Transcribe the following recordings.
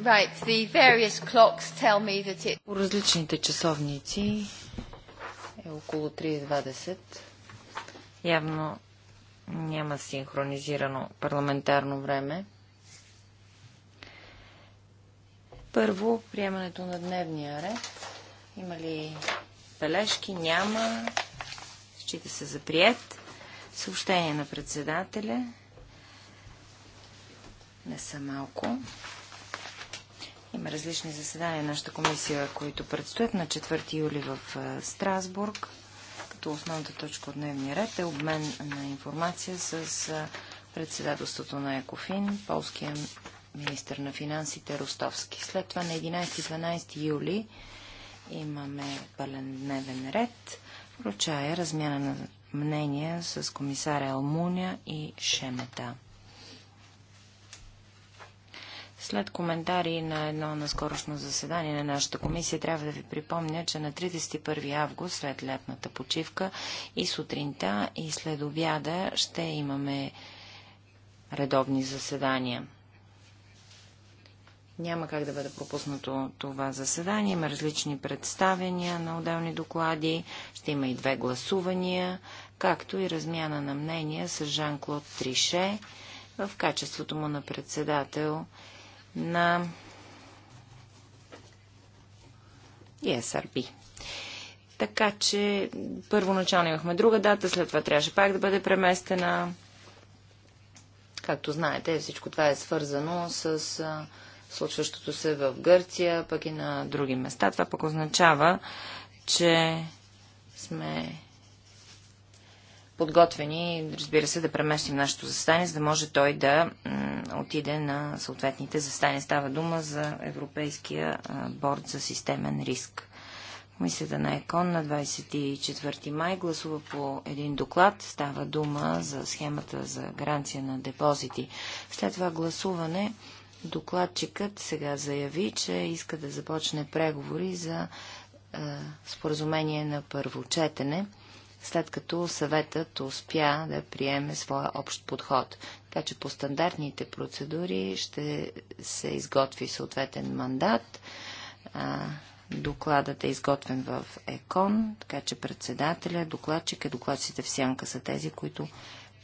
Right, the various clocks tell me that it... По различните часовници е около 3.20. Явно няма синхронизирано парламентарно време. Първо, приемането на дневния ред. Има ли бележки? Няма. Счита се за прият. Съобщение на председателя. Не са малко. Има различни заседания на нашата комисия, които предстоят на 4 юли в е, Страсбург. Като основната точка от дневния ред е обмен на информация с е, председателството на Екофин, полския министр на финансите Ростовски. След това на 11-12 юли имаме пълен дневен ред. Вручая размяна на мнения с комисаря Алмуня и Шемета. След коментари на едно наскорошно заседание на нашата комисия, трябва да ви припомня, че на 31 август, след лятната почивка и сутринта и след обяда ще имаме редовни заседания. Няма как да бъде пропуснато това заседание. Има различни представения на отделни доклади. Ще има и две гласувания, както и размяна на мнения с Жан-Клод Трише в качеството му на председател на ESRB. Така че първоначално имахме друга дата, след това трябваше пак да бъде преместена. Както знаете, всичко това е свързано с случващото се в Гърция, пък и на други места. Това пък означава, че сме подготвени, разбира се, да преместим нашето застане, за да може той да отиде на съответните застане. Става дума за Европейския борд за системен риск. Комисията на ЕКОН на 24 май гласува по един доклад. Става дума за схемата за гаранция на депозити. След това гласуване докладчикът сега заяви, че иска да започне преговори за споразумение на първо четене след като съветът успя да приеме своя общ подход. Така че по стандартните процедури ще се изготви съответен мандат. Докладът е изготвен в ЕКОН, така че председателя, докладчика, е, докладчите в сянка са тези, които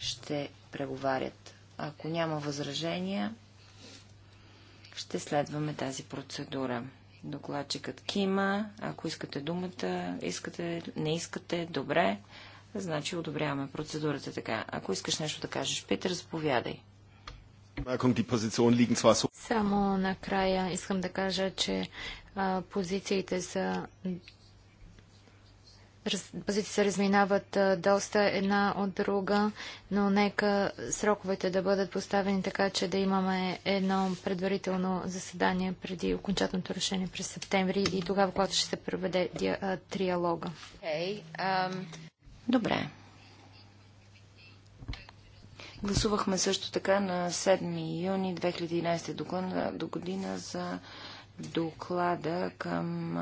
ще преговарят. Ако няма възражения, ще следваме тази процедура. Докладчикът Кима. Ако искате думата, искате, не искате, добре. Значи одобряваме процедурата така. Ако искаш нещо да кажеш, Питер, заповядай. Само накрая искам да кажа, че а, позициите са Позиции се разминават доста една от друга, но нека сроковете да бъдат поставени така, че да имаме едно предварително заседание преди окончателното решение през септември и тогава, когато ще се проведе триалога. Okay, um... Добре. Гласувахме също така на 7 юни 2011 до година за доклада към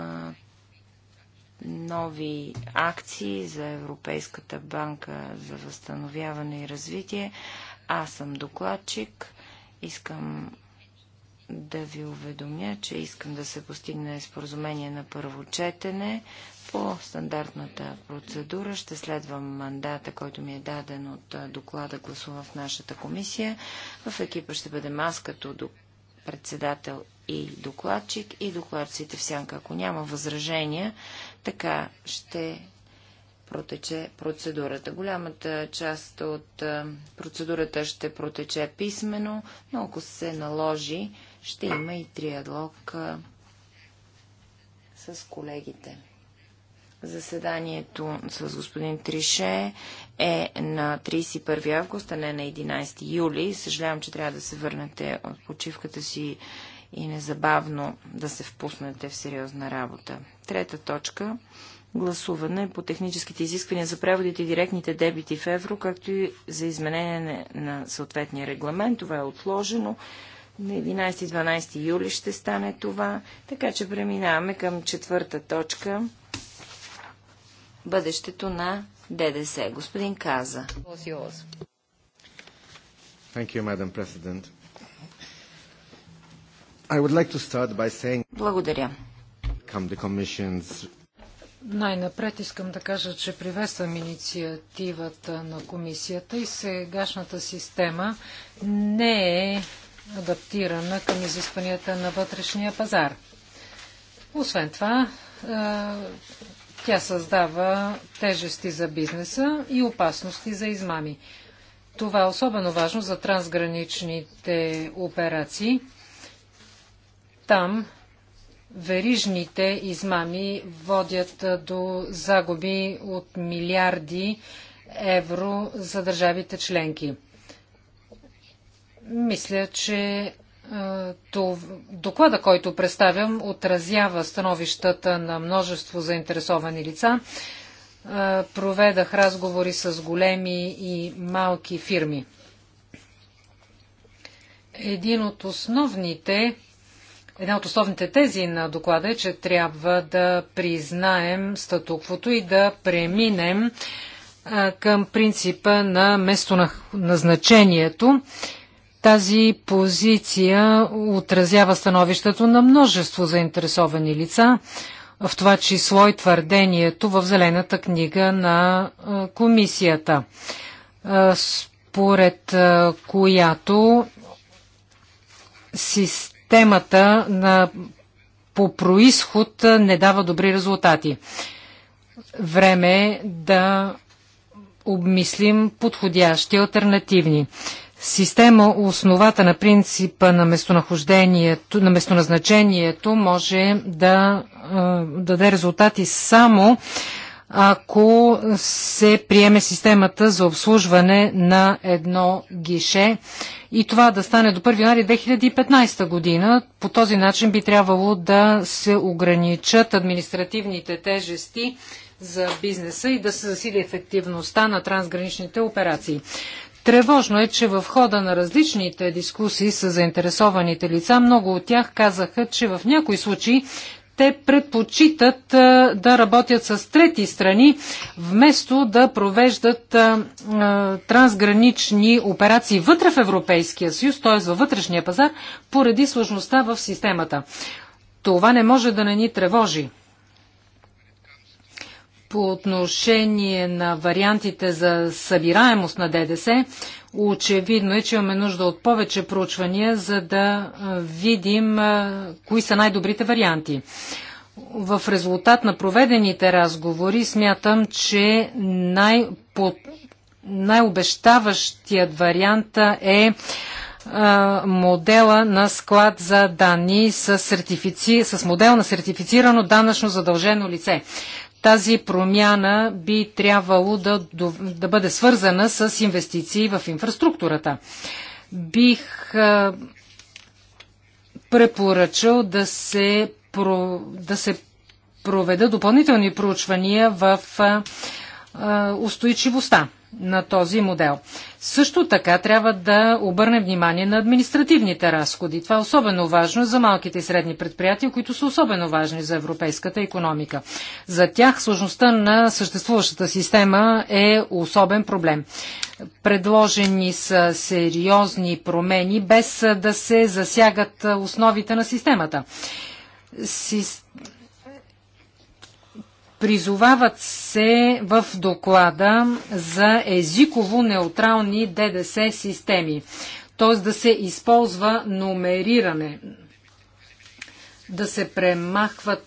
нови акции за Европейската банка за възстановяване и развитие. Аз съм докладчик. Искам да ви уведомя, че искам да се постигне споразумение на първо четене по стандартната процедура. Ще следвам мандата, който ми е даден от доклада гласува в нашата комисия. В екипа ще бъде аз като председател и докладчик и докладците в сянка. Ако няма възражения, така ще протече процедурата. Голямата част от процедурата ще протече писменно, но ако се наложи, ще има и триадлог с колегите. Заседанието с господин Трише е на 31 август, а не на 11 юли. Съжалявам, че трябва да се върнете от почивката си и незабавно да се впуснете в сериозна работа. Трета точка гласуване по техническите изисквания за преводите и директните дебити в евро, както и за изменение на съответния регламент. Това е отложено. На 11-12 юли ще стане това. Така че преминаваме към четвърта точка. Бъдещето на ДДС. Господин Каза. Thank you, Madam President. Благодаря. Най-напред искам да кажа, че приветствам инициативата на комисията и сегашната система не е адаптирана към изискванията на вътрешния пазар. Освен това, тя създава тежести за бизнеса и опасности за измами. Това е особено важно за трансграничните операции – там верижните измами водят до загуби от милиарди евро за държавите членки. Мисля, че доклада, който представям, отразява становищата на множество заинтересовани лица. Проведах разговори с големи и малки фирми. Един от основните Една от основните тези на доклада е, че трябва да признаем статуквото и да преминем към принципа на местоназначението. Тази позиция отразява становището на множество заинтересовани лица, в това число и твърдението в Зелената книга на комисията, според която Системата на, по происход не дава добри резултати. Време е да обмислим подходящи альтернативни. Система, основата на принципа на, местонахождението, на местоназначението, може да, да даде резултати само ако се приеме системата за обслужване на едно гише и това да стане до 1 януари 2015 година. По този начин би трябвало да се ограничат административните тежести за бизнеса и да се засили ефективността на трансграничните операции. Тревожно е, че в хода на различните дискусии с заинтересованите лица много от тях казаха, че в някои случаи те предпочитат да работят с трети страни, вместо да провеждат трансгранични операции вътре в Европейския съюз, т.е. във вътрешния пазар, поради сложността в системата. Това не може да не ни тревожи по отношение на вариантите за събираемост на ДДС, очевидно е, че имаме нужда от повече проучвания, за да видим кои са най-добрите варианти. В резултат на проведените разговори смятам, че най- обещаващият най-обещаващият вариант е модела на склад за данни с, сертифици... с модел на сертифицирано данъчно задължено лице. Тази промяна би трябвало да, да бъде свързана с инвестиции в инфраструктурата. Бих препоръчал да се, про, да се проведа допълнителни проучвания в устойчивостта на този модел. Също така трябва да обърнем внимание на административните разходи. Това е особено важно за малките и средни предприятия, които са особено важни за европейската економика. За тях сложността на съществуващата система е особен проблем. Предложени са сериозни промени, без да се засягат основите на системата. Системата Призовават се в доклада за езиково неутрални ДДС системи, т.е. да се използва номериране, да се, премахват,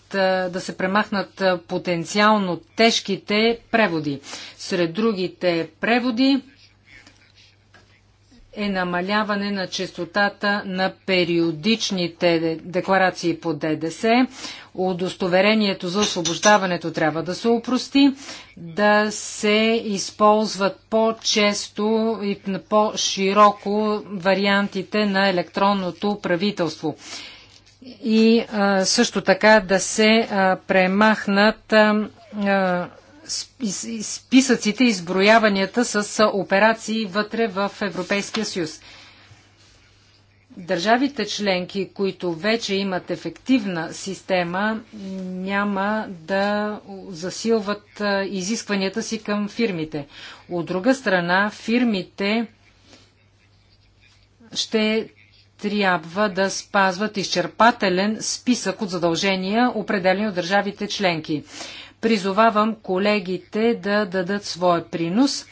да се премахнат потенциално тежките преводи. Сред другите преводи е намаляване на частотата на периодичните декларации по ДДС, удостоверението за освобождаването трябва да се опрости, да се използват по-често и по-широко вариантите на електронното правителство. И а, също така да се а, премахнат а, списъците, изброяванията с операции вътре в Европейския съюз. Държавите членки, които вече имат ефективна система, няма да засилват изискванията си към фирмите. От друга страна, фирмите ще трябва да спазват изчерпателен списък от задължения, определени от държавите членки. Призовавам колегите да дадат своя принос,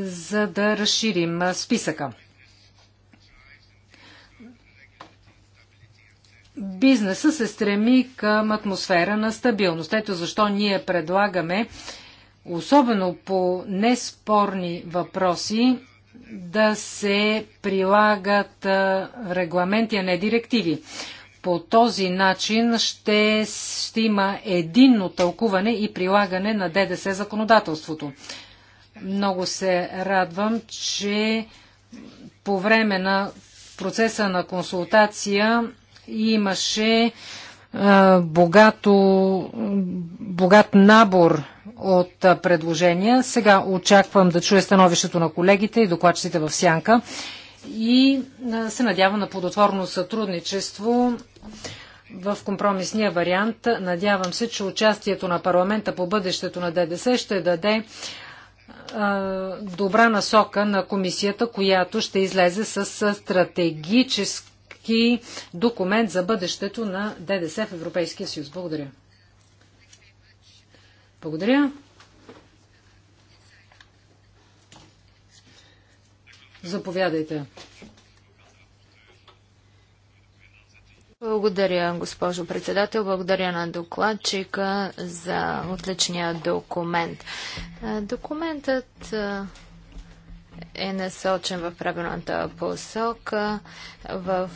за да разширим списъка. бизнеса се стреми към атмосфера на стабилност. Ето защо ние предлагаме, особено по неспорни въпроси, да се прилагат регламенти, а не директиви. По този начин ще, ще има единно тълкуване и прилагане на ДДС законодателството. Много се радвам, че по време на процеса на консултация Имаше богато, богат набор от предложения. Сега очаквам да чуя становището на колегите и докладчиците в Сянка и се надявам на плодотворно сътрудничество в компромисния вариант. Надявам се, че участието на парламента по бъдещето на ДДС ще даде добра насока на комисията, която ще излезе с стратегически истински документ за бъдещето на ДДС в Европейския съюз. Благодаря. Благодаря. Заповядайте. Благодаря, госпожо председател. Благодаря на докладчика за отличния документ. Документът е насочен в правилната посока. В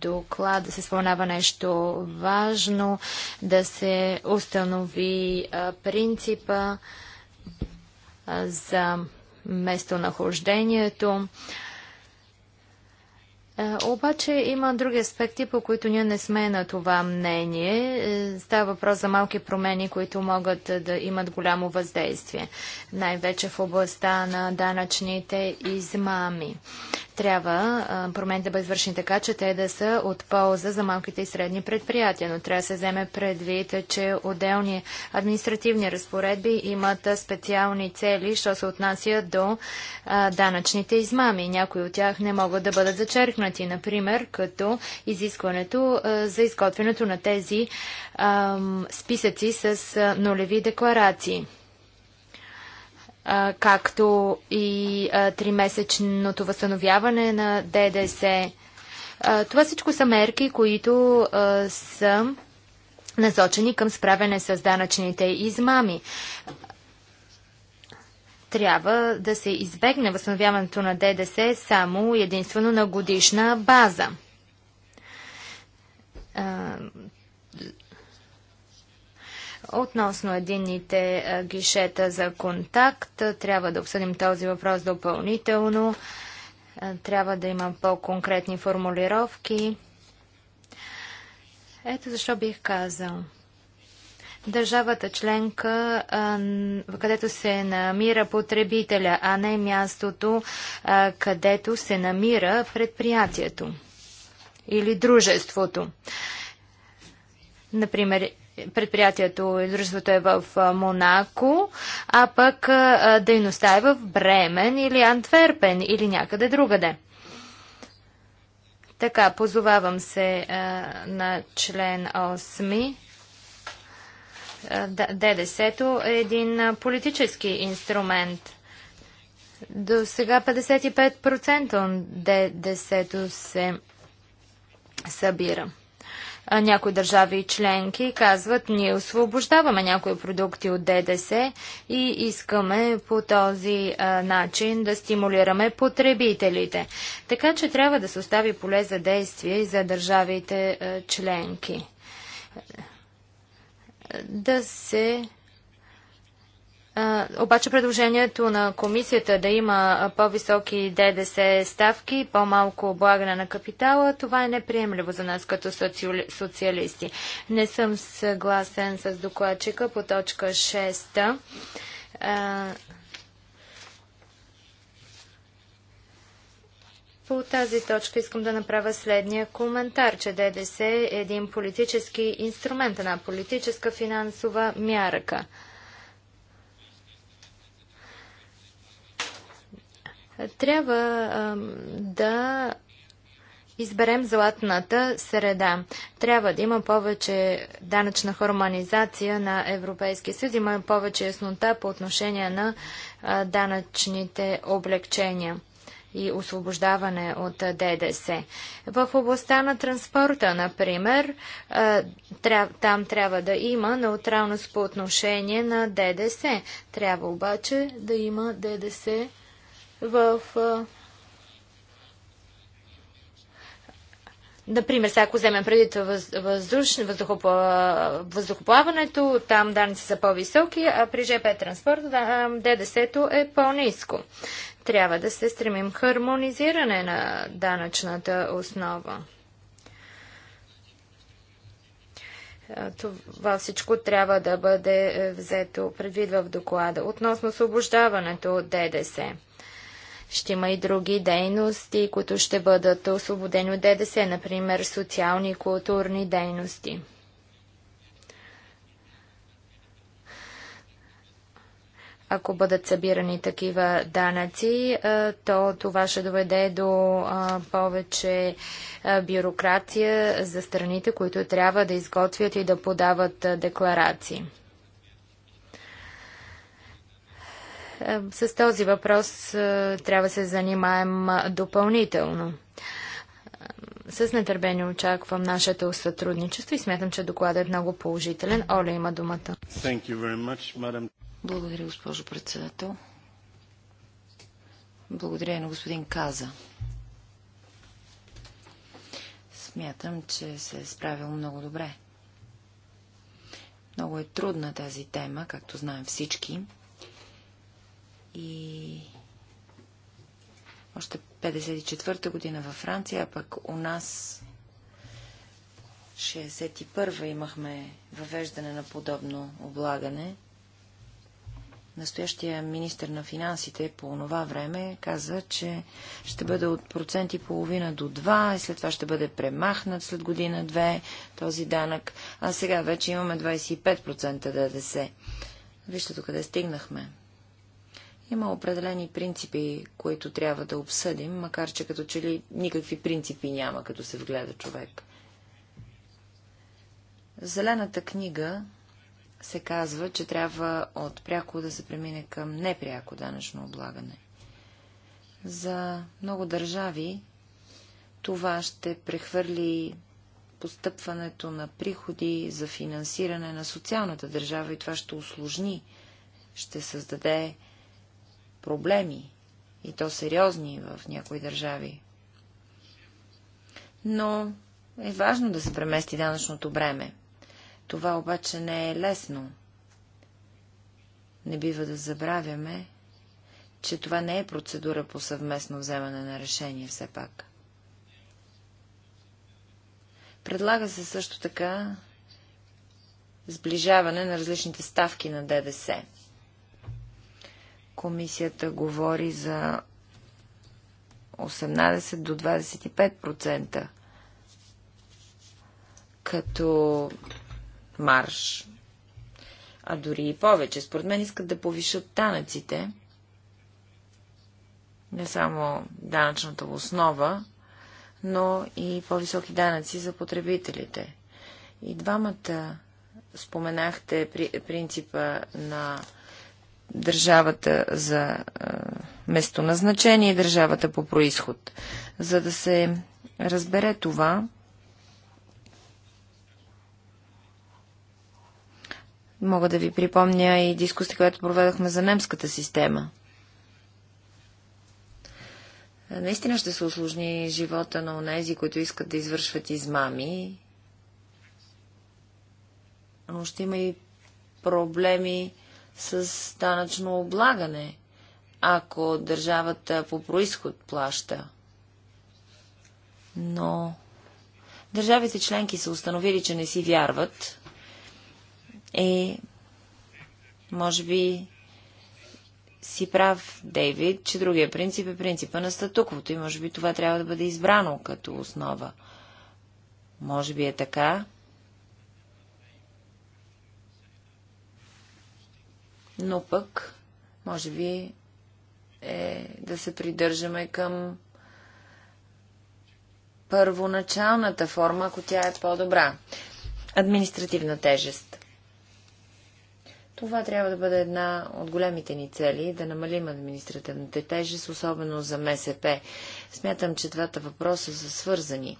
доклада се споменава нещо важно, да се установи принципа за местонахождението. Е, обаче има други аспекти, по които ние не сме на това мнение. Е, става въпрос за малки промени, които могат да имат голямо въздействие, най-вече в областта на данъчните измами. Трябва е, промените да бъдат вършени така, че те да са от полза за малките и средни предприятия, но трябва да се вземе предвид, че отделни административни разпоредби имат специални цели, що се отнася до данъчните измами. Някои от тях не могат да бъдат зачеркнати засегнати, например, като изискването за изготвянето на тези списъци с нулеви декларации както и тримесечното възстановяване на ДДС. Това всичко са мерки, които са насочени към справяне с данъчните измами трябва да се избегне възстановяването на ДДС само единствено на годишна база. Относно единните гишета за контакт, трябва да обсъдим този въпрос допълнително. Трябва да има по-конкретни формулировки. Ето защо бих казал – държавата членка, където се намира потребителя, а не мястото, където се намира предприятието или дружеството. Например, предприятието и дружеството е в Монако, а пък дейността е в Бремен или Антверпен или някъде другаде. Така, позовавам се а, на член 8 ДДС-то е един политически инструмент. До сега 55% ДДС-то се събира. Някои държави членки казват, ние освобождаваме някои продукти от ДДС и искаме по този а, начин да стимулираме потребителите. Така че трябва да се остави поле за действие и за държавите а, членки да се обаче предложението на комисията да има по-високи ДДС ставки, по-малко облагане на капитала, това е неприемливо за нас като социалисти. Не съм съгласен с докладчика по точка 6. По тази точка искам да направя следния коментар, че ДДС е един политически инструмент, една политическа финансова мярка. Трябва да изберем златната среда. Трябва да има повече данъчна хармонизация на Европейския съюз, има повече яснота по отношение на а, данъчните облегчения и освобождаване от ДДС. В областта на транспорта, например, там трябва да има неутралност по отношение на ДДС. Трябва обаче да има ДДС в Например, сега ако вземем преди въздухоплаването, там данните са по-високи, а при ЖП транспорта ДДС-то е по-низко трябва да се стремим хармонизиране на данъчната основа. Това всичко трябва да бъде е, взето предвид в доклада. Относно освобождаването от ДДС. Ще има и други дейности, които ще бъдат освободени от ДДС, например социални и културни дейности. Ако бъдат събирани такива данъци, то това ще доведе до повече бюрокрация за страните, които трябва да изготвят и да подават декларации. С този въпрос трябва да се занимаем допълнително. С нетърпение очаквам нашето сътрудничество и смятам, че докладът е много положителен. Оля има думата. Much, благодаря, госпожо председател. Благодаря и на господин Каза. Смятам, че се е справил много добре. Много е трудна тази тема, както знаем всички. И още 54-та година във Франция, а пък у нас 61 та имахме въвеждане на подобно облагане. Настоящия министр на финансите по това време каза, че ще бъде от проценти половина до 2 и след това ще бъде премахнат след година-две този данък, а сега вече имаме 25% ДДС. Вижте до къде стигнахме. Има определени принципи, които трябва да обсъдим, макар че като че ли никакви принципи няма, като се вгледа човек. Зелената книга се казва, че трябва от пряко да се премине към непряко данъчно облагане. За много държави това ще прехвърли постъпването на приходи за финансиране на социалната държава и това ще усложни, ще създаде проблеми и то сериозни в някои държави. Но е важно да се премести данъчното бреме. Това обаче не е лесно. Не бива да забравяме, че това не е процедура по съвместно вземане на решение все пак. Предлага се също така сближаване на различните ставки на ДДС. Комисията говори за 18 до 25%, като марш. А дори и повече. Според мен искат да повишат данъците. Не само данъчната основа, но и по-високи данъци за потребителите. И двамата споменахте при, принципа на държавата за е, местоназначение и държавата по происход. За да се разбере това, Мога да ви припомня и дискусията, която проведахме за немската система. Наистина ще се осложни живота на онези, които искат да извършват измами. Но ще има и проблеми с данъчно облагане, ако държавата по происход плаща. Но държавите членки са установили, че не си вярват е, може би, си прав, Дейвид, че другия принцип е принципа на статуквото и може би това трябва да бъде избрано като основа. Може би е така. Но пък, може би, е да се придържаме към първоначалната форма, ако тя е по-добра. Административна тежест. Това трябва да бъде една от големите ни цели, да намалим административната тежест, особено за МСП. Смятам, че двата въпроса са свързани.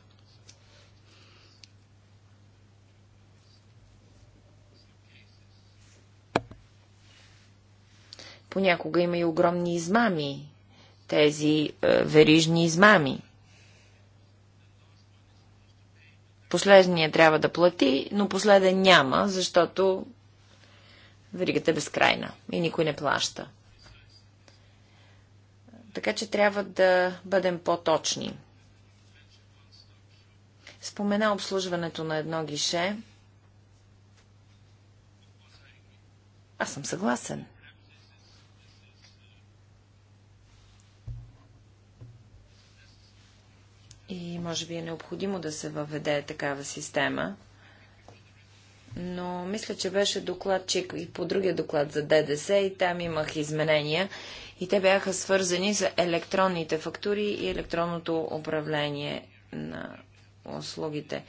Понякога има и огромни измами, тези е, верижни измами. Последният трябва да плати, но последен няма, защото Веригата е безкрайна и никой не плаща. Така че трябва да бъдем по-точни. Спомена обслужването на едно гише. Аз съм съгласен. И може би е необходимо да се въведе такава система но мисля, че беше докладчик и по другия доклад за ДДС и там имах изменения и те бяха свързани с електронните фактури и електронното управление на услугите.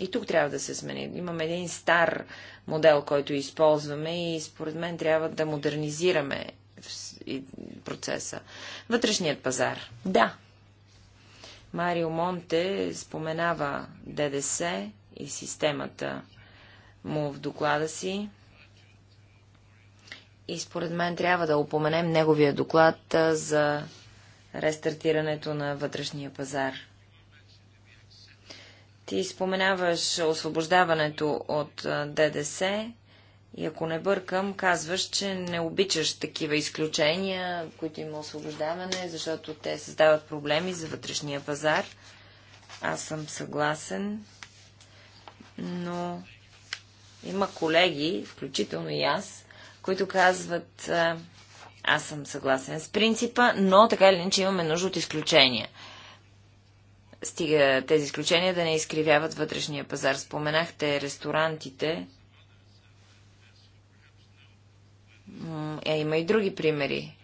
И тук трябва да се смени. Имаме един стар модел, който използваме и според мен трябва да модернизираме процеса. Вътрешният пазар. Да, Марио Монте споменава ДДС и системата му в доклада си. И според мен трябва да упоменем неговия доклад за рестартирането на вътрешния пазар. Ти споменаваш освобождаването от ДДС и ако не бъркам, казваш, че не обичаш такива изключения, които има освобождаване, защото те създават проблеми за вътрешния пазар. Аз съм съгласен, но има колеги, включително и аз, които казват, аз съм съгласен с принципа, но така или иначе имаме нужда от изключения. Стига тези изключения да не изкривяват вътрешния пазар. Споменахте ресторантите, Е, има и други примери.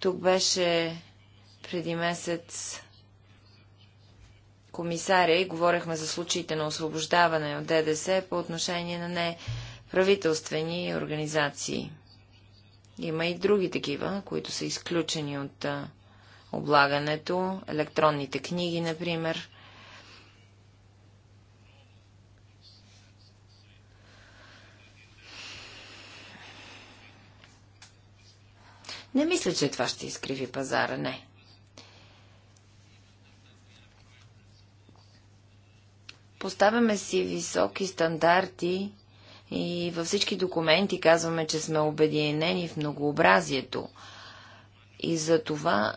Тук беше преди месец комисаря и говорихме за случаите на освобождаване от ДДС по отношение на неправителствени организации. Има и други такива, които са изключени от облагането, електронните книги, например. Не мисля, че това ще изкриви пазара, не. Поставяме си високи стандарти и във всички документи казваме, че сме обединени в многообразието. И за това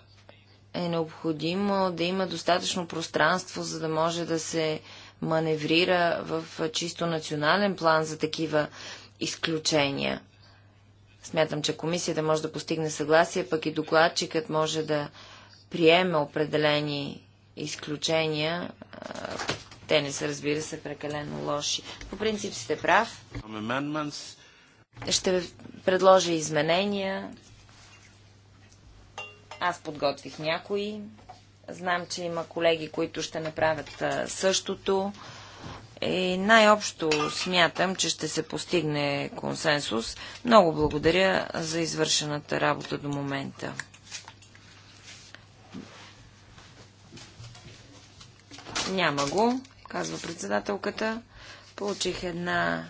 е необходимо да има достатъчно пространство, за да може да се маневрира в чисто национален план за такива изключения. Смятам, че комисията може да постигне съгласие, пък и докладчикът може да приеме определени изключения. Те не са, разбира се, прекалено лоши. По принцип сте прав. Ще предложа изменения. Аз подготвих някои. Знам, че има колеги, които ще направят същото. И е, най-общо смятам, че ще се постигне консенсус. Много благодаря за извършената работа до момента. Няма го, казва председателката. Получих една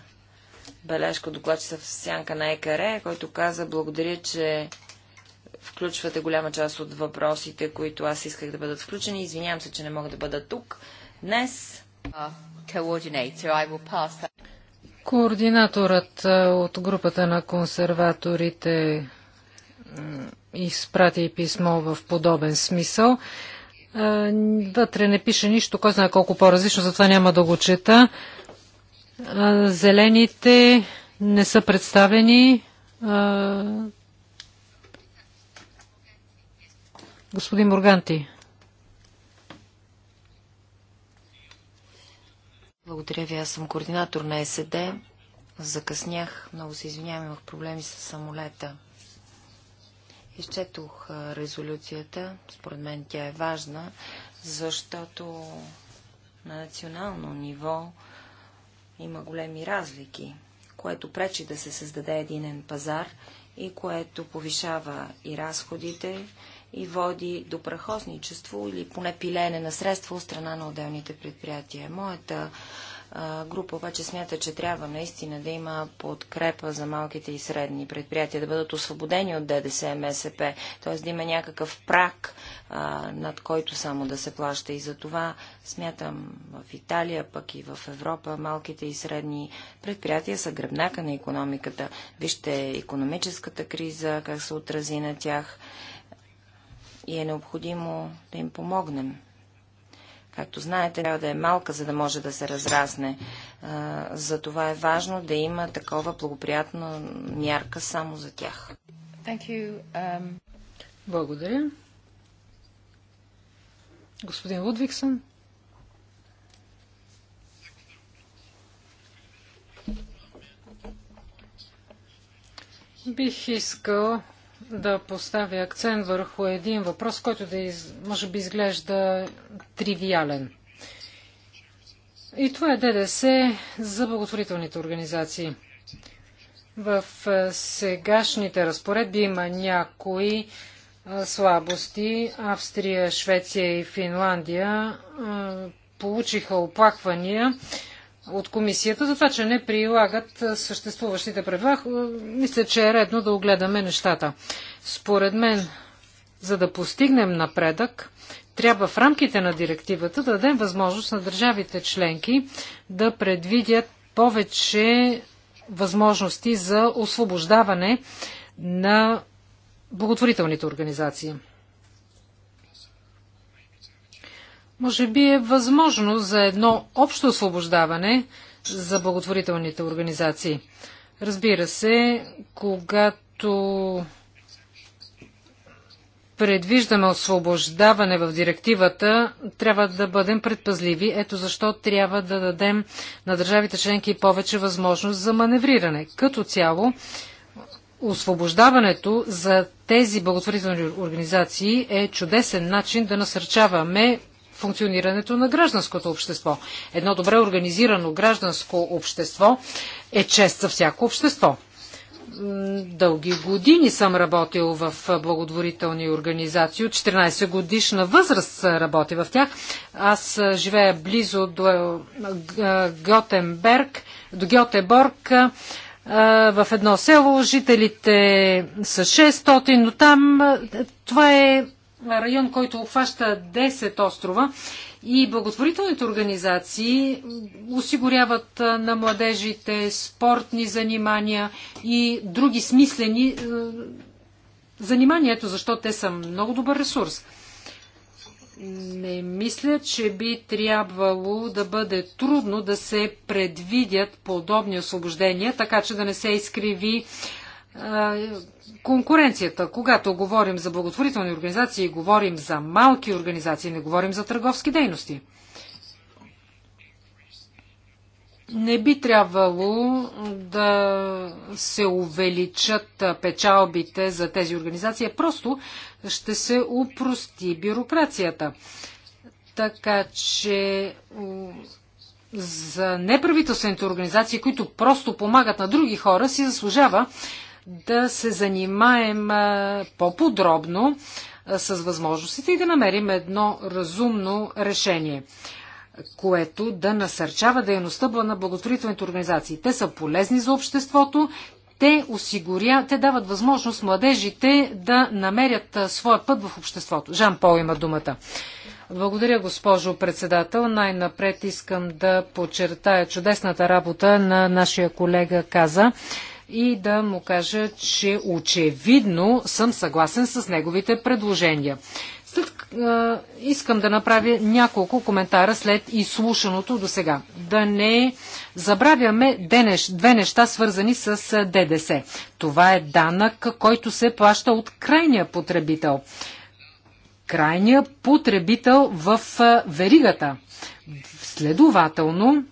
бележка докладчица в сянка на ЕКР, който каза благодаря, че включвате голяма част от въпросите, които аз исках да бъдат включени. Извинявам се, че не мога да бъда тук днес. Координаторът от групата на консерваторите изпрати писмо в подобен смисъл. Вътре не пише нищо, кой знае колко по-различно, затова няма да го чета. Зелените не са представени. Господин Бурганти. Благодаря ви. Аз съм координатор на СД. Закъснях. Много се извинявам. Имах проблеми с самолета. Изчетох резолюцията. Според мен тя е важна, защото на национално ниво има големи разлики, което пречи да се създаде единен пазар и което повишава и разходите, и води до прахосничество или поне пилеене на средства от страна на отделните предприятия. Моята група обаче смята, че трябва наистина да има подкрепа за малките и средни предприятия, да бъдат освободени от ДДС МСП, т.е. да има някакъв прак, над който само да се плаща. И за това смятам в Италия, пък и в Европа, малките и средни предприятия са гръбнака на економиката. Вижте економическата криза, как се отрази на тях и е необходимо да им помогнем. Както знаете, трябва да е малка, за да може да се разрасне. За това е важно да има такова благоприятна мярка само за тях. Um... Благодаря. Господин Лудвиксън. Бих искал да поставя акцент върху един въпрос, който да из, може би изглежда тривиален. И това е ДДС за благотворителните организации. В сегашните разпоредби има някои слабости. Австрия, Швеция и Финландия получиха оплаквания от комисията за това, че не прилагат съществуващите правила. Мисля, че е редно да огледаме нещата. Според мен, за да постигнем напредък, трябва в рамките на директивата да дадем възможност на държавите членки да предвидят повече възможности за освобождаване на благотворителните организации. Може би е възможно за едно общо освобождаване за благотворителните организации. Разбира се, когато предвиждаме освобождаване в директивата, трябва да бъдем предпазливи. Ето защо трябва да дадем на държавите членки повече възможност за маневриране. Като цяло, освобождаването за тези благотворителни организации е чудесен начин да насърчаваме функционирането на гражданското общество. Едно добре организирано гражданско общество е чест за всяко общество. Дълги години съм работил в благотворителни организации. От 14 годишна възраст работя в тях. Аз живея близо до Готенберг, до Гьотеборг в едно село, жителите са 600, но там това е район, който обхваща 10 острова и благотворителните организации осигуряват на младежите спортни занимания и други смислени заниманието, защото те са много добър ресурс. Не мисля, че би трябвало да бъде трудно да се предвидят подобни освобождения, така че да не се изкриви конкуренцията. Когато говорим за благотворителни организации, говорим за малки организации, не говорим за търговски дейности. Не би трябвало да се увеличат печалбите за тези организации, просто ще се упрости бюрокрацията. Така че за неправителствените организации, които просто помагат на други хора, си заслужава да се занимаем по-подробно с възможностите и да намерим едно разумно решение, което да насърчава дейността на благотворителните организации. Те са полезни за обществото, те, осигуря, те дават възможност младежите да намерят своя път в обществото. Жан Пол има думата. Благодаря, госпожо председател. Най-напред искам да подчертая чудесната работа на нашия колега Каза и да му кажа, че очевидно съм съгласен с неговите предложения. След, е, искам да направя няколко коментара след изслушаното до сега. Да не забравяме денеж, две неща, свързани с ДДС. Това е данък, който се плаща от крайния потребител. Крайния потребител в веригата. Следователно,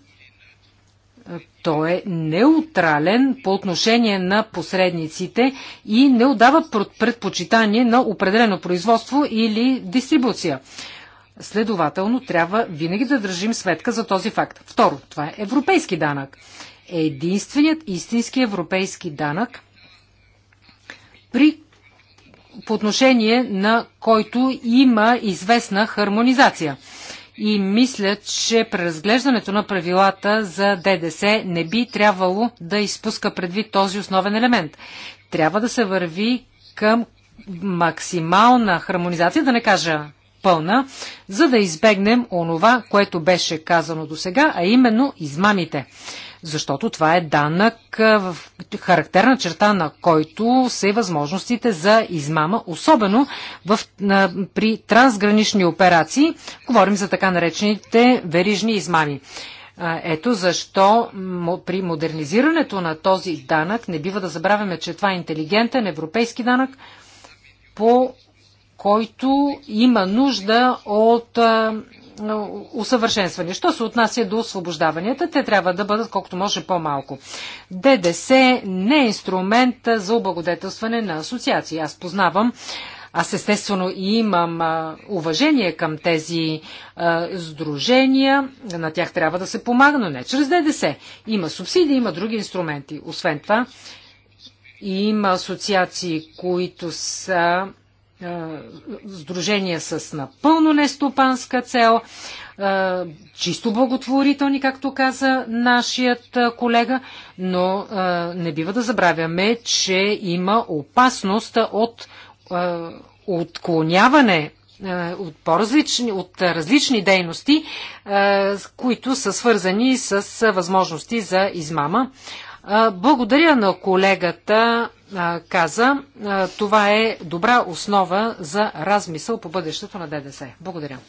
той е неутрален по отношение на посредниците и не отдава предпочитание на определено производство или дистрибуция. Следователно, трябва винаги да държим сметка за този факт. Второ, това е европейски данък. Е единственият истински европейски данък, при, по отношение на който има известна хармонизация – и мисля, че преразглеждането на правилата за ДДС не би трябвало да изпуска предвид този основен елемент. Трябва да се върви към максимална хармонизация, да не кажа пълна, за да избегнем онова, което беше казано до сега, а именно измамите защото това е данък в характерна черта, на който са възможностите за измама, особено в, на, при трансгранични операции. Говорим за така наречените верижни измами. Ето защо при модернизирането на този данък не бива да забравяме, че това е интелигентен европейски данък, по който има нужда от е, усъвършенствани. Що се отнася до освобождаванията, те трябва да бъдат колкото може по-малко. ДДС не е инструмент за облагодетелстване на асоциации. Аз познавам аз естествено и имам уважение към тези а, сдружения, на тях трябва да се помага, но не чрез ДДС. Има субсидии, има други инструменти. Освен това, има асоциации, които са сдружения с напълно нестопанска цел, чисто благотворителни, както каза нашият колега, но не бива да забравяме, че има опасност от отклоняване от, по-различни, от различни дейности, които са свързани с възможности за измама. Благодаря на колегата Каза. Това е добра основа за размисъл по бъдещето на ДДС. Благодаря.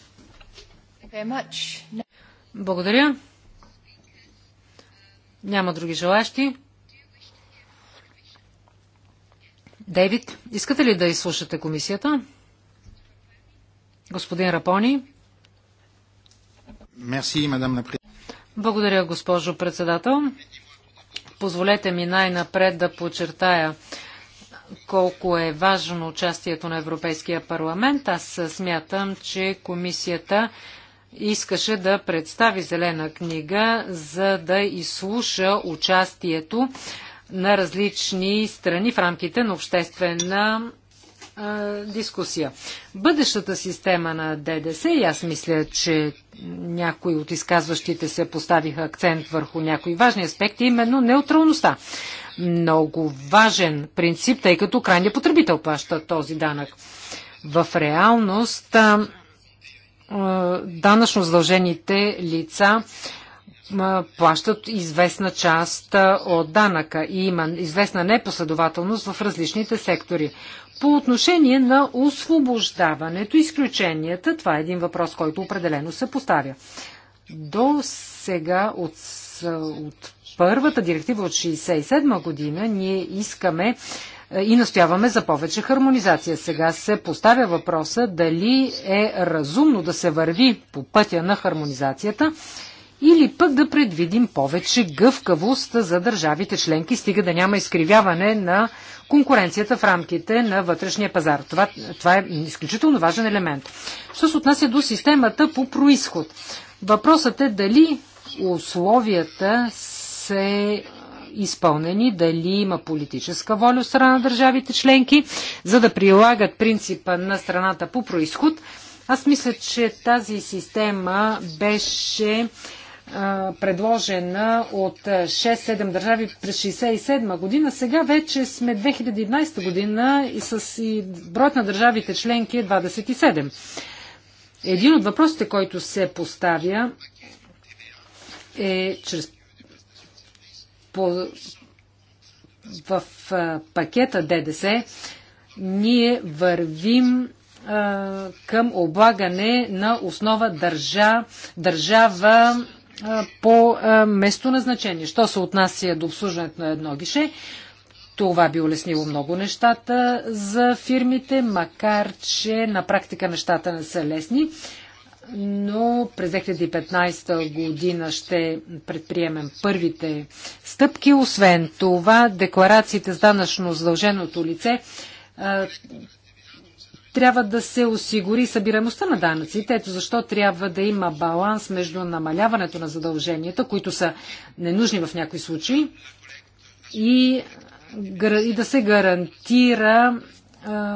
Благодаря. Няма други желащи. Дейвид, искате ли да изслушате комисията? Господин Рапони. Благодаря, госпожо председател. Позволете ми най-напред да подчертая колко е важно участието на Европейския парламент. Аз смятам, че комисията искаше да представи зелена книга, за да изслуша участието на различни страни в рамките на обществена а, дискусия. Бъдещата система на ДДС, и аз мисля, че някои от изказващите се поставиха акцент върху някои важни аспекти, именно неутралността. Много важен принцип, тъй като крайният потребител плаща този данък. В реалност данъчно задължените лица плащат известна част от данъка и има известна непоследователност в различните сектори. По отношение на освобождаването, изключенията, това е един въпрос, който определено се поставя. До сега от, от първата директива от 1967 година ние искаме и настояваме за повече хармонизация. Сега се поставя въпроса дали е разумно да се върви по пътя на хармонизацията или пък да предвидим повече гъвкавост за държавите членки, стига да няма изкривяване на конкуренцията в рамките на вътрешния пазар. Това, това е изключително важен елемент. Що се отнася до системата по происход? Въпросът е дали условията се изпълнени, дали има политическа воля от страна на държавите членки, за да прилагат принципа на страната по происход. Аз мисля, че тази система беше предложена от 6-7 държави през 67 година. Сега вече сме 2011 година и, с, и броят на държавите членки е 27. Един от въпросите, който се поставя е чрез по, в а, пакета ДДС ние вървим към облагане на основа държа, държава по местоназначение. Що се отнася до обслужването на едно гише, това би улеснило много нещата за фирмите, макар че на практика нещата не са лесни. Но през 2015 година ще предприемем първите стъпки. Освен това, декларациите с данъчно задълженото лице трябва да се осигури събираемостта на данъците. Ето защо трябва да има баланс между намаляването на задълженията, които са ненужни в някои случаи, и, и да се гарантира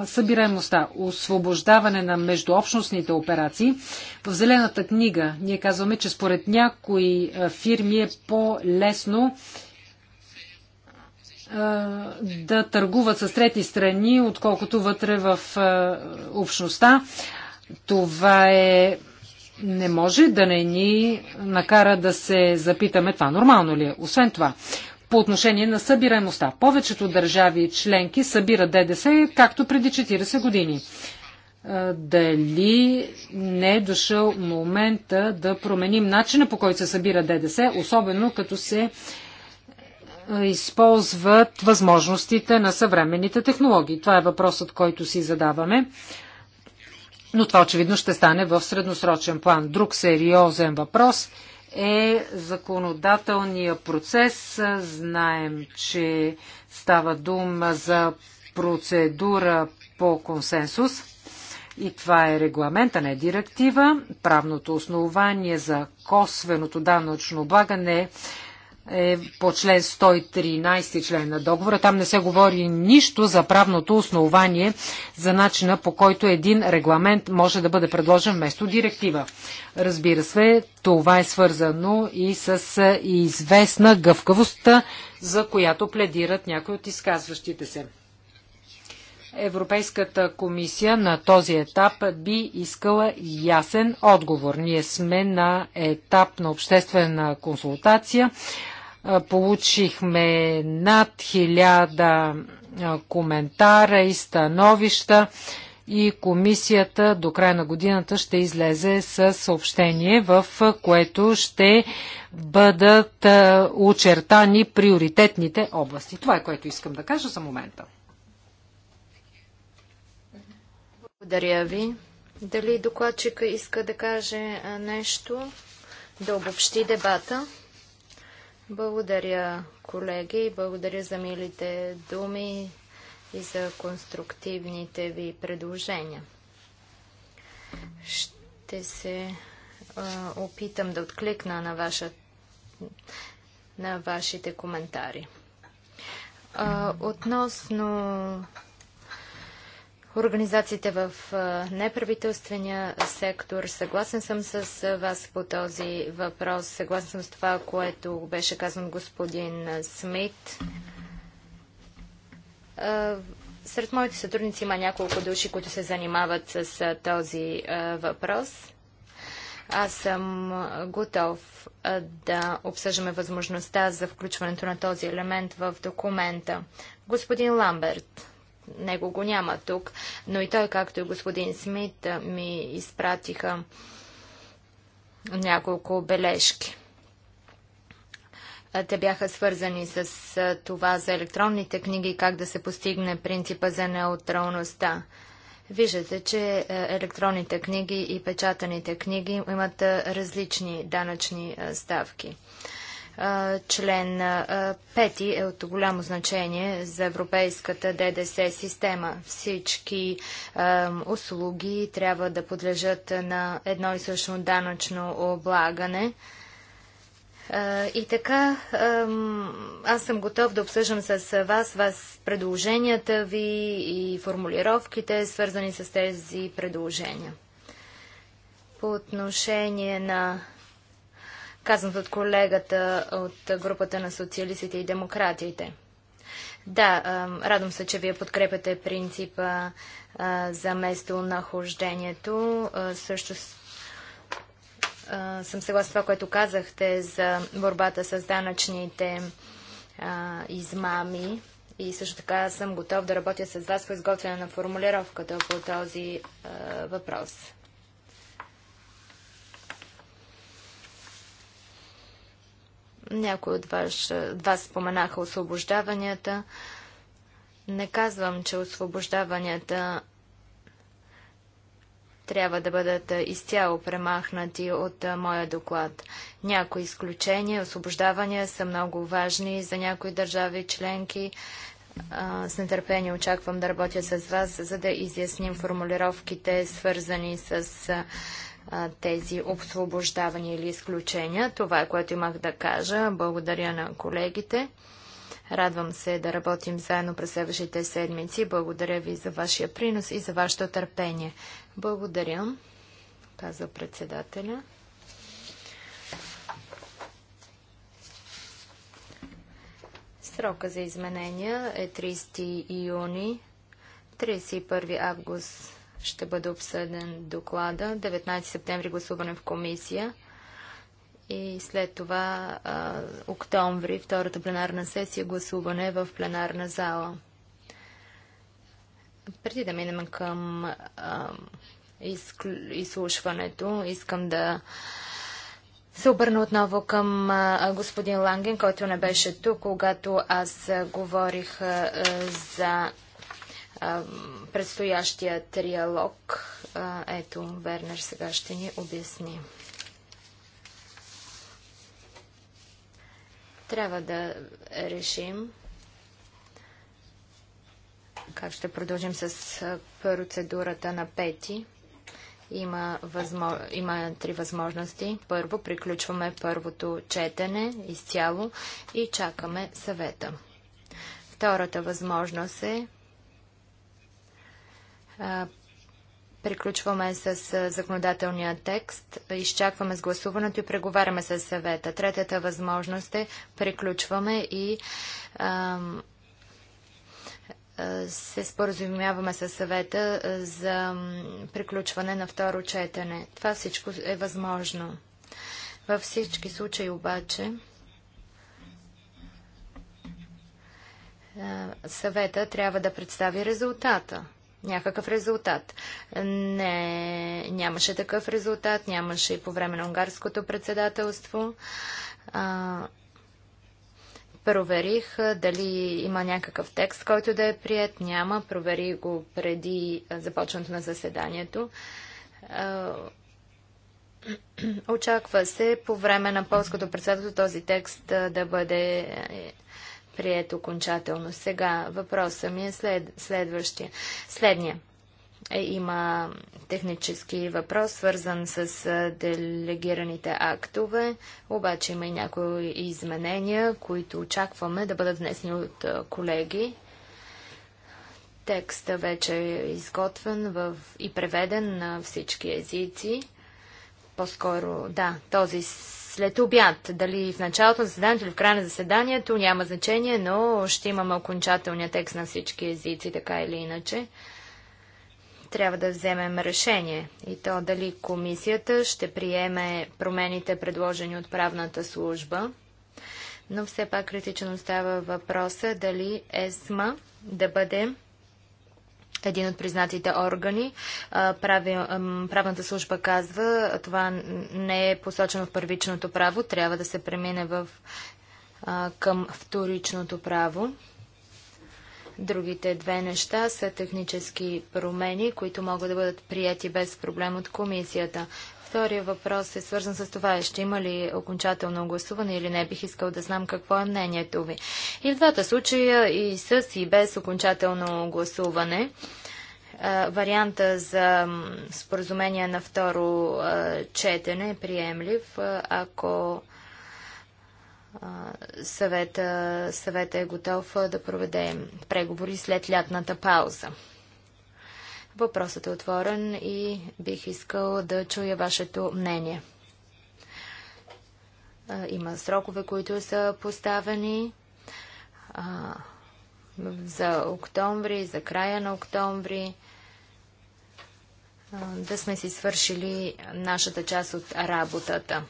събираемостта, освобождаване на междуобщностните операции. В Зелената книга ние казваме, че според някои фирми е по-лесно да търгуват с трети страни, отколкото вътре в общността. Това е не може да не ни накара да се запитаме това нормално ли е. Освен това, по отношение на събираемостта, повечето държави членки събират ДДС, както преди 40 години. Дали не е дошъл момента да променим начина по който се събира ДДС, особено като се използват възможностите на съвременните технологии. Това е въпросът, който си задаваме. Но това очевидно ще стане в средносрочен план. Друг сериозен въпрос е законодателния процес. Знаем, че става дума за процедура по консенсус. И това е регламента, не директива. Правното основание за косвеното данъчно облагане е е по член 113 член на договора. Там не се говори нищо за правното основание за начина по който един регламент може да бъде предложен вместо директива. Разбира се, това е свързано и с е, известна гъвкавост, е, за която пледират някои от изказващите се. Европейската комисия на този етап би искала ясен отговор. Ние сме на етап на обществена консултация. Получихме над хиляда коментара и становища и комисията до края на годината ще излезе с съобщение, в което ще бъдат очертани приоритетните области. Това е което искам да кажа за момента. Благодаря ви. Дали докладчика иска да каже нещо, да обобщи дебата? Благодаря, колеги. Благодаря за милите думи и за конструктивните ви предложения. Ще се а, опитам да откликна на, ваша, на вашите коментари. А, относно организациите в неправителствения сектор. Съгласен съм с вас по този въпрос. Съгласен съм с това, което беше казан господин Смит. Сред моите сътрудници има няколко души, които се занимават с този въпрос. Аз съм готов да обсъждаме възможността за включването на този елемент в документа. Господин Ламберт, него го няма тук, но и той, както и господин Смит, ми изпратиха няколко бележки. Те бяха свързани с това за електронните книги, как да се постигне принципа за неутралността. Виждате, че електронните книги и печатаните книги имат различни данъчни ставки. Член 5 е от голямо значение за европейската ДДС система. Всички услуги трябва да подлежат на едно и също данъчно облагане. И така, аз съм готов да обсъждам с вас, вас предложенията ви и формулировките, свързани с тези предложения. По отношение на казаното от колегата от групата на социалистите и демократите. Да, радвам се, че вие подкрепяте принципа за место на хождението. Също съм съгласна с това, което казахте за борбата с данъчните измами. И също така съм готов да работя с вас по изготвяне на формулировката по този въпрос. Някои от вас, от вас споменаха освобождаванията. Не казвам, че освобождаванията трябва да бъдат изцяло премахнати от моя доклад. Някои изключения, освобождавания са много важни за някои държави членки. с нетърпение очаквам да работя с вас, за да изясним формулировките, свързани с тези освобождавания или изключения. Това е което имах да кажа. Благодаря на колегите. Радвам се да работим заедно през следващите седмици. Благодаря ви за вашия принос и за вашето търпение. Благодаря, каза председателя. Срока за изменения е 30 юни, 31 август ще бъде обсъден доклада. 19 септември гласуване в комисия и след това а, октомври, втората пленарна сесия, гласуване в пленарна зала. Преди да минем към а, изслушването, искам да се обърна отново към а, господин Ланген, който не беше тук, когато аз говорих за предстоящия триалог. ето, Вернер сега ще ни обясни. Трябва да решим как ще продължим с процедурата на пети. Има, възмо... има три възможности. Първо, приключваме първото четене изцяло и чакаме съвета. Втората възможност е Приключваме с законодателния текст, изчакваме с гласуването и преговаряме с съвета. Третата възможност е приключваме и ам, се споразумяваме с съвета за приключване на второ четене. Това всичко е възможно. Във всички случаи обаче съвета трябва да представи резултата някакъв резултат. Не, нямаше такъв резултат, нямаше и по време на унгарското председателство. А, проверих дали има някакъв текст, който да е прият. Няма. Провери го преди започването на заседанието. А, очаква се по време на полското председателство този текст да бъде е, прият окончателно. Сега въпросът ми е след, следващия. Следния. Е, има технически въпрос, свързан с делегираните актове, обаче има и някои изменения, които очакваме да бъдат внесени от колеги. Текстът вече е изготвен в... и преведен на всички езици. По-скоро, да, този след обяд. Дали в началото на заседанието или в края на заседанието няма значение, но ще имаме окончателния текст на всички езици, така или иначе. Трябва да вземем решение и то дали комисията ще приеме промените, предложени от правната служба. Но все пак критично става въпроса дали ЕСМА да бъде един от признатите органи. Правната служба казва, това не е посочено в първичното право, трябва да се премине в, към вторичното право. Другите две неща са технически промени, които могат да бъдат прияти без проблем от комисията. Втория въпрос е свързан с това. Ще има ли окончателно гласуване или не? Бих искал да знам какво е мнението ви. И в двата случая, и с и без окончателно гласуване, варианта за споразумение на второ четене е приемлив, ако съвета, съвета е готов да проведе преговори след лятната пауза. Въпросът е отворен и бих искал да чуя вашето мнение. Има срокове, които са поставени за октомври, за края на октомври. да сме си свършили нашата част от работата.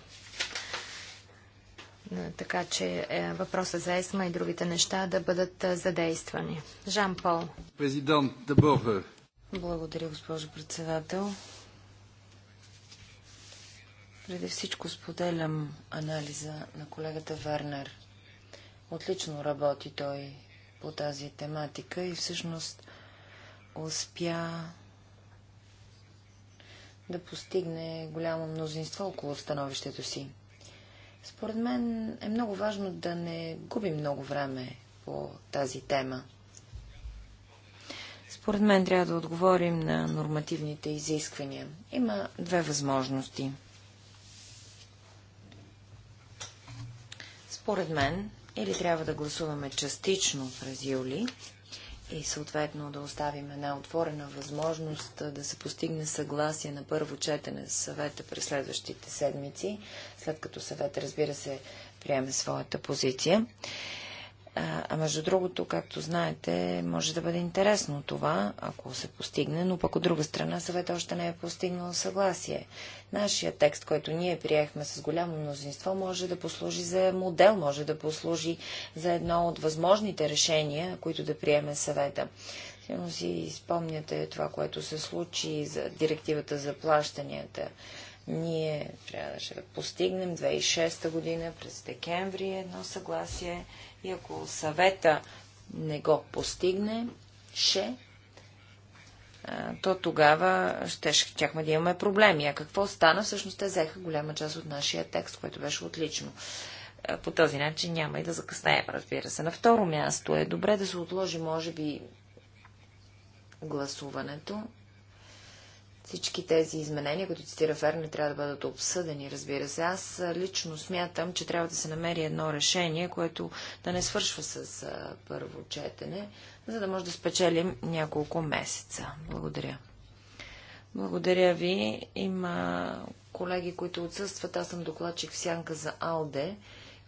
Така че е, въпроса за ЕСМА и другите неща да бъдат задействани. Жан Пол. Президент Деборге. Благодаря, госпожо председател. Преди всичко споделям анализа на колегата Вернер. Отлично работи той по тази тематика и всъщност успя да постигне голямо мнозинство около становището си. Според мен е много важно да не губим много време по тази тема. Според мен трябва да отговорим на нормативните изисквания. Има две възможности. Според мен, или трябва да гласуваме частично през юли, и съответно да оставим една отворена възможност да се постигне съгласие на първо четене за съвета през следващите седмици, след като съвет, разбира се, приеме своята позиция. А, между другото, както знаете, може да бъде интересно това, ако се постигне, но пък от друга страна съвет още не е постигнал съгласие. Нашия текст, който ние приехме с голямо мнозинство, може да послужи за модел, може да послужи за едно от възможните решения, които да приеме съвета. Сигурно си спомняте това, което се случи за директивата за плащанията ние трябваше да постигнем 2006 година през декември едно съгласие и ако съвета не го постигне, ще, то тогава ще, щяхме да имаме проблеми. А какво стана? Всъщност те взеха голяма част от нашия текст, което беше отлично. По този начин няма и да закъснеем, разбира се. На второ място е добре да се отложи, може би, гласуването всички тези изменения, които цитира Ферне, трябва да бъдат обсъдени, разбира се. Аз лично смятам, че трябва да се намери едно решение, което да не свършва с първо четене, за да може да спечелим няколко месеца. Благодаря. Благодаря ви. Има колеги, които отсъстват. Аз съм докладчик в сянка за АЛДЕ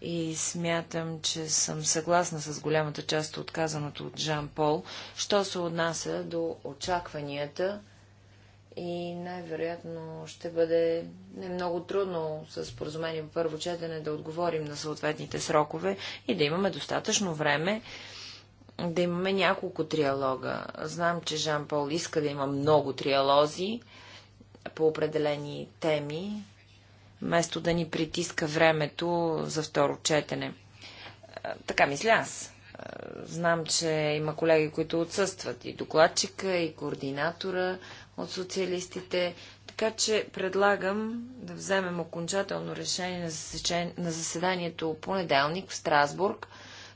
и смятам, че съм съгласна с голямата част от казаното от Жан Пол, що се отнася до очакванията и най-вероятно ще бъде не много трудно с поразумение по първо четене да отговорим на съответните срокове и да имаме достатъчно време да имаме няколко триалога. Знам, че Жан Пол иска да има много триалози по определени теми, вместо да ни притиска времето за второ четене. Така мисля аз. Знам, че има колеги, които отсъстват и докладчика, и координатора, от социалистите. Така че предлагам да вземем окончателно решение на заседанието понеделник в Страсбург,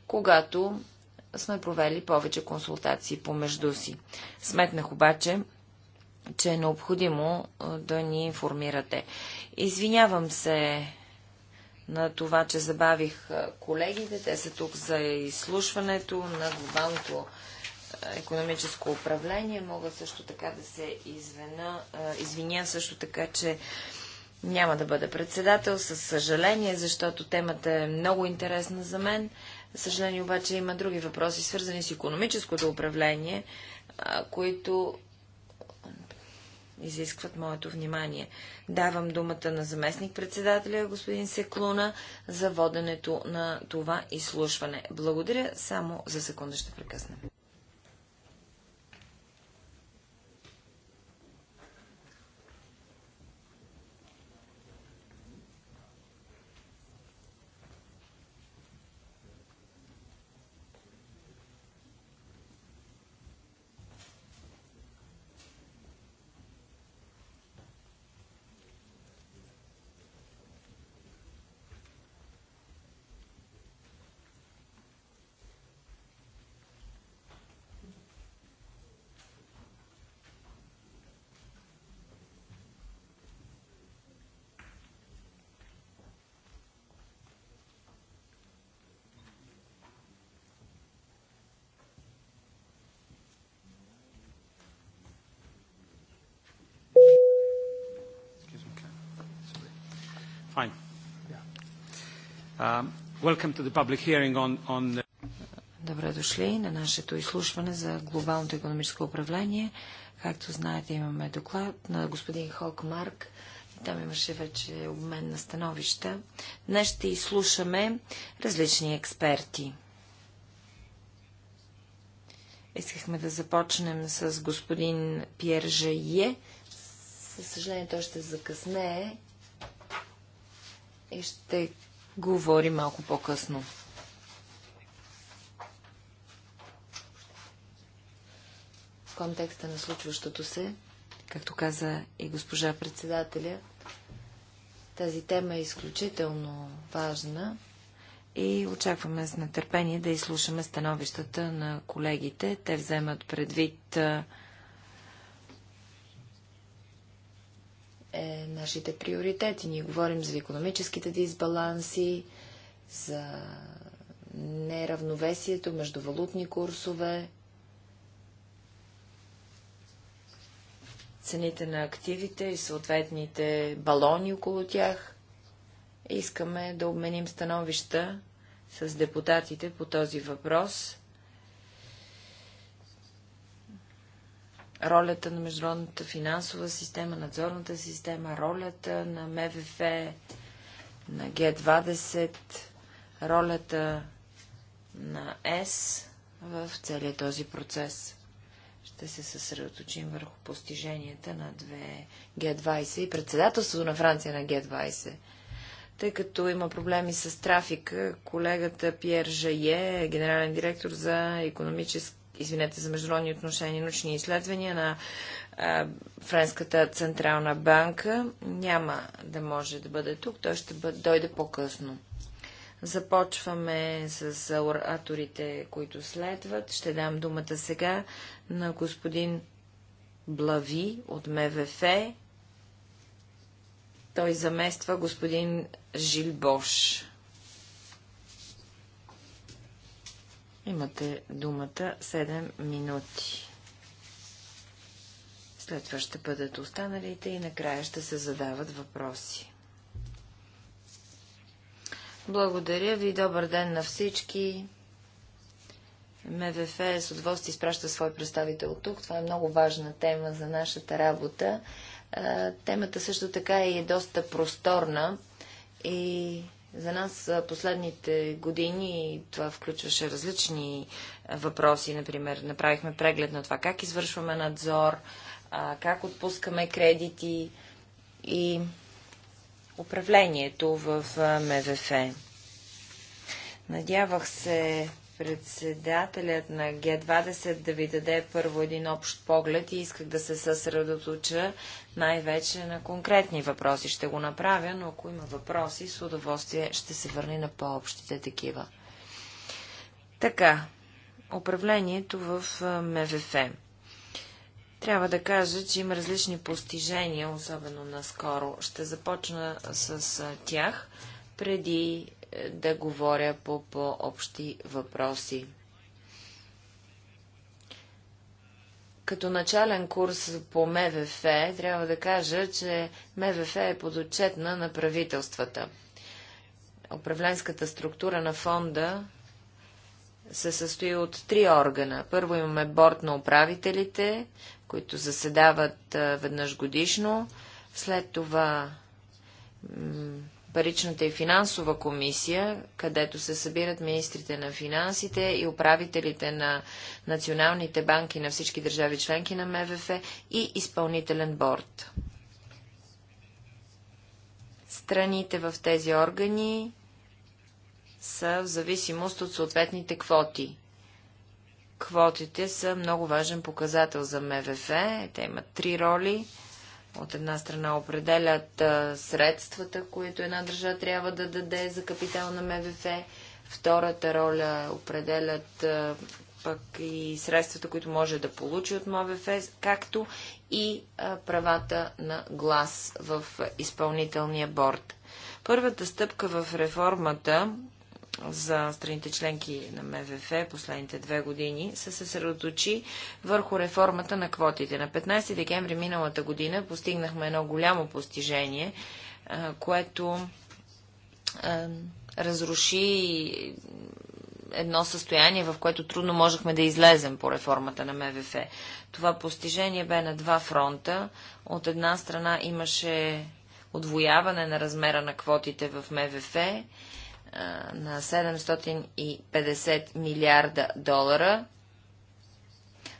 когато сме провели повече консултации помежду си. Сметнах обаче, че е необходимо да ни информирате. Извинявам се на това, че забавих колегите. Те са тук за изслушването на глобалното економическо управление. Мога също така да се извина, извиня също така, че няма да бъда председател, със съжаление, защото темата е много интересна за мен. Съжаление обаче има други въпроси, свързани с економическото управление, които изискват моето внимание. Давам думата на заместник-председателя господин Секлуна за воденето на това изслушване. Благодаря, само за секунда ще прекъснем. Fine. Yeah. Um, welcome to the public hearing on, on the... Добре дошли на нашето изслушване за глобалното економическо управление. Както знаете, имаме доклад на господин Хок Марк, Там имаше вече обмен на становища. Днес ще изслушаме различни експерти. Искахме да започнем с господин Пьер Жайе. Със съжаление, той ще закъснее и ще говори малко по-късно. В контекста на случващото се, както каза и госпожа председателя, тази тема е изключително важна и очакваме с нетърпение да изслушаме становищата на колегите. Те вземат предвид е нашите приоритети. Ние говорим за економическите дисбаланси, за неравновесието между валутни курсове, цените на активите и съответните балони около тях. Искаме да обменим становища с депутатите по този въпрос ролята на международната финансова система, надзорната система, ролята на МВФ, на Г-20, ролята на ЕС в целия този процес. Ще се съсредоточим върху постиженията на две Г-20 и председателството на Франция на Г-20. Тъй като има проблеми с трафика, колегата Пьер Жае, генерален директор за економическа извинете за международни отношения и научни изследвания на Френската централна банка няма да може да бъде тук. Той ще бъде, дойде по-късно. Започваме с ораторите, които следват. Ще дам думата сега на господин Блави от МВФ. Той замества господин Жилбош. Имате думата 7 минути. След това ще бъдат останалите и накрая ще се задават въпроси. Благодаря ви, добър ден на всички. МВФ с удоволствие изпраща свой представител тук. Това е много важна тема за нашата работа. Темата също така е доста просторна и за нас последните години това включваше различни въпроси. Например, направихме преглед на това как извършваме надзор, как отпускаме кредити и управлението в МВФ. Надявах се председателят на Г20 да ви даде първо един общ поглед и исках да се съсредоточа най-вече на конкретни въпроси. Ще го направя, но ако има въпроси, с удоволствие ще се върни на по-общите такива. Така, управлението в МВФ. Трябва да кажа, че има различни постижения, особено наскоро. Ще започна с тях преди да говоря по по-общи въпроси. Като начален курс по МВФ, трябва да кажа, че МВФ е подотчетна на правителствата. Управленската структура на фонда се състои от три органа. Първо имаме борт на управителите, които заседават веднъж годишно. След това паричната и финансова комисия, където се събират министрите на финансите и управителите на националните банки на всички държави членки на МВФ и изпълнителен борт. Страните в тези органи са в зависимост от съответните квоти. Квотите са много важен показател за МВФ. Те имат три роли от една страна определят средствата, които една държава трябва да даде за капитал на МВФ. Втората роля определят пък и средствата, които може да получи от МВФ, както и правата на глас в изпълнителния борт. Първата стъпка в реформата за страните членки на МВФ последните две години се съсредоточи върху реформата на квотите. На 15 декември миналата година постигнахме едно голямо постижение, което разруши едно състояние, в което трудно можехме да излезем по реформата на МВФ. Това постижение бе на два фронта. От една страна имаше отвояване на размера на квотите в МВФ на 750 милиарда долара,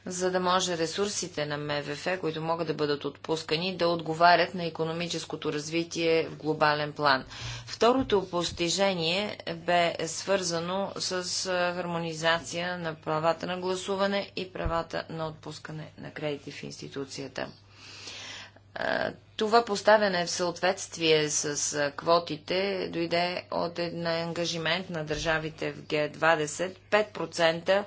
за да може ресурсите на МВФ, които могат да бъдат отпускани, да отговарят на економическото развитие в глобален план. Второто постижение бе свързано с хармонизация на правата на гласуване и правата на отпускане на кредити в институцията. Това поставяне в съответствие с квотите дойде от един ангажимент на държавите в Г20 5%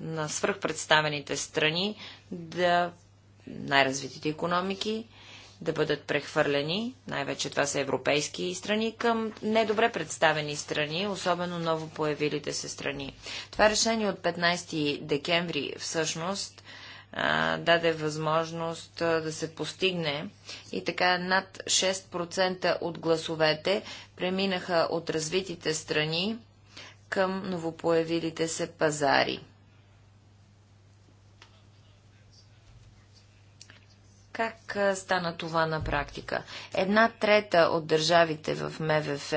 на свръхпредставените страни да най-развитите економики да бъдат прехвърлени, най-вече това са европейски страни, към недобре представени страни, особено ново появилите се страни. Това решение от 15 декември всъщност даде възможност да се постигне и така над 6% от гласовете преминаха от развитите страни към новопоявилите се пазари. Как стана това на практика? Една трета от държавите в МВФ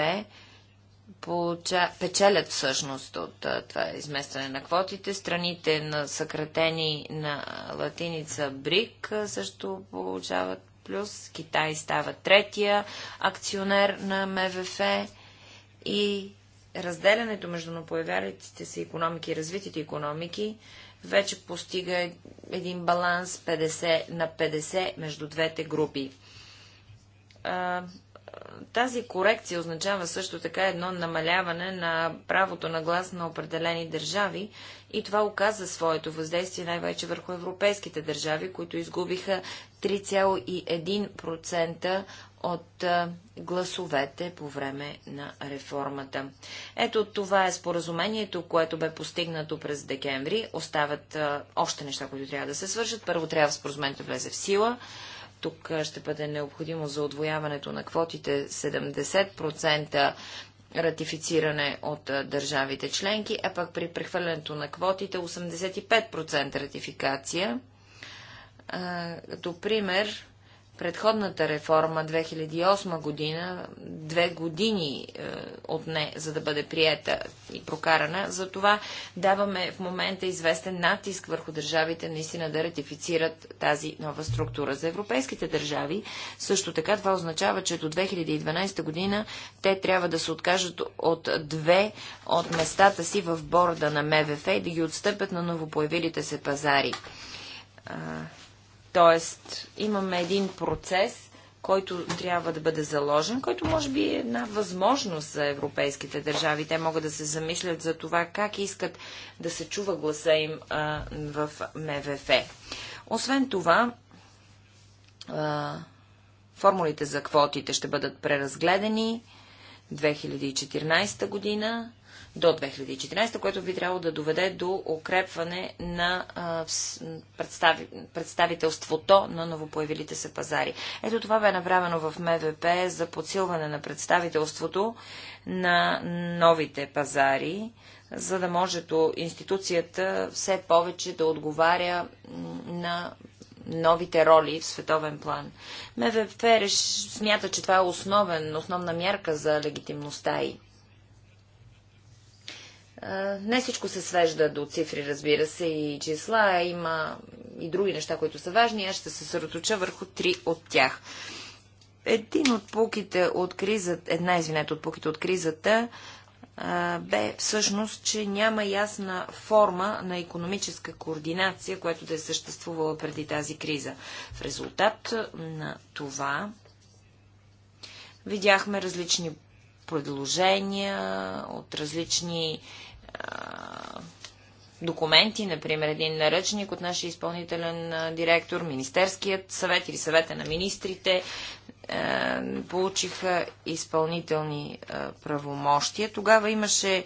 получа... печелят всъщност от това изместване на квотите. Страните на съкратени на латиница БРИК също получават плюс. Китай става третия акционер на МВФ и разделянето между напоявялите се економики и развитите економики вече постига е, един баланс 50 на 50 между двете групи тази корекция означава също така едно намаляване на правото на глас на определени държави и това оказа своето въздействие най-вече върху европейските държави, които изгубиха 3,1% от гласовете по време на реформата. Ето това е споразумението, което бе постигнато през декември. Остават още неща, които трябва да се свършат. Първо трябва споразумението да влезе в сила. Тук ще бъде необходимо за отвояването на квотите 70% ратифициране от държавите членки, а пък при прехвърлянето на квотите 85% ратификация. Като пример, предходната реформа 2008 година, две години е, отне, за да бъде приета и прокарана. Затова даваме в момента известен натиск върху държавите наистина да ратифицират тази нова структура. За европейските държави също така това означава, че до 2012 година те трябва да се откажат от две от местата си в борда на МВФ и да ги отстъпят на новопоявилите се пазари Тоест, имаме един процес, който трябва да бъде заложен, който може би е една възможност за европейските държави. Те могат да се замислят за това как искат да се чува гласа им а, в МВФ. Освен това, а, формулите за квотите ще бъдат преразгледани 2014 година до 2014, което би трябвало да доведе до укрепване на представи, представителството на новопоявилите се пазари. Ето това бе направено в МВП за подсилване на представителството на новите пазари, за да може до институцията все повече да отговаря на новите роли в световен план. МВП смята, че това е основен, основна мярка за легитимността й. Не всичко се свежда до цифри, разбира се, и числа. Има и други неща, които са важни. Аз ще се съсредоточа върху три от тях. Един от пуките от кризата, една, извинете, от пуките от кризата бе всъщност, че няма ясна форма на економическа координация, която да е съществувала преди тази криза. В резултат на това видяхме различни предложения от различни документи, например един наръчник от нашия изпълнителен директор, Министерският съвет или съвета на министрите получиха изпълнителни правомощия. Тогава имаше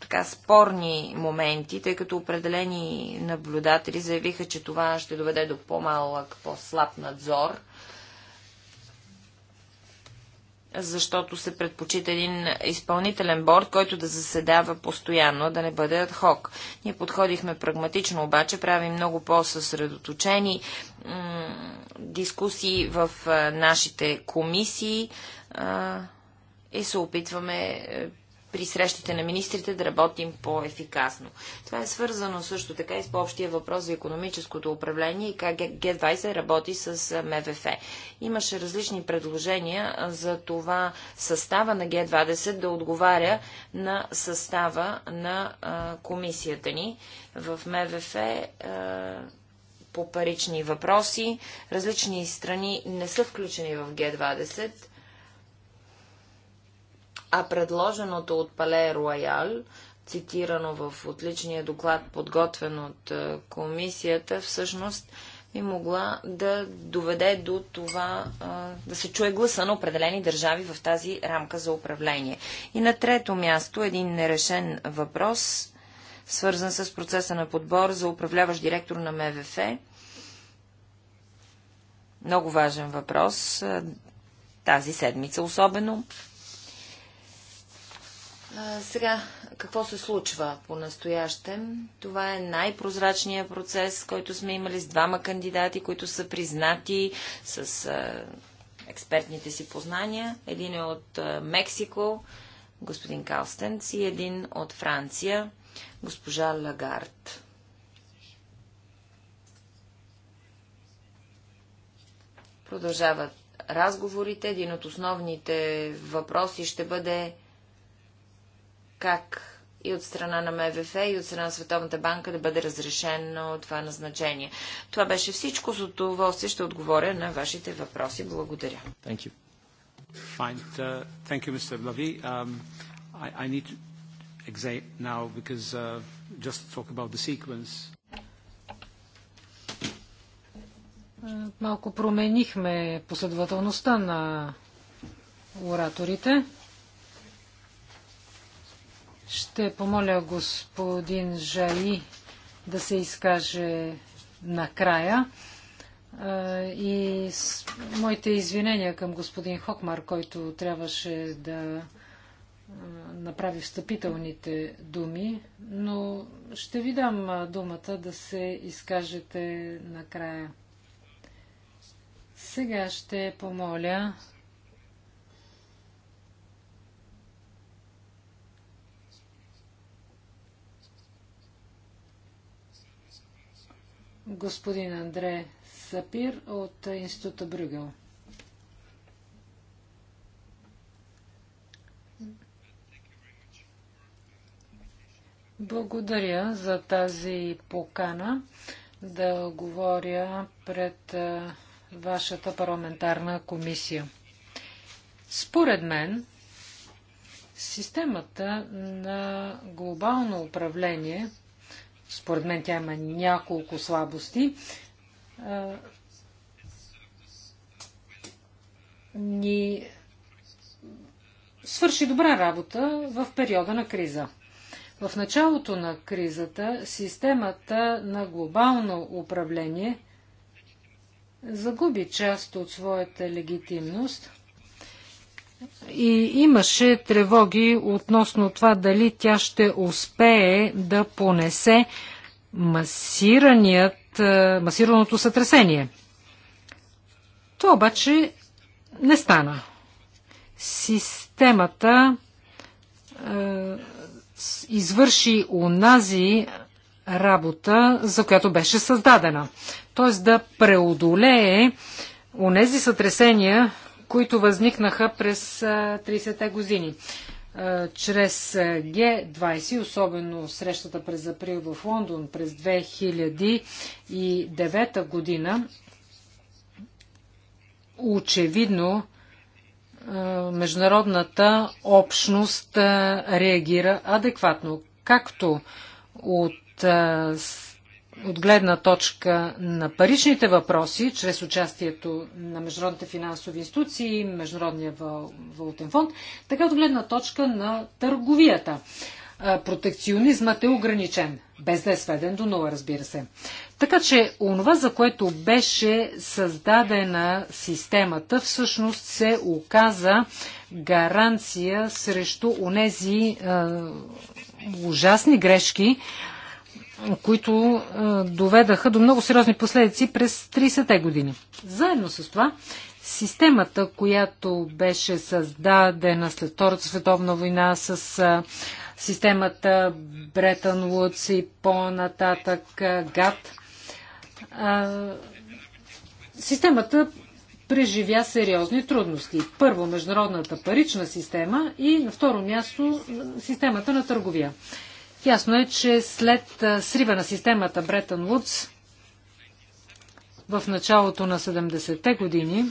така спорни моменти, тъй като определени наблюдатели заявиха, че това ще доведе до по-малък, по-слаб надзор – защото се предпочита един изпълнителен борд, който да заседава постоянно, да не бъде адхок. Ние подходихме прагматично, обаче правим много по-съсредоточени дискусии в а, нашите комисии а, и се опитваме е, при срещите на министрите да работим по-ефикасно. Това е свързано също така и с по-общия въпрос за економическото управление и как Г20 работи с МВФ. Имаше различни предложения за това състава на Г20 да отговаря на състава на комисията ни в МВФ. по парични въпроси. Различни страни не са включени в Г20 а предложеното от Пале Роял, цитирано в отличния доклад, подготвен от е, комисията, всъщност би могла да доведе до това е, да се чуе гласа на определени държави в тази рамка за управление. И на трето място един нерешен въпрос, свързан с процеса на подбор за управляващ директор на МВФ. Много важен въпрос е, тази седмица особено сега, какво се случва по-настоящем? Това е най-прозрачният процес, който сме имали с двама кандидати, които са признати с а, експертните си познания. Един е от а, Мексико, господин Калстенц, и един от Франция, госпожа Лагард. Продължават разговорите. Един от основните въпроси ще бъде как и от страна на МВФ, и от страна на Световната банка да бъде разрешено това назначение. Това беше всичко. С удоволствие ще отговоря на вашите въпроси. Благодаря. Thank you. Fine. Uh, thank you, Mr. Um, I, I need to exit now because uh, just to talk about the sequence. Малко променихме последователността на ораторите. Ще помоля господин Жаи да се изкаже накрая. И моите извинения към господин Хокмар, който трябваше да направи встъпителните думи, но ще ви дам думата да се изкажете накрая. Сега ще помоля господин Андре Сапир от Института Брюгел. Благодаря за тази покана да говоря пред вашата парламентарна комисия. Според мен, системата на глобално управление – според мен тя има няколко слабости. Ни свърши добра работа в периода на криза. В началото на кризата системата на глобално управление загуби част от своята легитимност – и имаше тревоги относно това дали тя ще успее да понесе масираният, е, масираното сътресение. Това обаче не стана. Системата е, извърши унази работа, за която беше създадена. Т.е. да преодолее онези сътресения, които възникнаха през 30-те години. Чрез Г20, особено срещата през април в Лондон през 2009 година, очевидно международната общност реагира адекватно, както от от гледна точка на паричните въпроси, чрез участието на международните финансови институции, Международния валутен фонд, така от гледна точка на търговията. Протекционизмът е ограничен, без да е сведен до нула, разбира се. Така че онова, за което беше създадена системата, всъщност се оказа гаранция срещу онези е, ужасни грешки, които доведаха до много сериозни последици през 30-те години. Заедно с това, системата, която беше създадена след Втората световна война с системата Бретън Вудс и по-нататък ГАТ, системата преживя сериозни трудности. Първо, международната парична система и на второ място системата на търговия. Ясно е, че след срива на системата Бретън Вудс в началото на 70-те години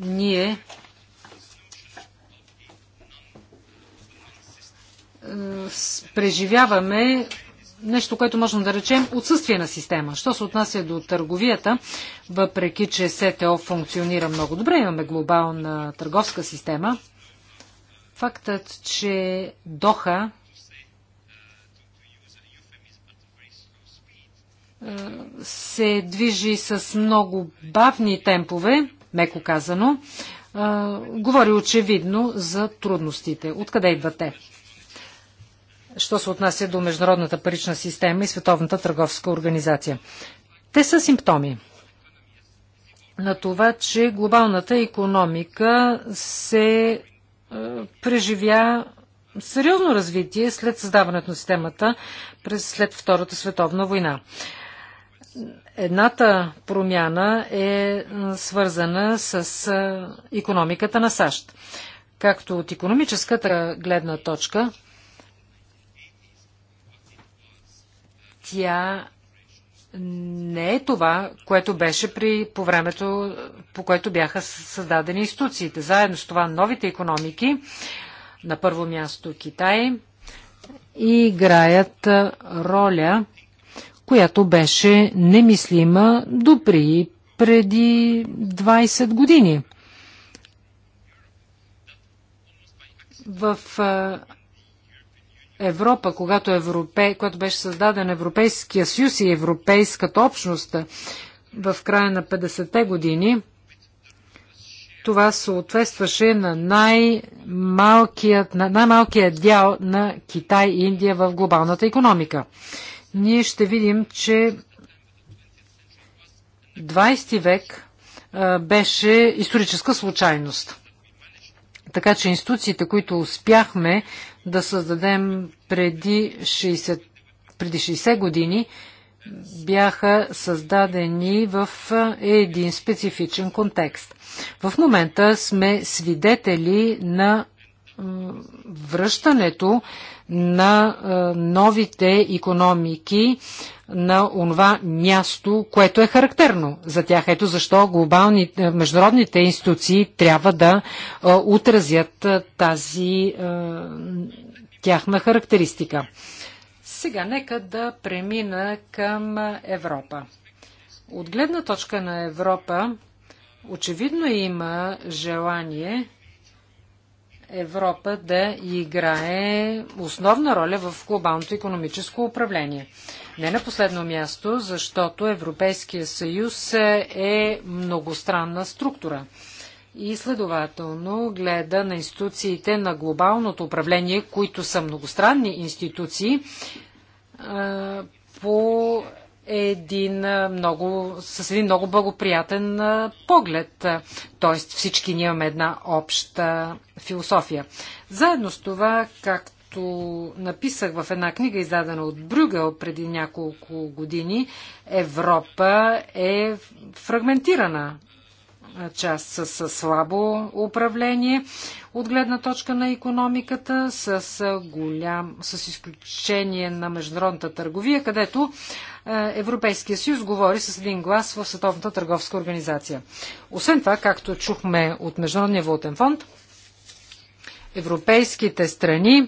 ние преживяваме нещо, което можем да речем отсъствие на система. Що се отнася до търговията, въпреки че СТО функционира много добре, имаме глобална търговска система, фактът, че Доха се движи с много бавни темпове, меко казано, говори очевидно за трудностите. Откъде идват те? Що се отнася до Международната парична система и Световната търговска организация? Те са симптоми на това, че глобалната економика се е, преживя сериозно развитие след създаването на системата през след Втората световна война. Едната промяна е свързана с економиката на САЩ. Както от економическата гледна точка, тя не е това, което беше при, по времето, по което бяха създадени институциите. Заедно с това новите економики, на първо място Китай, играят роля – която беше немислима допри преди 20 години. В Европа, когато, Европе, когато беше създаден Европейския съюз и Европейската общност в края на 50-те години, това съответстваше на най-малкият, на най-малкият дял на Китай и Индия в глобалната економика ние ще видим, че 20 век беше историческа случайност. Така че институциите, които успяхме да създадем преди 60, преди 60 години, бяха създадени в един специфичен контекст. В момента сме свидетели на връщането на е, новите економики на онова място, което е характерно за тях. Ето защо глобални, е, международните институции трябва да е, отразят тази тяхна характеристика. Сега нека да премина към Европа. От гледна точка на Европа, очевидно има желание Европа да играе основна роля в глобалното економическо управление. Не на последно място, защото Европейския съюз е многостранна структура и следователно гледа на институциите на глобалното управление, които са многостранни институции, по един много, с един много благоприятен поглед. Тоест всички ние имаме една обща философия. Заедно с това, както написах в една книга, издадена от Брюгел преди няколко години, Европа е фрагментирана част с, слабо управление от гледна точка на економиката, с, голям, с изключение на международната търговия, където е, Европейския съюз говори с един глас в Световната търговска организация. Освен това, както чухме от Международния валутен фонд, европейските страни е,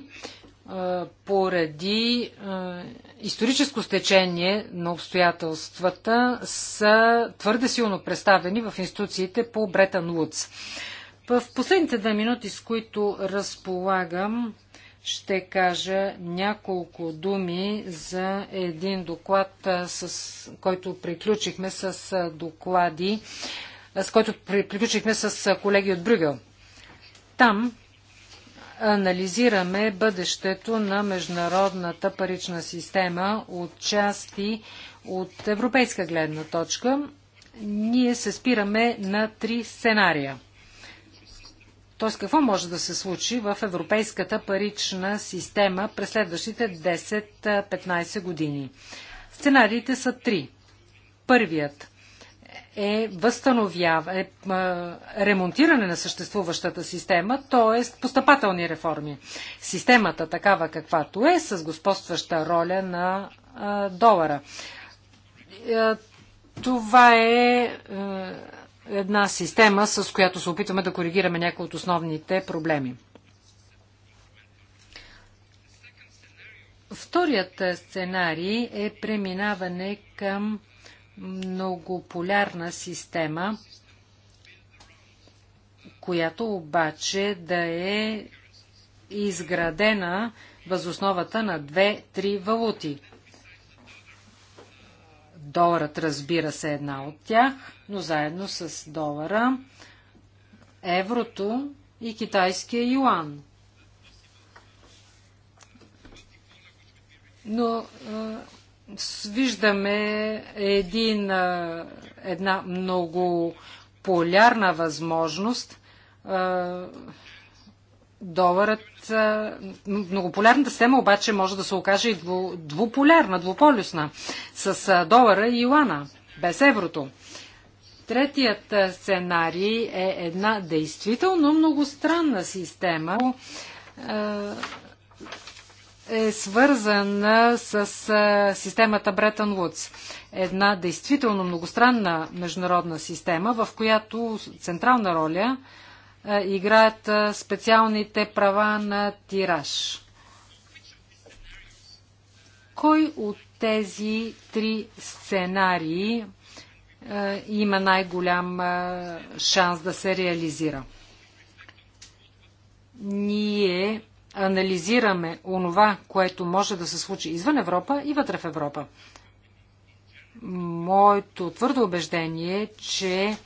поради е, историческо стечение на обстоятелствата са твърде силно представени в институциите по Бретън Лудс. В последните две минути, с които разполагам, ще кажа няколко думи за един доклад, с който приключихме с доклади, с който приключихме с колеги от Брюгел. Там анализираме бъдещето на международната парична система от части от европейска гледна точка. Ние се спираме на три сценария. Т.е. какво може да се случи в европейската парична система през следващите 10-15 години? Сценариите са три. Първият е, възстановяване е ремонтиране на съществуващата система, т.е. постъпателни реформи. Системата такава каквато е, с господстваща роля на е, долара. Е, това е, е една система, с която се опитваме да коригираме някои от основните проблеми. Вторият сценарий е преминаване към многополярна система, която обаче да е изградена възосновата на две-три валути. Доларът, разбира се, е една от тях, но заедно с долара, еврото и китайския юан. Но виждаме един, една много полярна възможност. Доларът, многополярната система обаче може да се окаже и двуполярна, двуполюсна, с долара и юана, без еврото. Третият сценарий е една действително много странна система е свързана с системата Бретън Вудс. Една действително многостранна международна система, в която централна роля играят специалните права на тираж. Кой от тези три сценарии има най-голям шанс да се реализира? Ние анализираме онова, което може да се случи извън Европа и вътре в Европа. Моето твърдо убеждение е, че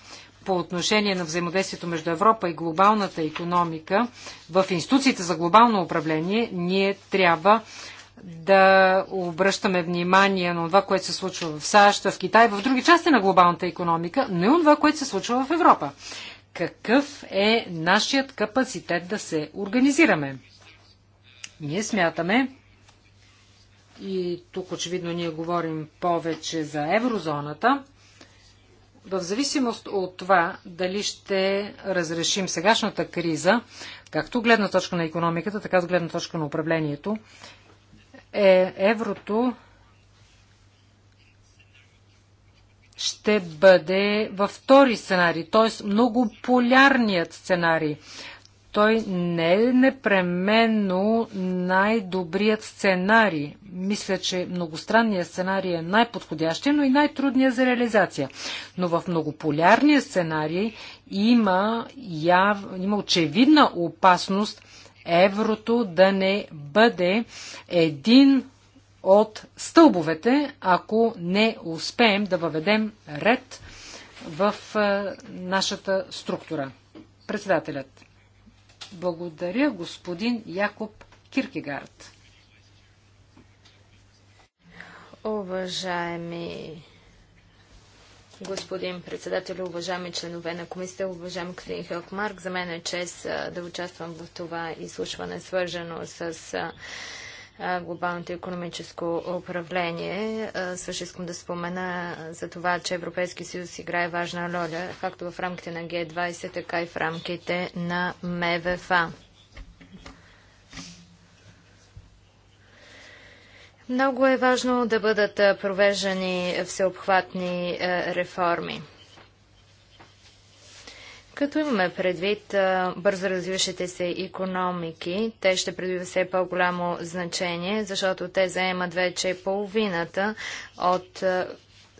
по отношение на взаимодействието между Европа и глобалната економика в институциите за глобално управление, ние трябва да обръщаме внимание на това, което се случва в САЩ, в Китай, в други части на глобалната економика, но и на това, което се случва в Европа. Какъв е нашият капацитет да се организираме? Ние смятаме, и тук очевидно ние говорим повече за еврозоната, в зависимост от това дали ще разрешим сегашната криза, както гледна точка на економиката, така с гледна точка на управлението, е, еврото ще бъде във втори сценарий, т.е. многополярният сценарий той не е непременно най-добрият сценарий. Мисля, че многостранният сценарий е най-подходящия, но и най-трудният за реализация. Но в многополярния сценарий има, яв... има очевидна опасност еврото да не бъде един от стълбовете, ако не успеем да въведем ред в е, нашата структура. Председателят. Благодаря, господин Якоб Киркегард. Уважаеми господин председател, уважаеми членове на комисията, уважаеми господин Хелкмарк, за мен е чест да участвам в това изслушване, свържено с глобалното економическо управление. Също искам да спомена за това, че Европейски съюз играе важна роля, както в рамките на Г20, така и в рамките на МВФА. Много е важно да бъдат провеждани всеобхватни реформи. Като имаме предвид бързо развиващите се економики, те ще придобиват все по-голямо значение, защото те заемат вече половината от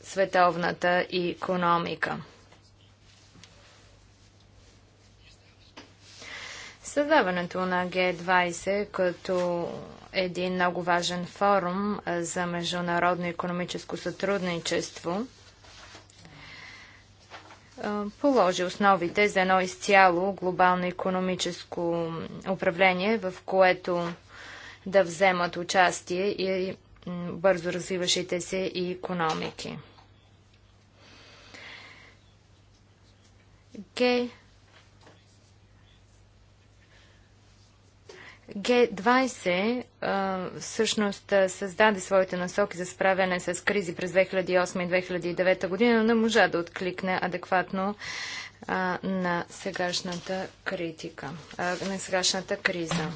световната економика. Създаването на Г20 като един много важен форум за международно економическо сътрудничество – положи основите за едно изцяло глобално економическо управление, в което да вземат участие и бързо развиващите се и економики. Г Г-20 всъщност създаде своите насоки за справяне с кризи през 2008 и 2009 година, но не можа да откликне адекватно а, на сегашната критика, а, на сегашната криза.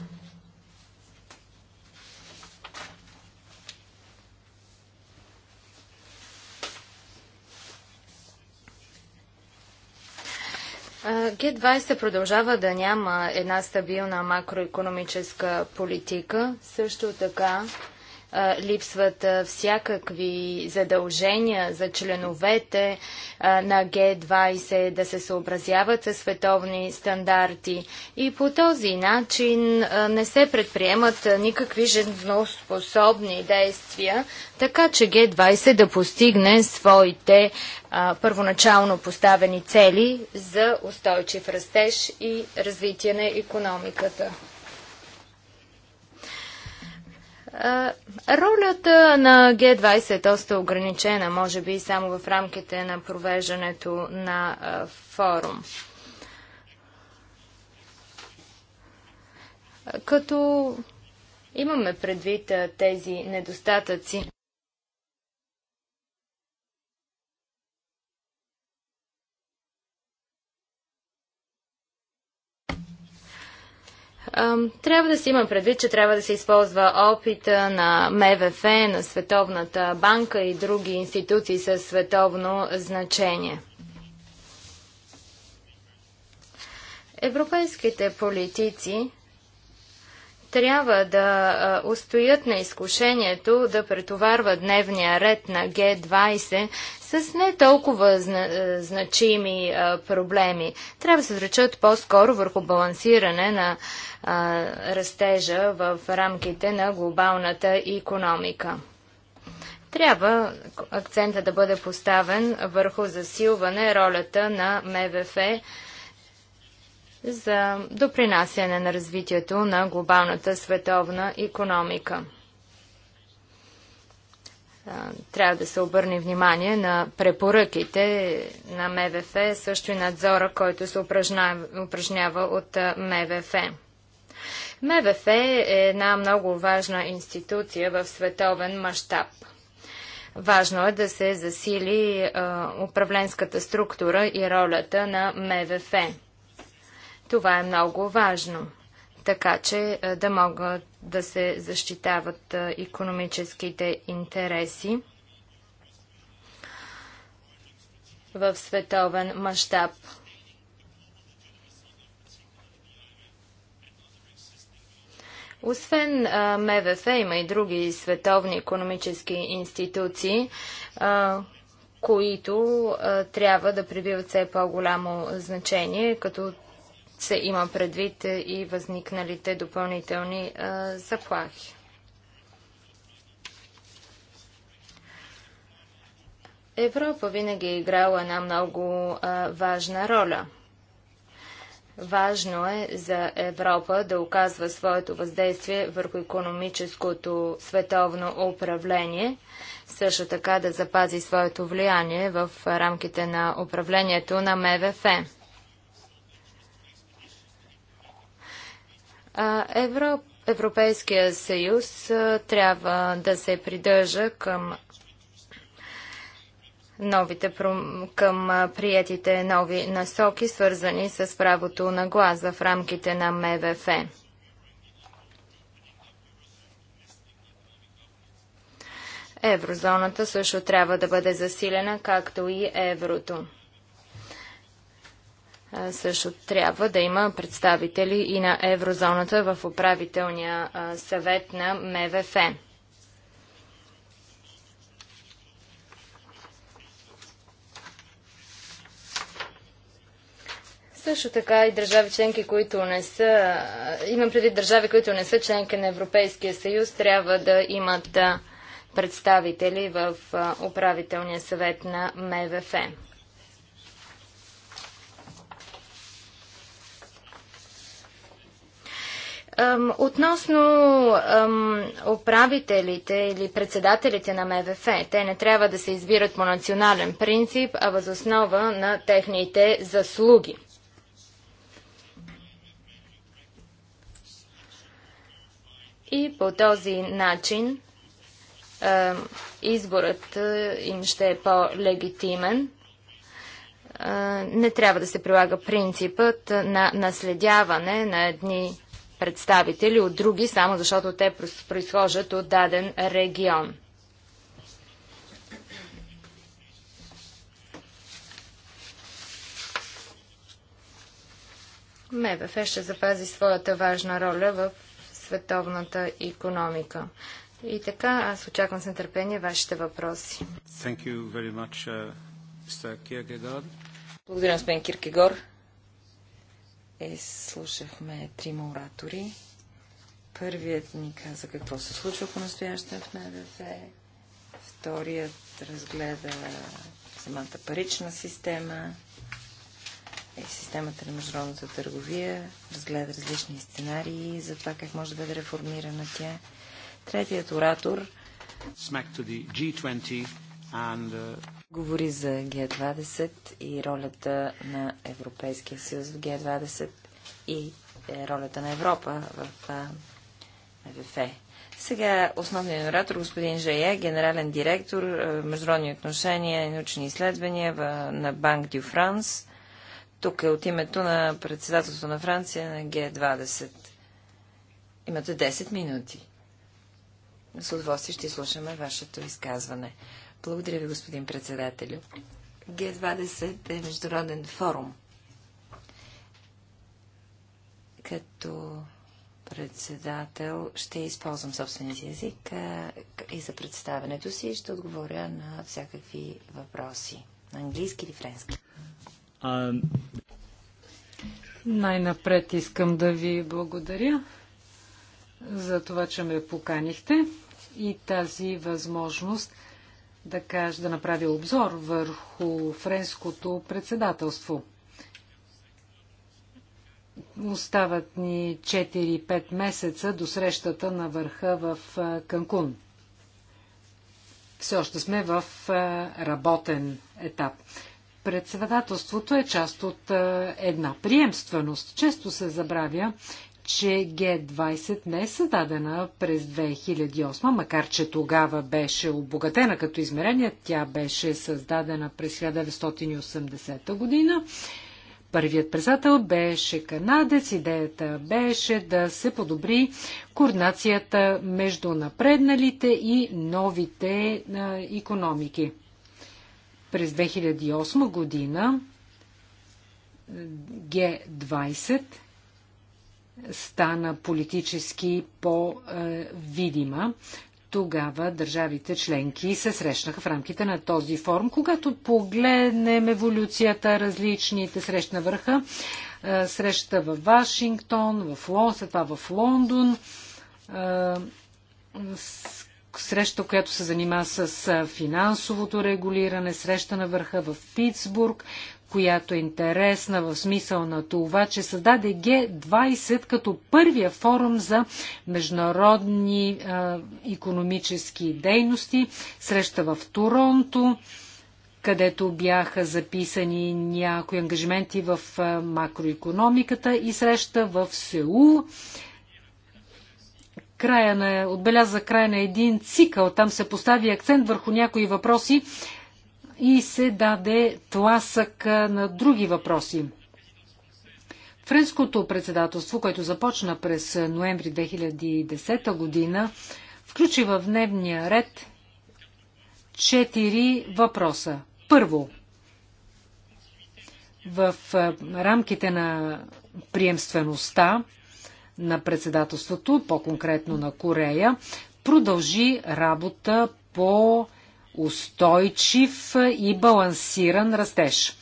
Г-20 продължава да няма една стабилна макроекономическа политика. Също така липсват всякакви задължения за членовете на Г-20 да се съобразяват със световни стандарти. И по този начин не се предприемат никакви жизнеспособни действия, така че Г-20 да постигне своите първоначално поставени цели за устойчив растеж и развитие на економиката. Ролята на Г-20 е доста ограничена, може би само в рамките на провеждането на форум. Като имаме предвид тези недостатъци, Трябва да се има предвид, че трябва да се използва опита на МВФ, на Световната банка и други институции със световно значение. Европейските политици трябва да устоят на изкушението да претоварва дневния ред на Г-20 с не толкова зна, е, значими а, е, проблеми. Трябва да се връчат по-скоро върху балансиране на а, е, растежа в рамките на глобалната економика. Трябва акцента да бъде поставен върху засилване ролята на МВФ за допринасяне на развитието на глобалната световна економика трябва да се обърне внимание на препоръките на МВФ, също и надзора, който се упражнява, от МВФ. МВФ е една много важна институция в световен мащаб. Важно е да се засили управленската структура и ролята на МВФ. Това е много важно така че е, да могат да се защитават економическите интереси в световен мащаб. Освен е, МВФ има и други световни економически институции, е, които трябва да прибиват все по-голямо значение, като се има предвид и възникналите допълнителни заплахи. Европа винаги е играла една много важна роля. Важно е за Европа да оказва своето въздействие върху економическото световно управление, също така да запази своето влияние в рамките на управлението на МВФ. Европ, Европейския съюз трябва да се придържа към новите, към приятите нови насоки, свързани с правото на глас в рамките на МВФ. Еврозоната също трябва да бъде засилена, както и еврото също трябва да има представители и на еврозоната в управителния съвет на МВФ. Също така и държави членки, които не са, имам преди държави, които не са членки на Европейския съюз, трябва да имат представители в управителния съвет на МВФ. Относно управителите или председателите на МВФ, те не трябва да се избират по национален принцип, а възоснова на техните заслуги. И по този начин изборът им ще е по-легитимен. Не трябва да се прилага принципът на наследяване на едни представители от други, само защото те произхождат от даден регион. МВФ ще запази своята важна роля в световната економика. И така, аз очаквам с нетърпение вашите въпроси. Uh, Благодаря, господин Киркегор. Е, слушахме трима оратори. Първият ни каза какво се случва по настояща в НДФ. Вторият разгледа самата парична система и системата на международната търговия. Разгледа различни сценарии за това как може да бъде реформирана тя. Третият оратор Smack to the G20 and uh, говори за Г20 и ролята на Европейския съюз в Г20 и е, ролята на Европа в МВФ. Сега основният оратор, господин Жая, генерален директор международни отношения и научни изследвания на Банк Дю Франс. Тук е от името на председателството на Франция на Г20. Имате 10 минути. С удоволствие ще слушаме вашето изказване. Благодаря ви, господин председателю. Г20 е международен форум. Като председател ще използвам собствения си език и за представенето си и ще отговоря на всякакви въпроси. На английски или френски? Най-напред искам да ви благодаря за това, че ме поканихте и тази възможност да, каже, да направи обзор върху френското председателство. Остават ни 4-5 месеца до срещата на върха в Канкун. Все още сме в работен етап. Председателството е част от една приемственост. Често се забравя, че Г20 не е създадена през 2008, макар че тогава беше обогатена като измерение. Тя беше създадена през 1980 година. Първият председател беше канадец. Идеята беше да се подобри координацията между напредналите и новите а, економики. През 2008 година Г20 стана политически по-видима. Тогава държавите членки се срещнаха в рамките на този форум. Когато погледнем еволюцията, различните среща на върха, е, среща в Вашингтон, в Лон, след това в Лондон, е, среща, която се занима с е, финансовото регулиране, среща на върха в Питсбург, която е интересна в смисъл на това, че създаде Г20 като първия форум за международни а, економически дейности, среща в Торонто, където бяха записани някои ангажименти в макроекономиката и среща в Сеул, края на, отбеляза края на един цикъл. Там се постави акцент върху някои въпроси, и се даде тласък на други въпроси. Френското председателство, което започна през ноември 2010 година, включи в дневния ред четири въпроса. Първо, в рамките на приемствеността на председателството, по-конкретно на Корея, продължи работа по устойчив и балансиран растеж.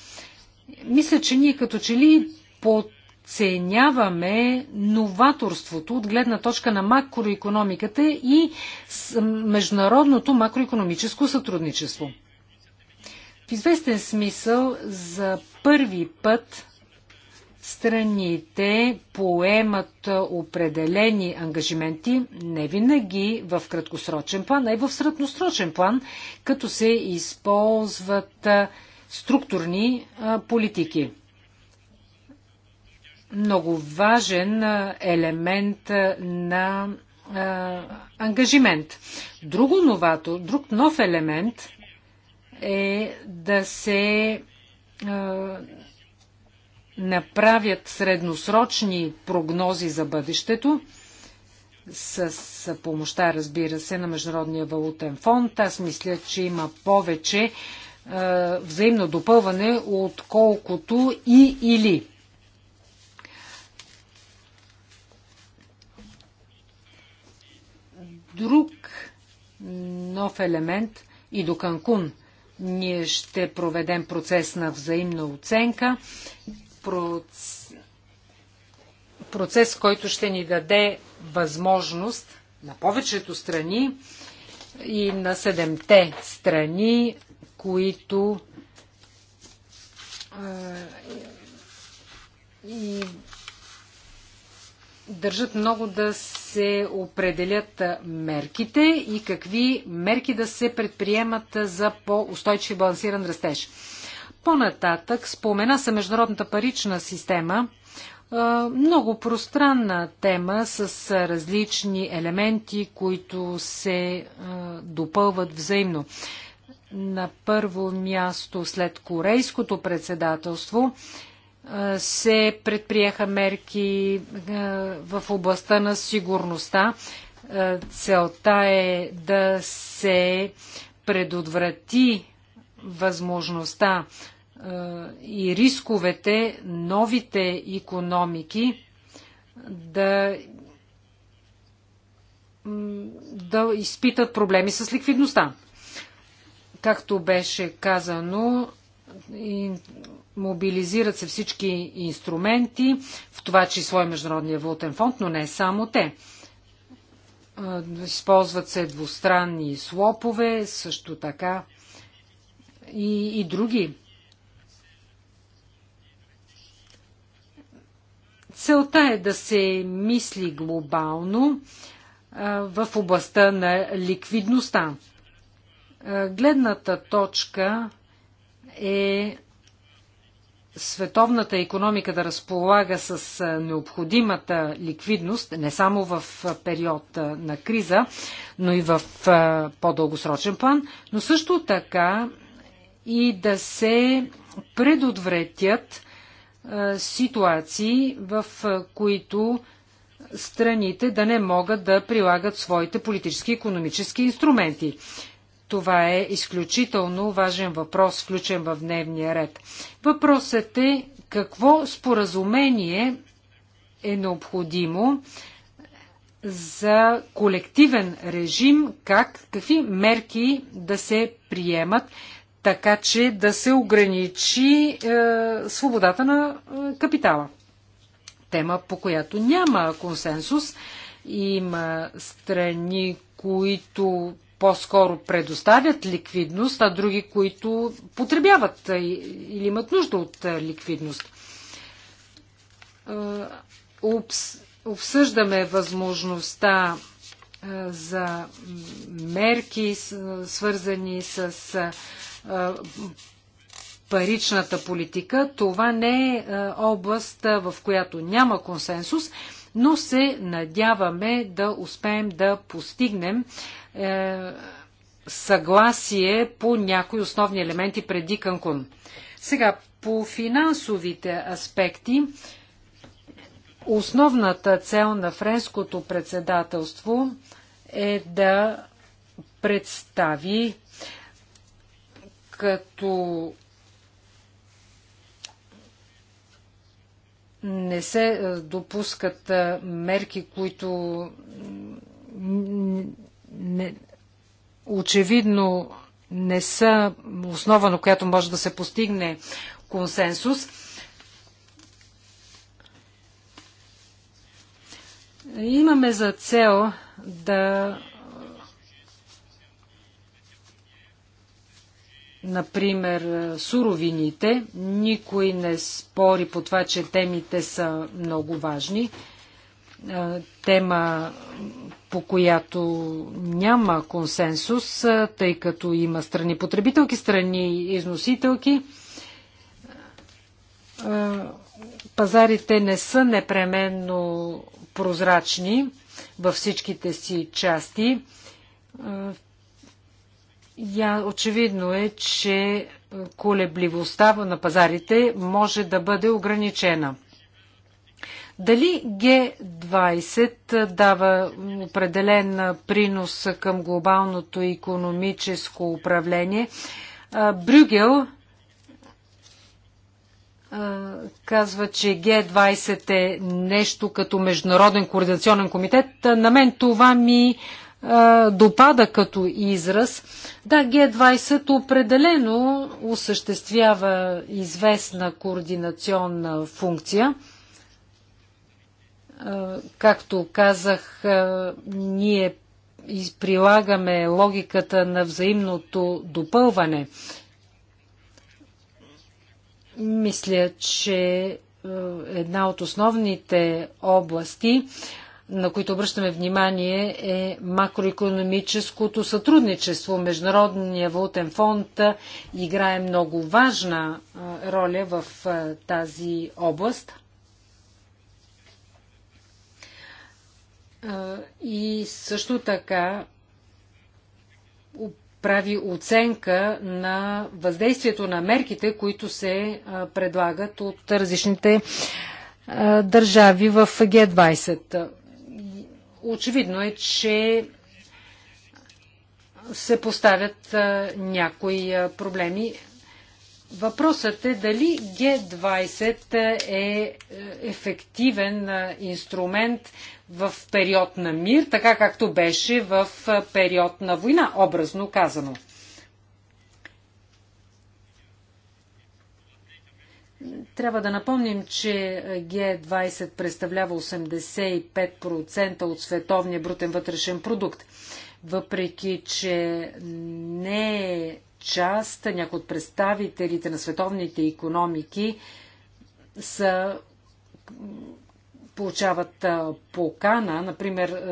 Мисля, че ние като че ли подценяваме новаторството от гледна точка на макроекономиката и международното макроекономическо сътрудничество. В известен смисъл за първи път страните поемат определени ангажименти, не винаги в краткосрочен план, а и в средносрочен план, като се използват структурни политики. Много важен елемент на ангажимент. Друго новато, друг нов елемент е да се направят средносрочни прогнози за бъдещето, с помощта, разбира се, на Международния валутен фонд. Аз мисля, че има повече е, взаимно допълване, отколкото и или. Друг нов елемент и до Канкун ние ще проведем процес на взаимна оценка процес, който ще ни даде възможност на повечето страни и на седемте страни, които и държат много да се определят мерките и какви мерки да се предприемат за по-устойчив и балансиран растеж. По-нататък спомена се Международната парична система, много пространна тема с различни елементи, които се допълват взаимно. На първо място след корейското председателство се предприеха мерки в областта на сигурността. Целта е да се предотврати възможността е, и рисковете новите економики да, да изпитат проблеми с ликвидността. Както беше казано, мобилизират се всички инструменти, в това число и Международния валутен фонд, но не само те. Е, използват се двустранни слопове, също така и, и други. Целта е да се мисли глобално в областта на ликвидността. гледната точка е световната економика да разполага с необходимата ликвидност, не само в период на криза, но и в по-дългосрочен план, но също така и да се предотвратят ситуации, в които страните да не могат да прилагат своите политически и економически инструменти. Това е изключително важен въпрос, включен в дневния ред. Въпросът е какво споразумение е необходимо за колективен режим, как, какви мерки да се приемат, така че да се ограничи е, свободата на е, капитала. Тема, по която няма консенсус. Има страни, които по-скоро предоставят ликвидност, а други, които потребяват е, или имат нужда от е, ликвидност. Е, обсъждаме възможността за мерки, свързани с паричната политика. Това не е област, в която няма консенсус, но се надяваме да успеем да постигнем е, съгласие по някои основни елементи преди Канкун. Сега, по финансовите аспекти, основната цел на френското председателство е да представи като не се е, допускат е, мерки, които не, очевидно не са основа, на която може да се постигне консенсус. Имаме за цел да например, е, суровините. Никой не спори по това, че темите са много важни. Е, тема, по която няма консенсус, е, тъй като има страни потребителки, страни износителки. Пазарите не са непременно прозрачни във всичките си части я, очевидно е, че е, колебливостта на пазарите може да бъде ограничена. Дали Г20 е, дава определен е, принос към глобалното економическо управление? Брюгел казва, че Г20 е нещо като Международен координационен комитет. На мен това ми допада като израз. Да, Г20 определено осъществява известна координационна функция. Както казах, ние прилагаме логиката на взаимното допълване. Мисля, че една от основните области, на които обръщаме внимание, е макроекономическото сътрудничество. Международния валутен фонд играе много важна роля в тази област. И също така прави оценка на въздействието на мерките, които се предлагат от различните държави в Г-20. Очевидно е, че се поставят някои проблеми. Въпросът е дали Г20 е, е ефективен инструмент в период на мир, така както беше в период на война, образно казано. Трябва да напомним, че Г20 представлява 85% от световния брутен вътрешен продукт. Въпреки, че не е част, някои от представителите на световните економики са получават покана, например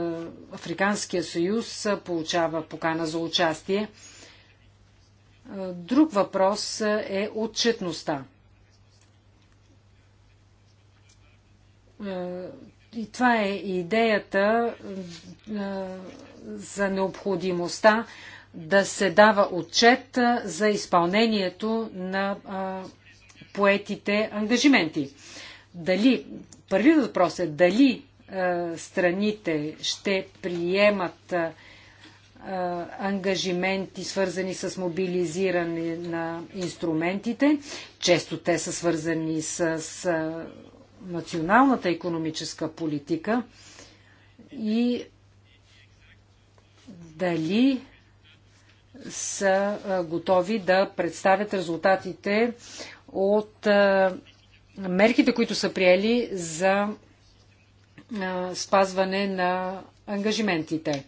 Африканския съюз получава покана за участие. Друг въпрос е отчетността. Е, и това е идеята е, за необходимостта да се дава отчет е, за изпълнението на поетите ангажименти. Дали, първият въпрос е дали страните ще приемат ангажименти, свързани с мобилизиране на инструментите. Често те са свързани с националната економическа политика и дали са готови да представят резултатите от мерките, които са приели за спазване на ангажиментите.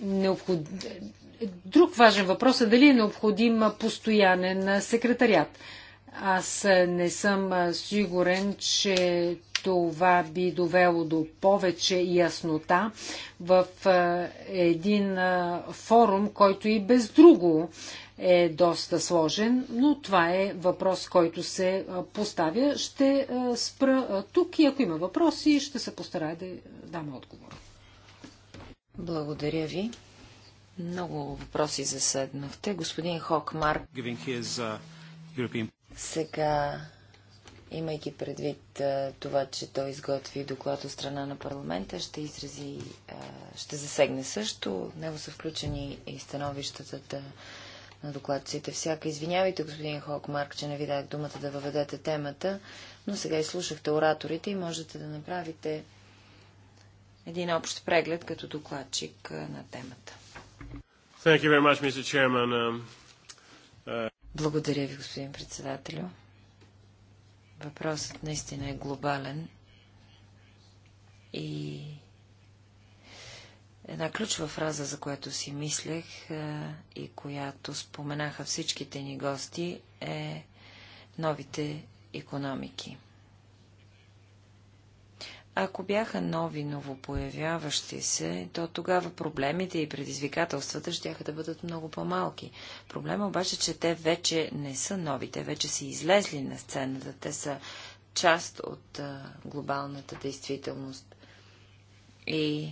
Необход... Е друг важен въпрос е дали е необходим постоянен секретарят. Аз не съм сигурен, че това би довело до повече яснота в един форум, който и без друго е доста сложен, но това е въпрос, който се поставя. Ще спра тук и ако има въпроси, ще се постарая да дам отговор. Благодаря ви. Много въпроси заседнахте. Господин Хокмарк. Uh, сега, имайки предвид това, че той изготви доклад от страна на парламента, ще изрази, ще засегне също. него са включени и становищата на докладците. Всяка. Извинявайте, господин Хокмарк, че не ви дадах думата да въведете темата, но сега изслушахте ораторите и можете да направите един общ преглед като докладчик на темата. Thank you very much, Mr. Chairman. Um, uh, Благодаря ви, господин председателю. Въпросът наистина е глобален и една ключова фраза, за която си мислех е, и която споменаха всичките ни гости, е новите економики. Ако бяха нови, новопоявяващи се, то тогава проблемите и предизвикателствата ще да бъдат много по-малки. Проблема обаче, че те вече не са нови, те вече са излезли на сцената, те са част от а, глобалната действителност. И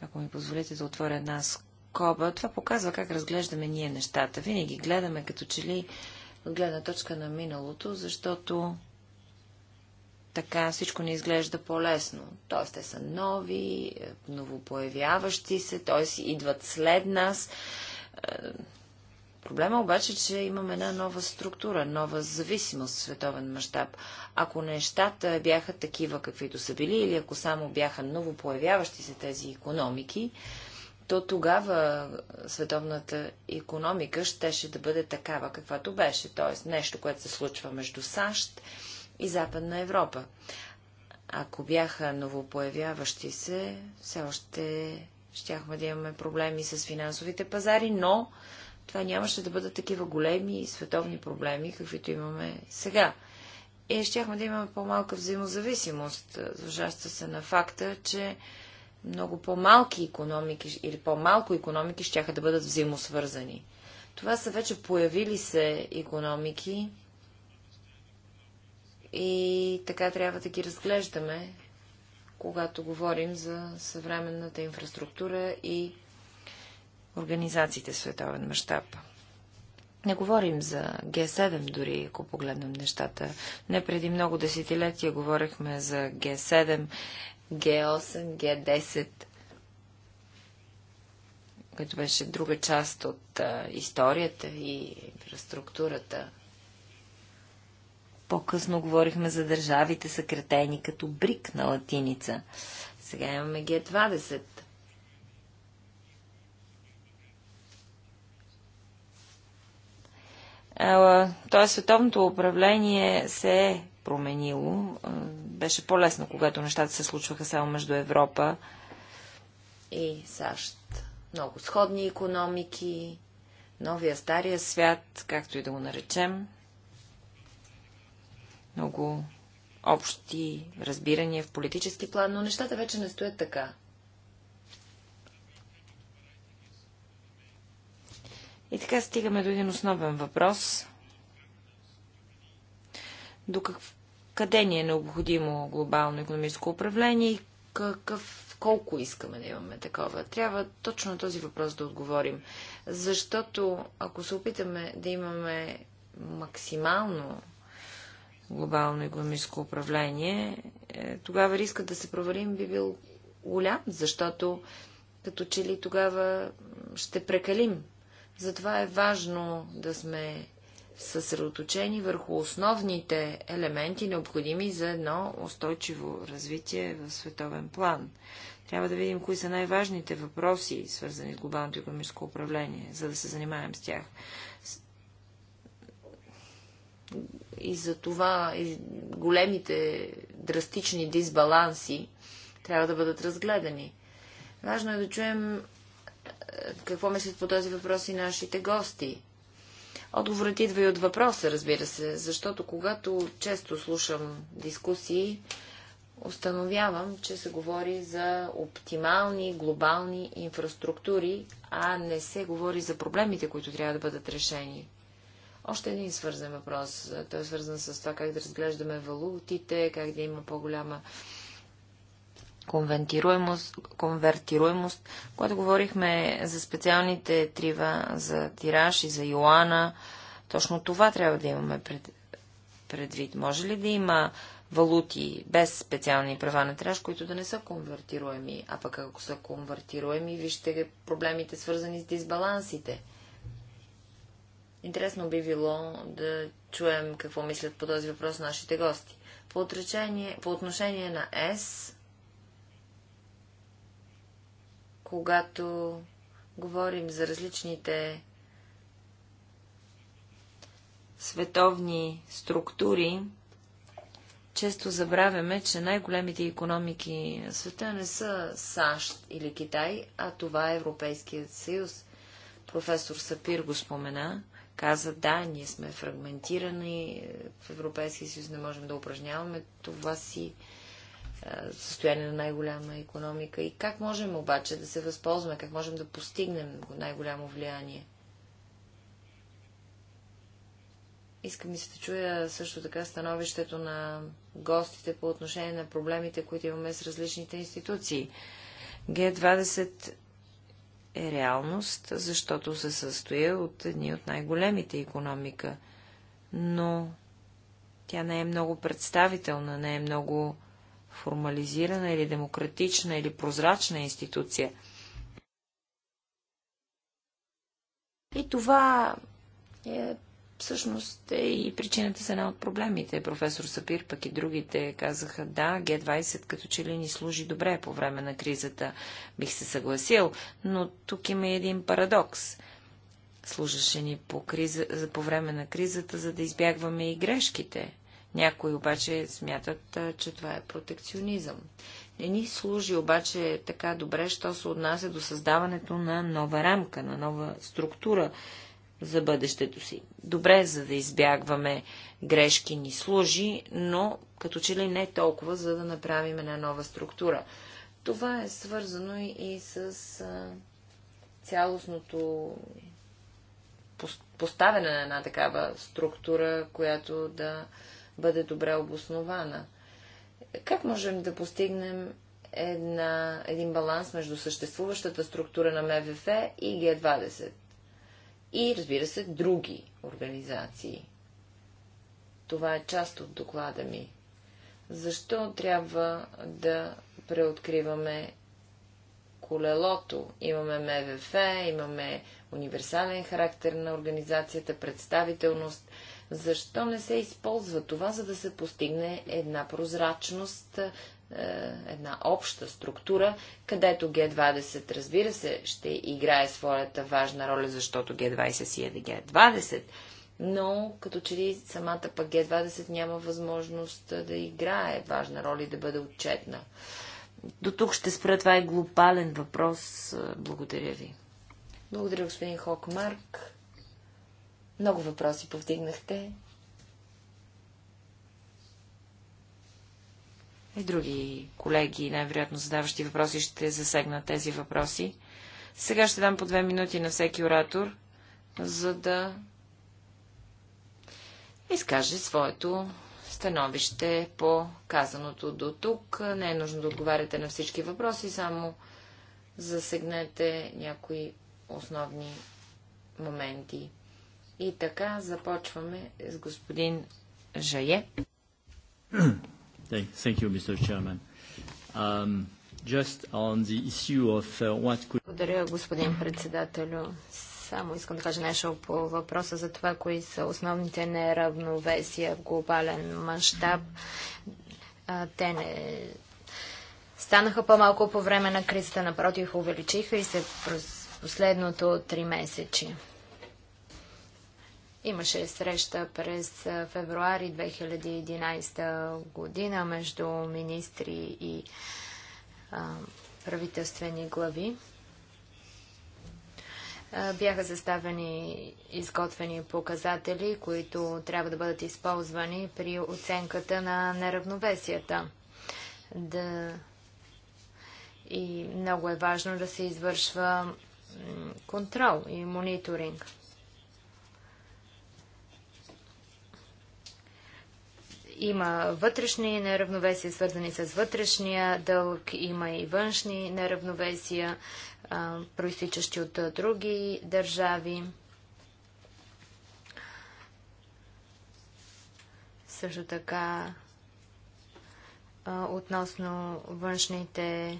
ако ми позволите да отворя една скоба, това показва как разглеждаме ние нещата. Винаги гледаме като че ли гледна точка на миналото, защото така всичко не изглежда по-лесно. Т.е. те са нови, е, новопоявяващи се, т.е. идват след нас. Е, проблема обаче, че имаме една нова структура, нова зависимост в световен мащаб. Ако нещата бяха такива, каквито са били, или ако само бяха новопоявяващи се тези економики, то тогава е, световната економика щеше да бъде такава, каквато беше. Тоест нещо, което се случва между САЩ и Западна Европа. Ако бяха новопоявяващи се, все още щяхме да имаме проблеми с финансовите пазари, но това нямаше да бъдат такива големи и световни проблеми, каквито имаме сега. И щяхме да имаме по-малка взаимозависимост, звържаща се на факта, че много по-малки економики или по-малко економики щяха да бъдат взаимосвързани. Това са вече появили се економики, и така трябва да ги разглеждаме, когато говорим за съвременната инфраструктура и организациите в световен мащаб. Не говорим за Г7 дори, ако погледнем нещата. Не преди много десетилетия говорихме за Г7, Г8, Г10, което беше друга част от а, историята и инфраструктурата по-късно говорихме за държавите съкретени като брик на латиница. Сега имаме Г20. Тоест, световното управление се е променило. Беше по-лесно, когато нещата се случваха само между Европа и САЩ. Много сходни економики, новия, стария свят, както и да го наречем много общи разбирания в политически план, но нещата вече не стоят така. И така стигаме до един основен въпрос. До как... къде ни е необходимо глобално економическо управление и какъв, колко искаме да имаме такова? Трябва точно на този въпрос да отговорим. Защото ако се опитаме да имаме максимално глобално економическо управление, е, тогава рискът да се провалим би бил голям, защото като че ли тогава ще прекалим. Затова е важно да сме съсредоточени върху основните елементи, необходими за едно устойчиво развитие в световен план. Трябва да видим кои са най-важните въпроси, свързани с глобалното економическо управление, за да се занимаем с тях и за това и големите драстични дисбаланси трябва да бъдат разгледани. Важно е да чуем е, какво мислят по този въпрос и нашите гости. Отговорът идва и от въпроса, разбира се, защото когато често слушам дискусии, установявам, че се говори за оптимални глобални инфраструктури, а не се говори за проблемите, които трябва да бъдат решени. Още един свързан въпрос. Той е свързан с това как да разглеждаме валутите, как да има по-голяма конвертируемост, конвертируемост. Когато говорихме за специалните трива, за тираж и за юана, точно това трябва да имаме пред, предвид. Може ли да има валути без специални права на тираж, които да не са конвертируеми? А пък ако са конвертируеми, вижте проблемите свързани с дисбалансите – Интересно би било да чуем какво мислят по този въпрос нашите гости. По, отречение, по отношение на С, когато говорим за различните световни структури, често забравяме, че най-големите економики на света не са САЩ или Китай, а това е Европейският съюз. Професор Сапир го спомена каза, да, ние сме фрагментирани, е, в Европейския съюз не можем да упражняваме това си е, състояние на най-голяма економика и как можем обаче да се възползваме, как можем да постигнем най-голямо влияние. Искам ми се да чуя също така становището на гостите по отношение на проблемите, които имаме с различните институции. Г-20 е реалност, защото се състои от едни от най-големите економика, но тя не е много представителна, не е много формализирана или демократична или прозрачна институция. И това е всъщност е и причината за една от проблемите. Професор Сапир, пък и другите казаха, да, Г-20 като че ли ни служи добре по време на кризата, бих се съгласил, но тук има един парадокс. Служаше ни по, криза, по време на кризата, за да избягваме и грешките. Някои обаче смятат, че това е протекционизъм. Не ни служи обаче така добре, що се отнася до създаването на нова рамка, на нова структура за бъдещето си. Добре, за да избягваме грешки ни служи, но като че ли не толкова, за да направим една нова структура. Това е свързано и с а, цялостното поставяне на една такава структура, която да бъде добре обоснована. Как можем да постигнем една, един баланс между съществуващата структура на МВФ и Г20? и, разбира се, други организации. Това е част от доклада ми. Защо трябва да преоткриваме колелото? Имаме МВФ, имаме универсален характер на организацията, представителност. Защо не се използва това, за да се постигне една прозрачност е, една обща структура, където Г20, разбира се, ще играе своята важна роля, защото Г20 си е Г20, но като че ли самата пък Г20 няма възможност да играе важна роля и да бъде отчетна. До тук ще спра. Това е глобален въпрос. Е, благодаря ви. Благодаря, господин Хокмарк. Много въпроси повдигнахте. И други колеги, най-вероятно задаващи въпроси, ще засегнат тези въпроси. Сега ще дам по две минути на всеки оратор, за да изкаже своето становище по казаното до тук. Не е нужно да отговаряте на всички въпроси, само засегнете някои основни моменти. И така започваме с господин Жае. Thank you, Mr. Chairman. Um, just on the issue of uh, what could... Благодаря, господин председателю. Само искам да кажа нещо по въпроса за това, кои са основните неравновесия в глобален мащаб. Те не станаха по-малко по време на кризата, напротив, увеличиха и се в последното три месечи. Имаше среща през февруари 2011 година между министри и а, правителствени глави. А, бяха съставени изготвени показатели, които трябва да бъдат използвани при оценката на неравновесията. Да... И много е важно да се извършва контрол и мониторинг. Има вътрешни неравновесия, свързани с вътрешния дълг, има и външни неравновесия, проистичащи от други държави. Също така относно външните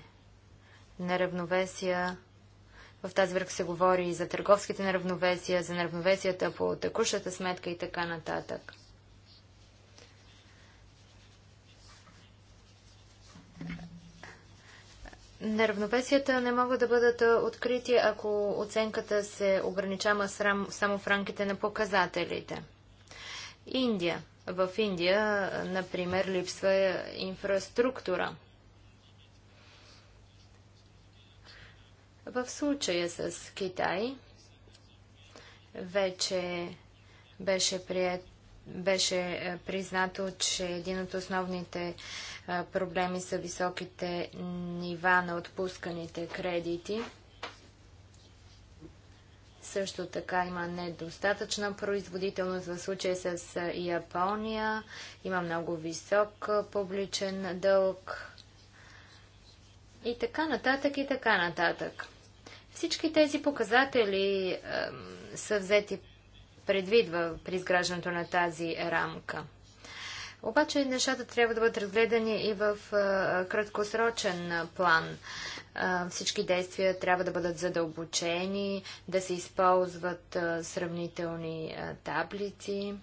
неравновесия. В тази връзка се говори и за търговските неравновесия, за неравновесията по текущата сметка и така нататък. Неравновесията не могат да бъдат открити, ако оценката се ограничава само в рамките на показателите. Индия. В Индия, например, липсва е, инфраструктура. В случая с Китай вече беше, прият, беше е, признато, че един от основните проблеми са високите нива на отпусканите кредити. Също така има недостатъчна производителност в случая с Япония. Има много висок публичен дълг. И така нататък, и така нататък. Всички тези показатели е, са взети предвид при изграждането на тази рамка. Обаче нещата трябва да бъдат разгледани и в а, краткосрочен план. А, всички действия трябва да бъдат задълбочени, да се използват сравнителни таблици.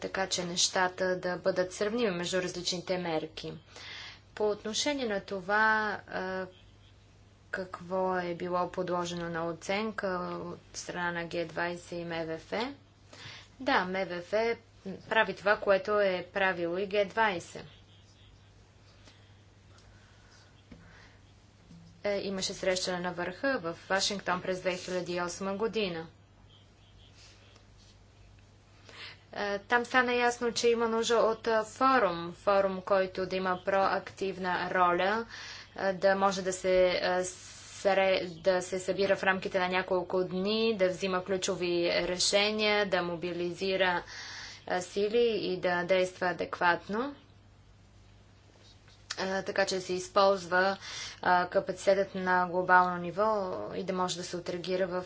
така че нещата да бъдат сравними между различните мерки. По отношение на това, какво е било подложено на оценка от страна на Г20 и МВФ. Да, МВФ прави това, което е правило и Г20. Е, имаше среща на върха в Вашингтон през 2008 година. Е, там стана ясно, че има нужда от форум, форум, който да има проактивна роля, да може да се да се събира в рамките на няколко дни, да взима ключови решения, да мобилизира сили и да действа адекватно. Така че се използва капацитетът на глобално ниво и да може да се отреагира в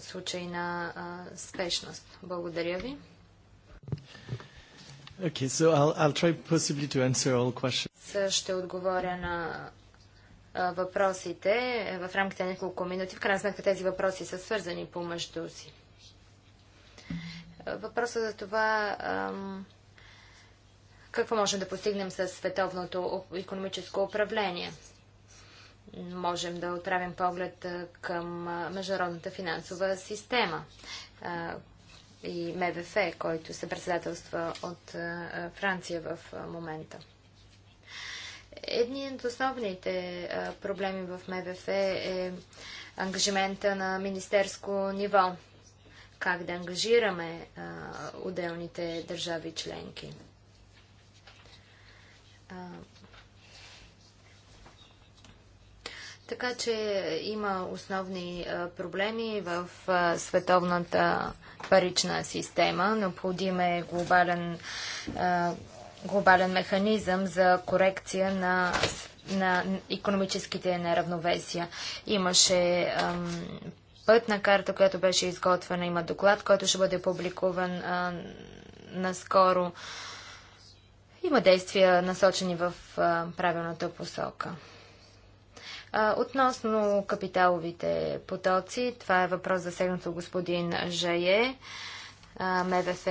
случай на спешност. Благодаря ви. Okay, so I'll, I'll try possibly to answer all questions. Ще отговоря на въпросите в рамките на няколко минути. В крайна сметка тези въпроси са свързани помежду си. Въпросът за това какво можем да постигнем с световното економическо управление. Можем да отправим поглед към международната финансова система и МВФ, който се председателства от Франция в момента. Едни от основните проблеми в МВФ е ангажимента на министерско ниво. Как да ангажираме отделните държави членки. така че има основни проблеми в световната парична система. Необходим е глобален глобален механизъм за корекция на, на економическите неравновесия. Имаше ам, пътна карта, която беше изготвена, има доклад, който ще бъде публикуван а, наскоро. Има действия насочени в а, правилната посока. А, относно капиталовите потоци, това е въпрос за сегнато господин Жае. А, МВФ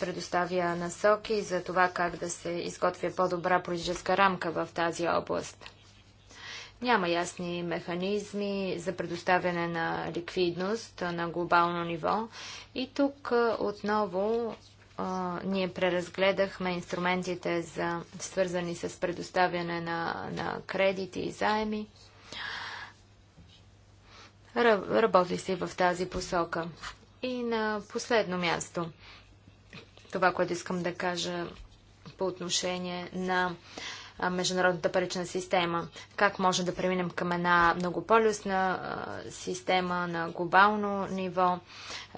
предоставя насоки за това как да се изготвя по-добра политическа рамка в тази област. Няма ясни механизми за предоставяне на ликвидност на глобално ниво. И тук отново а, ние преразгледахме инструментите за свързани с предоставяне на, на кредити и заеми. Работи се в тази посока. И на последно място, това, което искам да кажа по отношение на международната парична система. Как може да преминем към една многополюсна система на глобално ниво?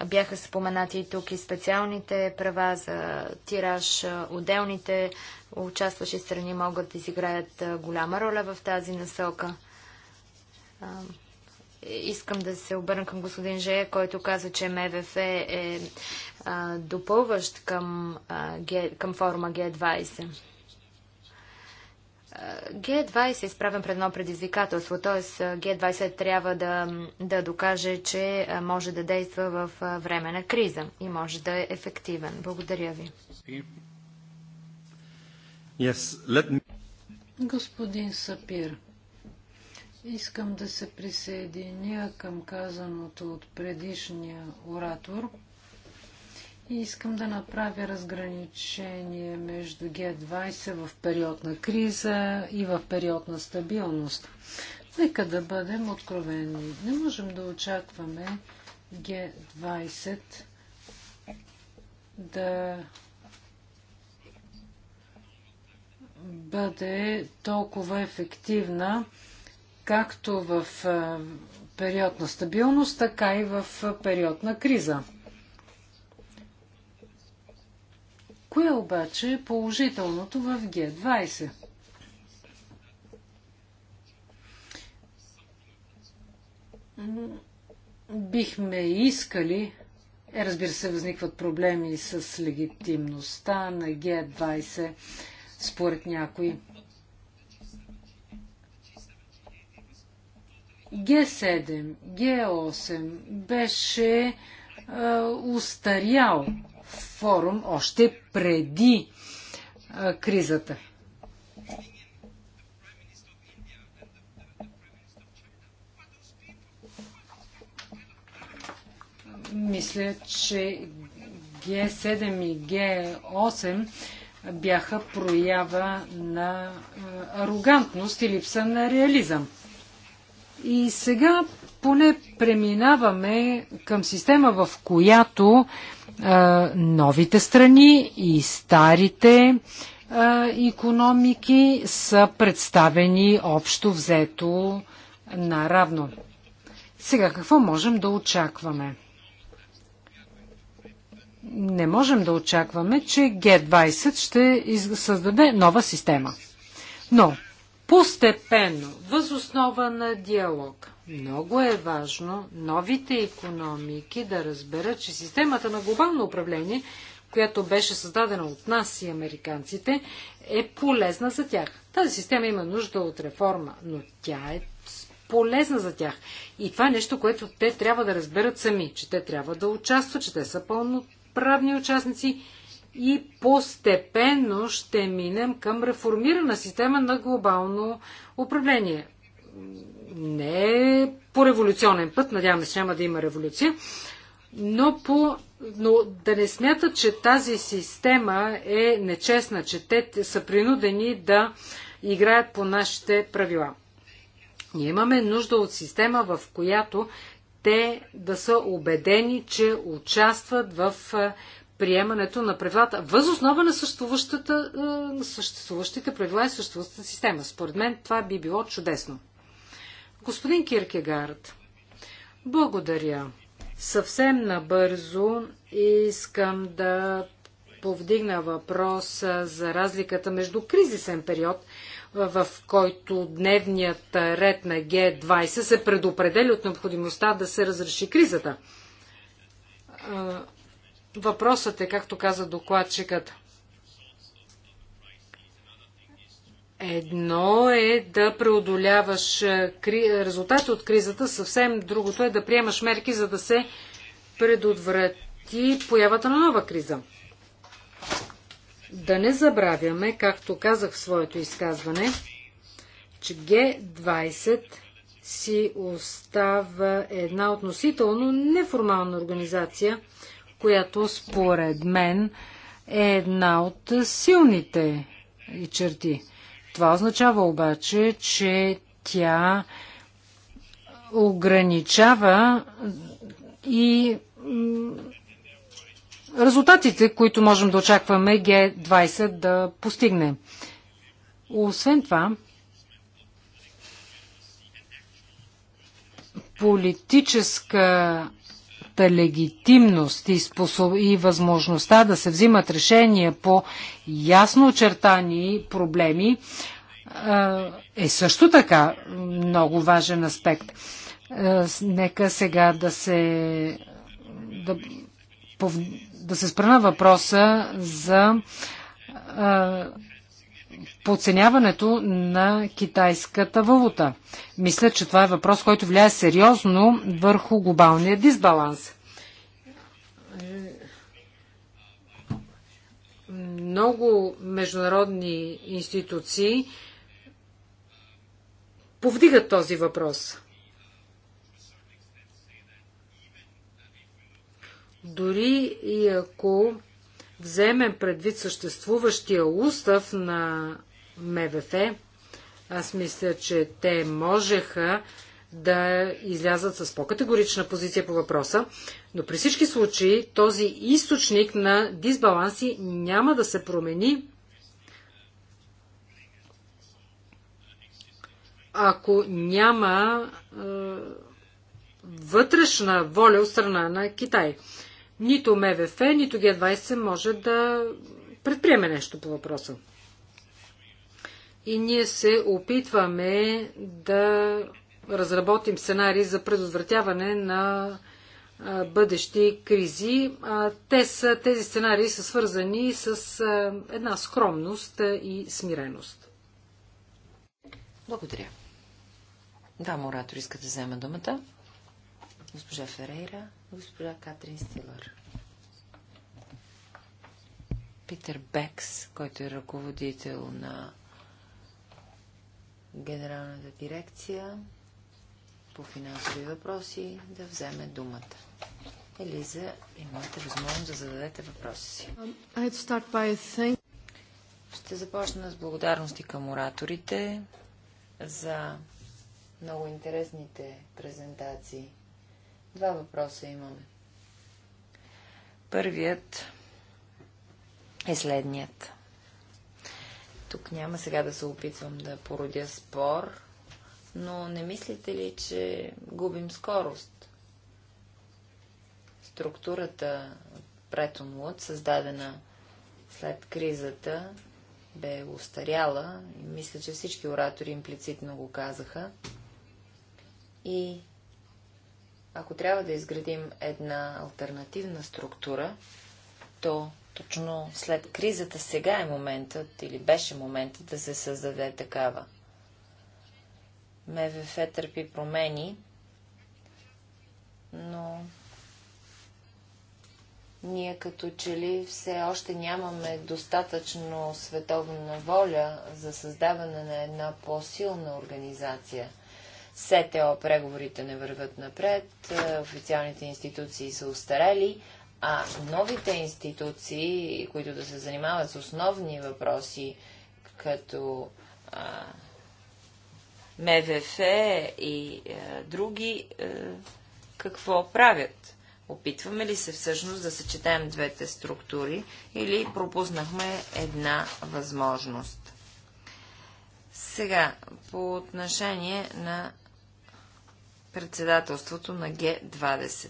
Бяха споменати и тук и специалните права за тираж. Отделните участващи страни могат да изиграят голяма роля в тази насока искам да се обърна към господин Же, който каза, че МВФ е а, допълващ към, а, към форума Г20. Г20 е изправен пред едно предизвикателство, т.е. Г20 трябва да, да докаже, че може да действа в време на криза и може да е ефективен. Благодаря ви. Yes, me... Господин Сапир, Искам да се присъединя към казаното от предишния оратор и искам да направя разграничение между Г20 в период на криза и в период на стабилност. Нека да бъдем откровени. Не можем да очакваме Г20 да бъде толкова ефективна както в период на стабилност, така и в период на криза. Кое обаче е положителното в Г20? Бихме искали, е, разбира се, възникват проблеми с легитимността на Г20 според някои. Г7, Г8 беше а, устарял форум още преди а, кризата. Мисля, че Г7 и Г8 бяха проява на арогантност и липса на реализъм. И сега поне преминаваме към система, в която а, новите страни и старите а, економики са представени общо взето наравно. Сега какво можем да очакваме? Не можем да очакваме, че G20 ще създаде нова система. Но постепенно, възоснова на диалог. Много е важно новите економики да разберат, че системата на глобално управление, която беше създадена от нас и американците, е полезна за тях. Тази система има нужда от реформа, но тя е полезна за тях. И това е нещо, което те трябва да разберат сами, че те трябва да участват, че те са пълноправни участници и постепенно ще минем към реформирана система на глобално управление. Не по революционен път, надяваме се, няма да има революция, но, по, но да не смятат, че тази система е нечестна, че те са принудени да играят по нашите правила. Ние имаме нужда от система, в която те да са убедени, че участват в приемането на правилата, възоснова на, съществуващата, е, на съществуващите правила и съществуващата система. Според мен това би било чудесно. Господин Киркегард, благодаря. Съвсем набързо искам да повдигна въпроса за разликата между кризисен период, в който дневният ред на Г20 се предопределя от необходимостта да се разреши кризата Въпросът е, както каза докладчикът, Едно е да преодоляваш кри... резултати от кризата, съвсем другото е да приемаш мерки, за да се предотврати появата на нова криза. Да не забравяме, както казах в своето изказване, че Г20 си остава една относително неформална организация – която според мен е една от силните черти. Това означава обаче, че тя ограничава и резултатите, които можем да очакваме Г20 да постигне. Освен това, политическа своята легитимност и, способ... и възможността да се взимат решения по ясно очертани проблеми е също така много важен аспект. Нека сега да се, да, да се спра на въпроса за подценяването на китайската валута. Мисля, че това е въпрос, който влияе сериозно върху глобалния дисбаланс. Много международни институции повдигат този въпрос. Дори и ако вземем предвид съществуващия устав на МВФ, аз мисля, че те можеха да излязат с по-категорична позиция по въпроса, но при всички случаи този източник на дисбаланси няма да се промени, ако няма е, вътрешна воля от страна на Китай нито МВФ, нито Г20 може да предприеме нещо по въпроса. И ние се опитваме да разработим сценарии за предотвратяване на бъдещи кризи. Те са, тези сценарии са свързани с една скромност и смиреност. Благодаря. Да, моратор искате да взема думата госпожа Ферейра, госпожа Катрин Стилър. Питър Бекс, който е ръководител на Генералната дирекция по финансови въпроси, да вземе думата. Елиза, имате възможност да зададете въпроси си. Um, Ще започна с благодарности към ораторите за много интересните презентации. Два въпроса имаме. Първият е следният. Тук няма сега да се опитвам да породя спор, но не мислите ли, че губим скорост? Структурата Претон Луд, създадена след кризата, бе устаряла и мисля, че всички оратори имплицитно го казаха. И ако трябва да изградим една альтернативна структура, то точно след кризата сега е моментът или беше моментът да се създаде такава. МВФ търпи промени, но ние като че ли все още нямаме достатъчно световна воля за създаване на една по-силна организация. СТО преговорите не върват напред, е, официалните институции са устарели, а новите институции, които да се занимават с основни въпроси, като а, МВФ и а, е, други, а, е, какво правят? Опитваме ли се всъщност да съчетаем двете структури или пропуснахме една възможност? Сега, по отношение на председателството на Г-20.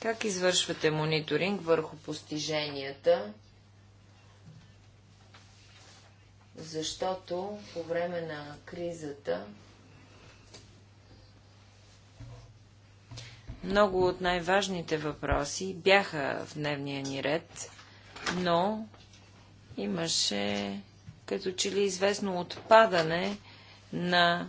Как извършвате мониторинг върху постиженията? Защото по време на кризата много от най-важните въпроси бяха в дневния ни ред, но имаше като че ли известно отпадане на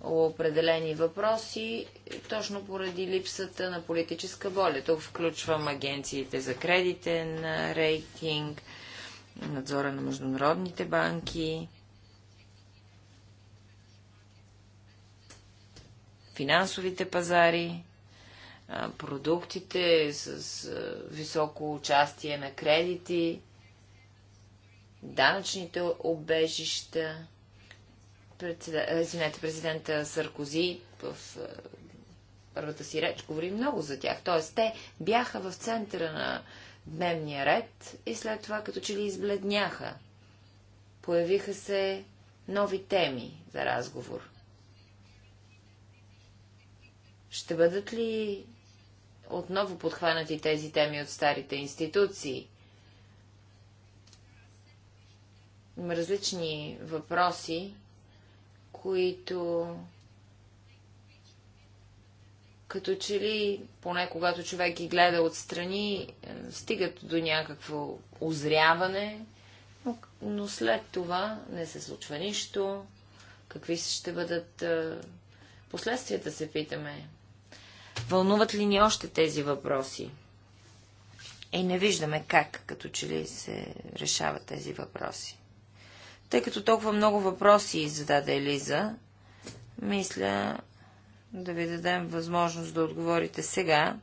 определени въпроси, точно поради липсата на политическа воля. Тук включвам агенциите за кредите, на рейтинг, надзора на международните банки, финансовите пазари, продуктите с високо участие на кредити, данъчните обежища. Извинете, президента Саркози в първата си реч говори много за тях. Т.е. те бяха в центъра на дневния ред и след това като че ли избледняха. Появиха се нови теми за разговор. Ще бъдат ли отново подхванати тези теми от старите институции? различни въпроси, които като че ли, поне когато човек ги гледа отстрани, е, стигат до някакво озряване, но, но след това не се случва нищо. Какви ще бъдат е, последствията, се питаме. Вълнуват ли ни още тези въпроси? И е, не виждаме как, като че ли се решават тези въпроси. Тъй като толкова много въпроси зададе Елиза, мисля да ви дадем възможност да отговорите сега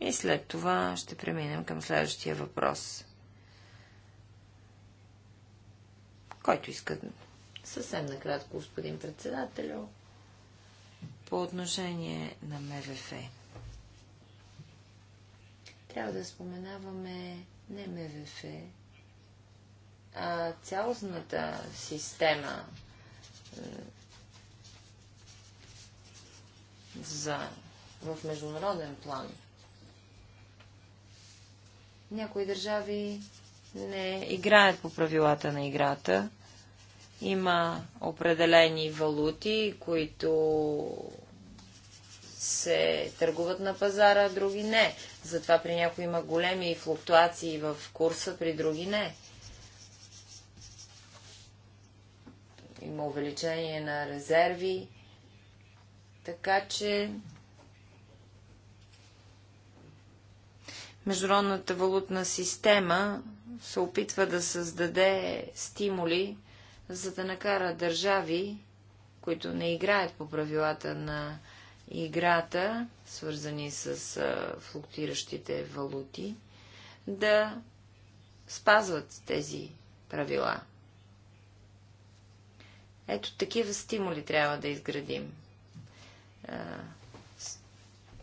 и след това ще преминем към следващия въпрос. Който иска. Съвсем накратко, господин председателю, по отношение на МВФ. Трябва да споменаваме не МВФ, а, цялостната система за, в международен план. Някои държави не играят по правилата на играта. Има определени валути, които се търгуват на пазара, а други не. Затова при някои има големи флуктуации в курса, при други не. Има увеличение на резерви. Така че Международната валутна система се опитва да създаде стимули, за да накара държави, които не играят по правилата на играта, свързани с флуктиращите валути, да спазват тези правила. Ето такива стимули трябва да изградим.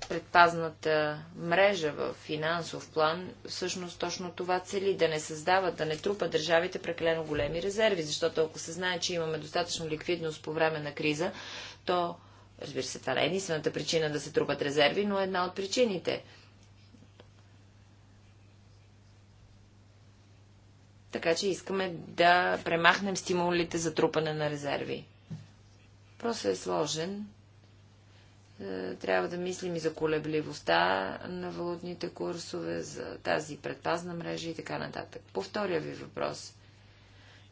Предпазната мрежа в финансов план всъщност точно това цели да не създават, да не трупа държавите прекалено големи резерви, защото ако се знае, че имаме достатъчно ликвидност по време на криза, то Разбира се, това не е единствената причина да се трупат резерви, но е една от причините. Така че искаме да премахнем стимулите за трупане на резерви. Просто е сложен. Е, трябва да мислим и за колебливостта на валутните курсове, за тази предпазна мрежа и така нататък. По втория ви въпрос.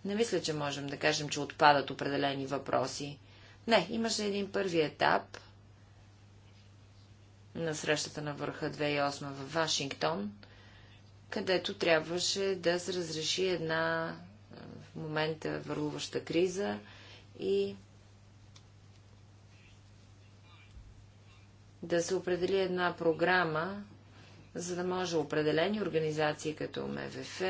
Не мисля, че можем да кажем, че отпадат определени въпроси. Не, имаше един първи етап на срещата на върха 2008 в Вашингтон – където трябваше да се разреши една в момента върлуваща криза и да се определи една програма, за да може определени организации като МВФ,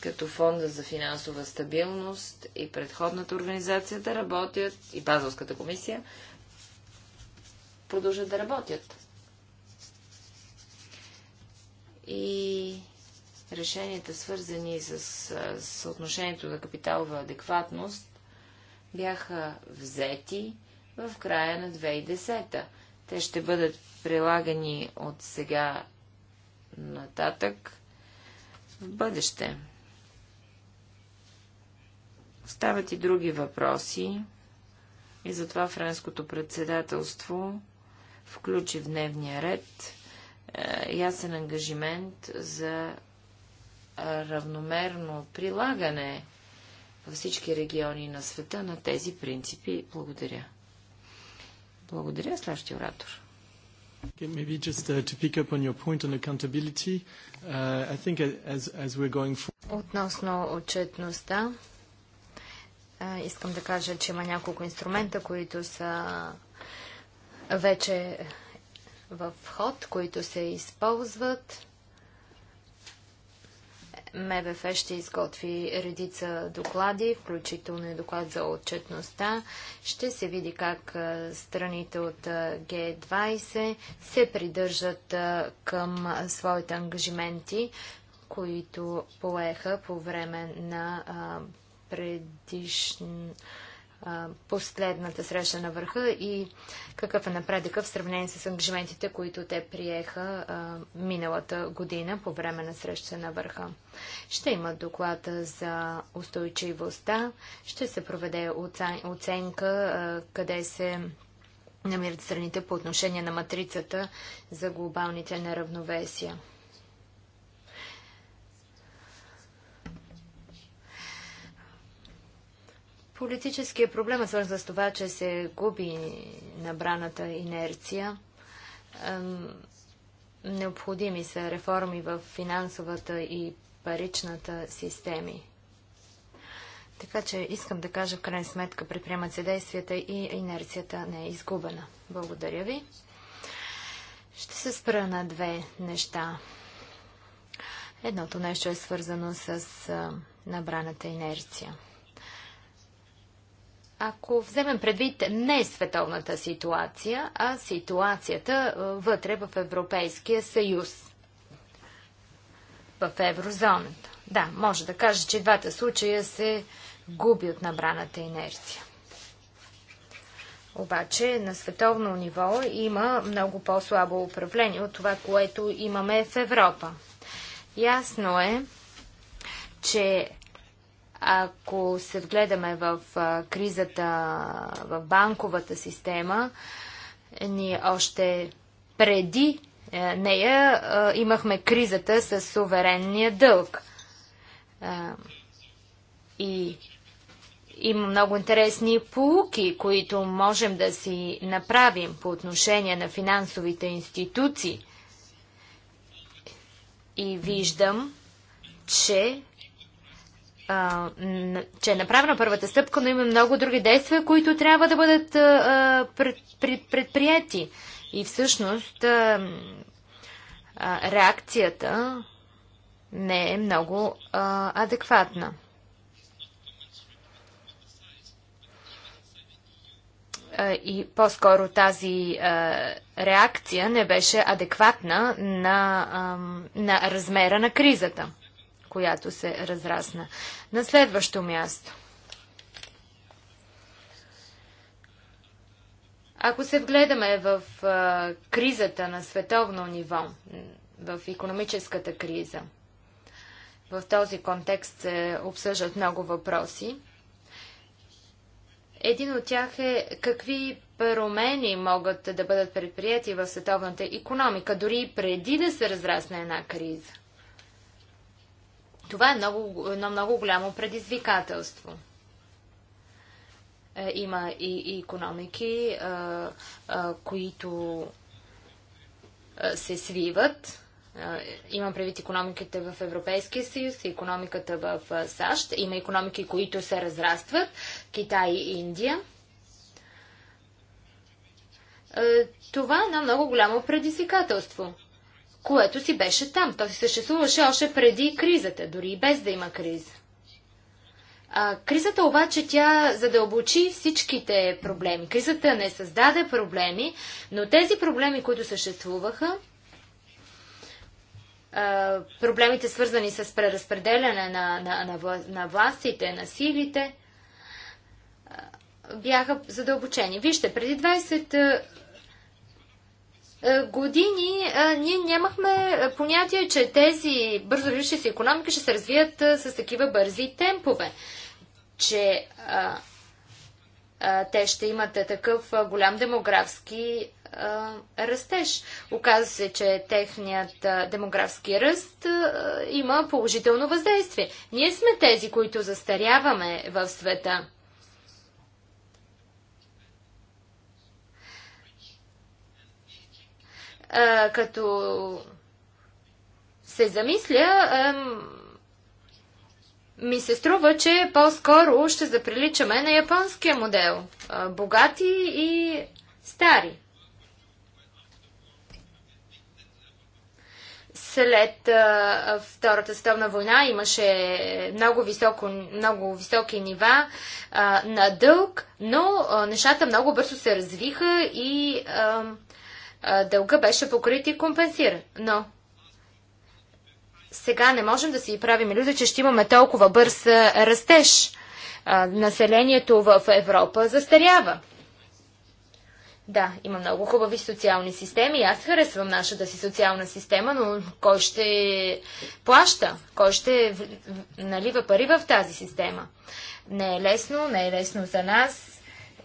като Фонда за финансова стабилност и предходната организация да работят, и Базовската комисия, продължат да работят и решенията, свързани с съотношението на капиталова адекватност, бяха взети в края на 2010-та. Те ще бъдат прилагани от сега нататък в бъдеще. Стават и други въпроси и затова френското председателство включи в дневния ред е, ясен ангажимент за равномерно прилагане във всички региони на света на тези принципи. Благодаря. Благодаря, следващия оратор. Okay, maybe just uh, to pick up on your point on accountability, uh, I think as, as we're going forward... Относно отчетността, uh, искам да кажа, че има няколко инструмента, които са вече в ход, които се използват. МВФ ще изготви редица доклади, включително и доклад за отчетността. Ще се види как страните от Г20 се придържат към своите ангажименти, които поеха по време на предишната последната среща на върха и какъв е напредъка в сравнение с ангажиментите, които те приеха миналата година по време на среща на върха. Ще има доклад за устойчивостта, ще се проведе оценка къде се намират страните по отношение на матрицата за глобалните неравновесия. Политическия проблем е свързан с това, че се губи набраната инерция. Необходими са реформи в финансовата и паричната системи. Така че искам да кажа, в крайна сметка, предприемат се действията и инерцията не е изгубена. Благодаря ви. Ще се спра на две неща. Едното нещо е свързано с набраната инерция ако вземем предвид не световната ситуация, а ситуацията вътре в Европейския съюз, в еврозоната. Да, може да кажа, че двата случая се губи от набраната инерция. Обаче на световно ниво има много по-слабо управление от това, което имаме в Европа. Ясно е, че ако се вгледаме в кризата в банковата система, ние още преди е, нея имахме кризата с суверенния дълг. И има много интересни полуки, които можем да си направим по отношение на финансовите институции. И виждам, че че е направена първата стъпка, но има много други действия, които трябва да бъдат предприяти. И всъщност реакцията не е много адекватна. и по-скоро тази реакция не беше адекватна на размера на кризата която се разрасна. На следващо място. Ако се вгледаме в а, кризата на световно ниво, в економическата криза, в този контекст се обсъждат много въпроси. Един от тях е какви промени могат да бъдат предприяти в световната економика, дори преди да се разрасне една криза. Това е много, едно много голямо предизвикателство. Е, има и, и економики, а, е, а, е, които се свиват. Имам предвид економиките в Европейския съюз економиката в САЩ. Има економики, които се разрастват. Китай и Индия. Това е едно много голямо предизвикателство което си беше там. То си съществуваше още преди кризата, дори и без да има криза. А, кризата обаче тя задълбочи всичките проблеми. Кризата не създаде проблеми, но тези проблеми, които съществуваха, проблемите свързани с преразпределяне на, на, на, на властите, на силите, бяха задълбочени. Вижте, преди 20 е, години е, ние нямахме понятие, че тези бързо развиващи се економики ще се развият е, с такива бързи темпове, че а, а, те ще имат такъв голям демографски растеж. Оказва се, че техният демографски ръст има положително въздействие. Ние сме тези, които застаряваме в света. като се замисля, ми се струва, че по-скоро ще заприличаме на японския модел. богати и стари. след Втората световна война имаше много, високо, много високи нива на дълг, но нещата много бързо се развиха и а, дълга беше покрит и компенсиран. Но сега не можем да си правим иллюзия, че ще имаме толкова бърз растеж. Населението в Европа застарява. Да, има много хубави социални системи. Аз харесвам нашата си социална система, но кой ще плаща? Кой ще налива пари в тази система? Не е лесно, не е лесно за нас.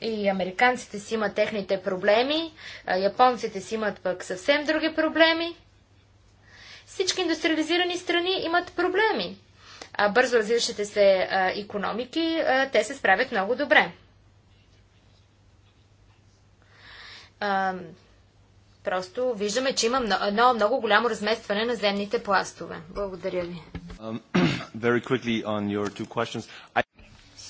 И американците си имат техните проблеми, японците си имат пък съвсем други проблеми. Всички индустриализирани страни имат проблеми. А бързо развиващите се а, економики, а, те се справят много добре. А, просто виждаме, че има едно много голямо разместване на земните пластове. Благодаря ви. Um,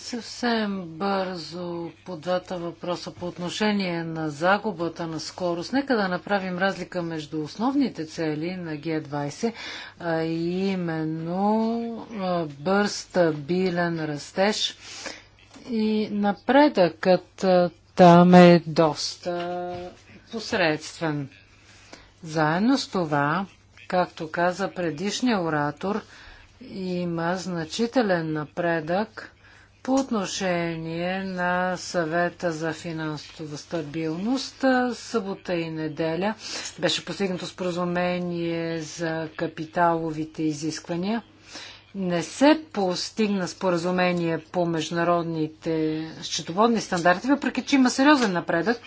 Съвсем бързо по двата въпроса по отношение на загубата на скорост. Нека да направим разлика между основните цели на Г20, а именно бърз, стабилен растеж и напредъкът там е доста посредствен. Заедно с това, както каза предишния оратор, има значителен напредък по отношение на съвета за финансова стабилност, събота и неделя беше постигнато споразумение за капиталовите изисквания. Не се постигна споразумение по международните счетоводни стандарти, въпреки че има сериозен напредък.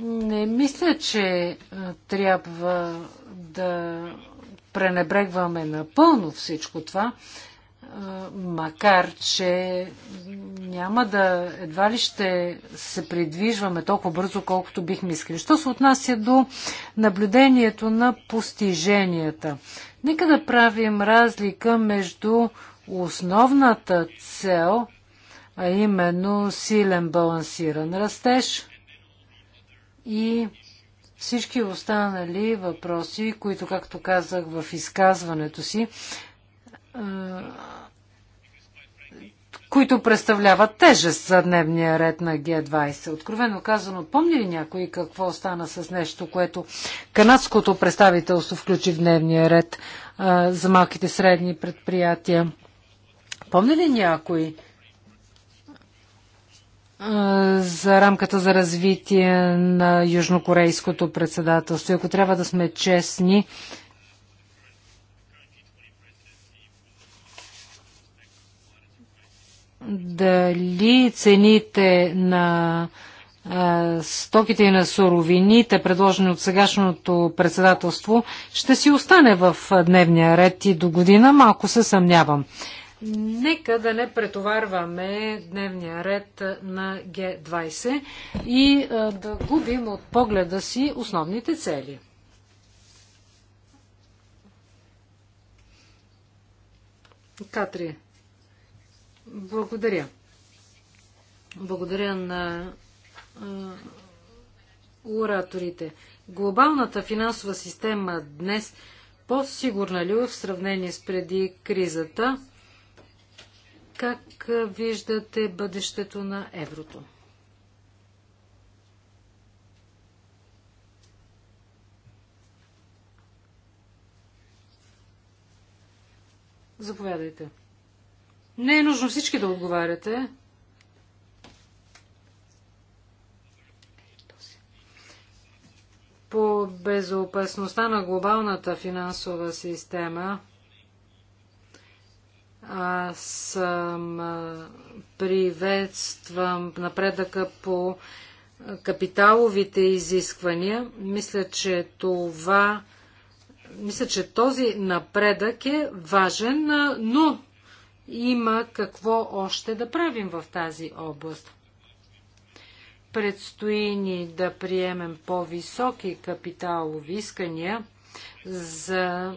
Не мисля, че трябва да пренебрегваме напълно всичко това макар че няма да, едва ли ще се придвижваме толкова бързо, колкото бихме искали. Що се отнася до наблюдението на постиженията? Нека да правим разлика между основната цел, а именно силен балансиран растеж и всички останали въпроси, които, както казах в изказването си, които представляват тежест за дневния ред на Г-20. Откровено казано, помни ли някой какво стана с нещо, което канадското представителство включи в дневния ред а, за малките средни предприятия? Помни ли някой а, за рамката за развитие на южнокорейското председателство? Ако трябва да сме честни, а, дали цените на стоките и на суровините, предложени от сегашното председателство, ще си остане в дневния ред и до година, малко се съмнявам. Нека да не претоварваме дневния ред на Г20 и да губим от погледа си основните цели. Катри, благодаря. Благодаря на а, ораторите. Глобалната финансова система днес по-сигурна ли е в сравнение с преди кризата? Как виждате бъдещето на еврото? Заповядайте. Не е нужно всички да отговаряте. По безопасността на глобалната финансова система аз приветствам напредъка по капиталовите изисквания. Мисля, че това мисля, че този напредък е важен, но има какво още да правим в тази област. Предстои ни да приемем по-високи капиталови искания за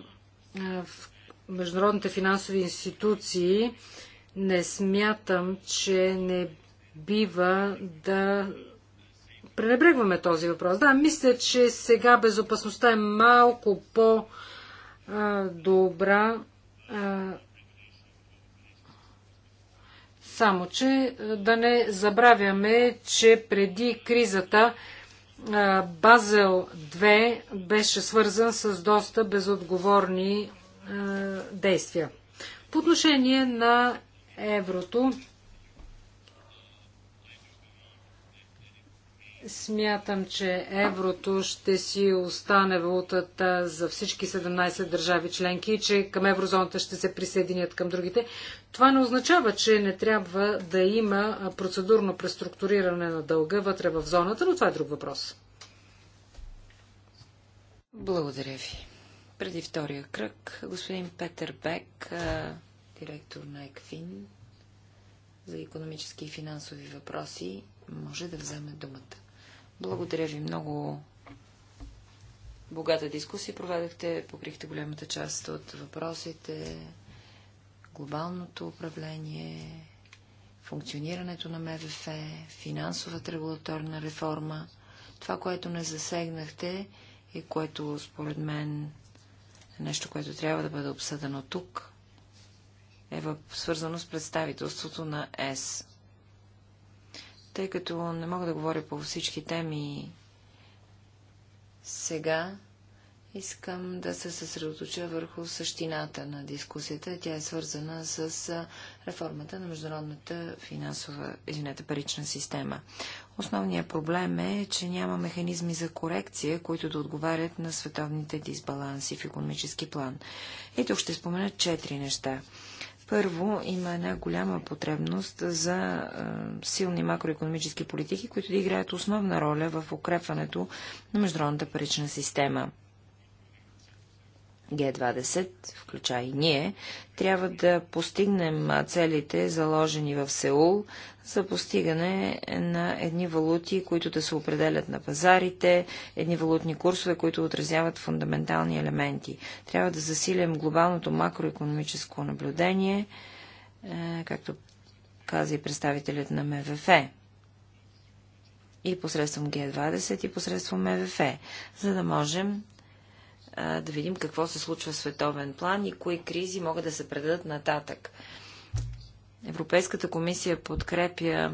международните финансови институции. Не смятам, че не бива да пренебрегваме този въпрос. Да, мисля, че сега безопасността е малко по-добра само, че е, да не забравяме, че преди кризата е, Базел 2 беше свързан с доста безотговорни е, действия. По отношение на еврото, Смятам, че еврото ще си остане валутата за всички 17 държави членки и че към еврозоната ще се присъединят към другите. Това не означава, че не трябва да има процедурно преструктуриране на дълга вътре в зоната, но това е друг въпрос. Благодаря ви. Преди втория кръг, господин Петър Бек, директор на ЕКФИН за економически и финансови въпроси, може да вземе думата. Благодаря ви много. Богата дискусия проведахте, покрихте голямата част от въпросите, глобалното управление, функционирането на МВФ, финансовата регулаторна реформа. Това, което не засегнахте и което според мен е нещо, което трябва да бъде обсъдено тук, е свързано с представителството на ЕС. Тъй като не мога да говоря по всички теми сега, искам да се съсредоточа върху същината на дискусията. Тя е свързана с реформата на международната финансова, извинете, парична система. Основният проблем е, че няма механизми за корекция, които да отговарят на световните дисбаланси в економически план. И тук ще спомена четири неща. Първо, има една голяма потребност за е, силни макроекономически политики, които да играят основна роля в укрепването на международната парична система. Г20, включа и ние, трябва да постигнем целите, заложени в Сеул, за постигане на едни валути, които да се определят на пазарите, едни валутни курсове, които отразяват фундаментални елементи. Трябва да засилим глобалното макроекономическо наблюдение, е, както каза и представителят на МВФ и посредством Г20 и посредством МВФ, за да можем да видим какво се случва в световен план и кои кризи могат да се предадат нататък. Европейската комисия подкрепя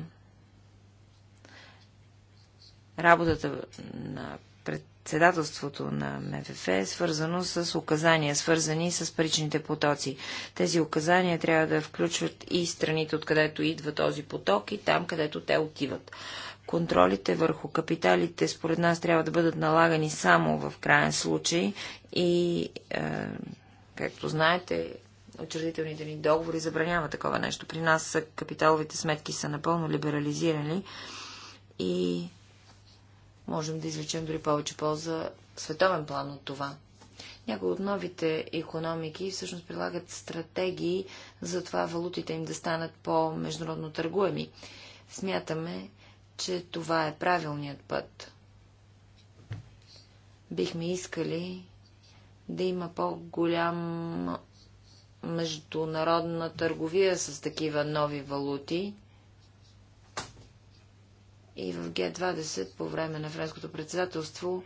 работата на председателството на МФФ е свързано с указания, свързани с паричните потоци. Тези указания трябва да включват и страните, откъдето идва този поток и там, където те отиват. Контролите върху капиталите според нас трябва да бъдат налагани само в крайен случай и, е, както знаете, учредителните ни договори забранява такова нещо. При нас капиталовите сметки са напълно либерализирани и можем да извлечем дори повече полза в световен план от това. Някои от новите економики всъщност прилагат стратегии за това валутите им да станат по-международно търгуеми. Смятаме, че това е правилният път. Бихме искали да има по-голям международна търговия с такива нови валути. И в Г-20 по време на френското председателство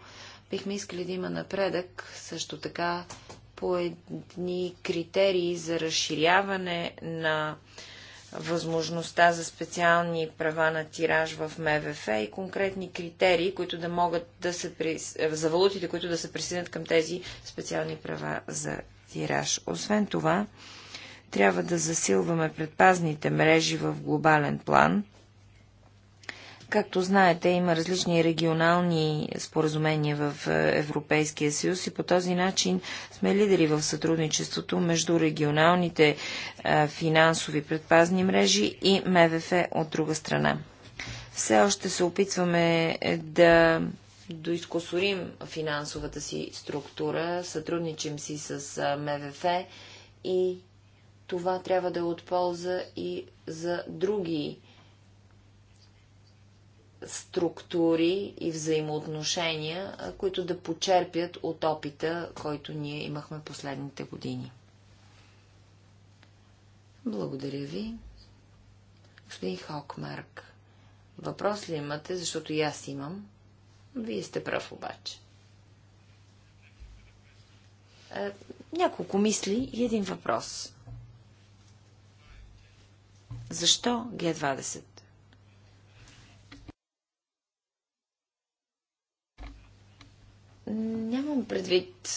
бихме искали да има напредък също така по едни критерии за разширяване на възможността за специални права на тираж в МВФ и конкретни критерии, които да могат да се при... за валутите, които да се присъединят към тези специални права за тираж. Освен това, трябва да засилваме предпазните мрежи в глобален план – Както знаете, има различни регионални споразумения в е, Европейския съюз и по този начин сме лидери в сътрудничеството между регионалните е, финансови предпазни мрежи и МВФ от друга страна. Все още се опитваме е, да доизкосорим финансовата си структура, сътрудничим си с МВФ и това трябва да е от полза и за други структури и взаимоотношения, които да почерпят от опита, който ние имахме последните години. Благодаря ви. Господин Хокмарк, въпрос ли имате, защото и аз имам? Вие сте прав обаче. Е, няколко мисли и един въпрос. Защо Г20? Нямам предвид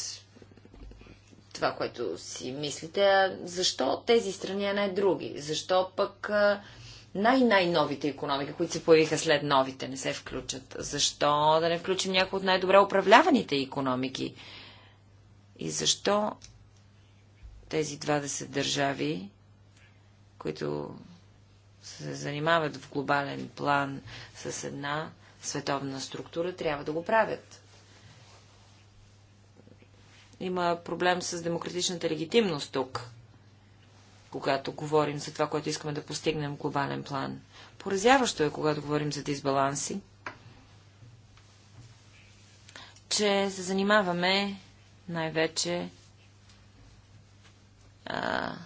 това, което си мислите, защо тези страни, а не други? Защо пък най-най-новите економики, които се появиха след новите, не се включат? Защо да не включим някои от най-добре управляваните економики? И защо тези 20 държави, които се занимават в глобален план с една световна структура, трябва да го правят? Има проблем с демократичната легитимност тук, когато говорим за това, което искаме да постигнем в глобален план. Поразяващо е, когато говорим за дисбаланси, че се занимаваме най-вече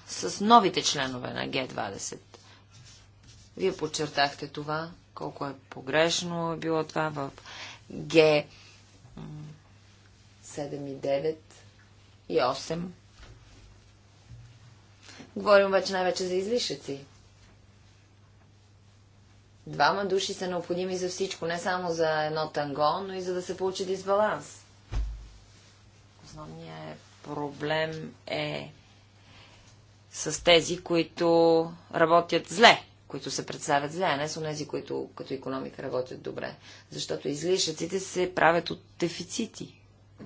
с новите членове на Г-20. Вие подчертахте това, колко е погрешно е било това в Г7 и 9. И 8. Говорим вече най-вече за излишъци. Двама души са необходими за всичко, не само за едно танго, но и за да се получи дисбаланс. Основният е проблем е с тези, които работят зле, които се представят зле, а не с тези, които като економика работят добре. Защото излишъците се правят от дефицити.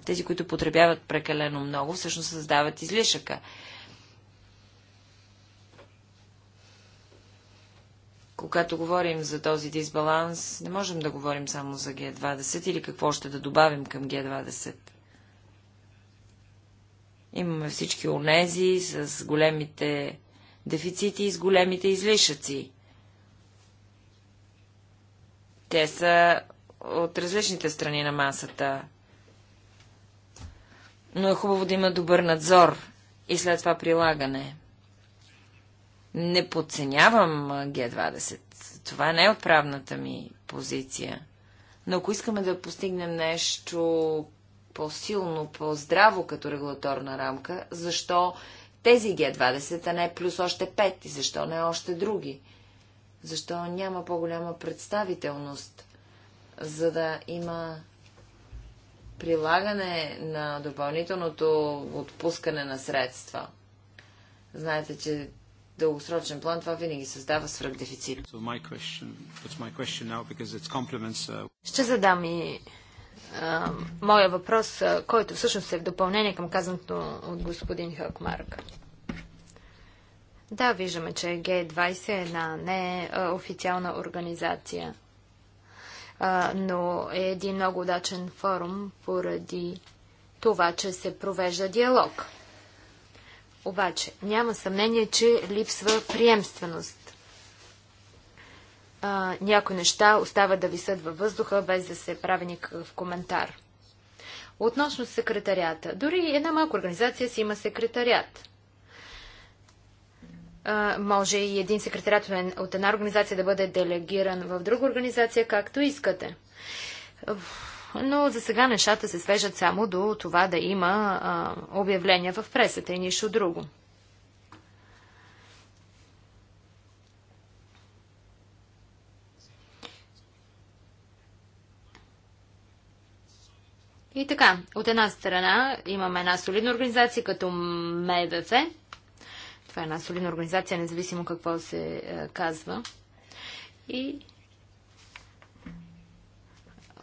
Тези, които потребяват прекалено много, всъщност създават излишъка. Когато говорим за този дисбаланс, не можем да говорим само за Г20 или какво ще да добавим към Г20. Имаме всички онези с големите дефицити и с големите излишъци. Те са от различните страни на масата но е хубаво да има добър надзор и след това прилагане. Не подценявам Г20. Това не е отправната ми позиция. Но ако искаме да постигнем нещо по-силно, по-здраво като регулаторна рамка, защо тези Г20, а не плюс още 5 и защо не още други? Защо няма по-голяма представителност, за да има прилагане на допълнителното отпускане на средства. Знаете, че дългосрочен план това винаги създава свръхдефицит. Uh, Ще задам и а, моя въпрос, който всъщност е в допълнение към казаното от господин Хакмарк. Да, виждаме, че Г20 е една неофициална организация – а, но е един много удачен форум поради това, че се провежда диалог. Обаче, няма съмнение, че липсва приемственост. А, някои неща остават да висят във въздуха, без да се прави никакъв коментар. Относно секретарията. Дори една малка организация си има секретарият може и един секретарят от една организация да бъде делегиран в друга организация, както искате. Но за сега нещата се свежат само до това да има а, обявления в пресата и нищо друго. И така, от една страна имаме една солидна организация като МВФ, това е една солидна организация, независимо какво се е, казва. И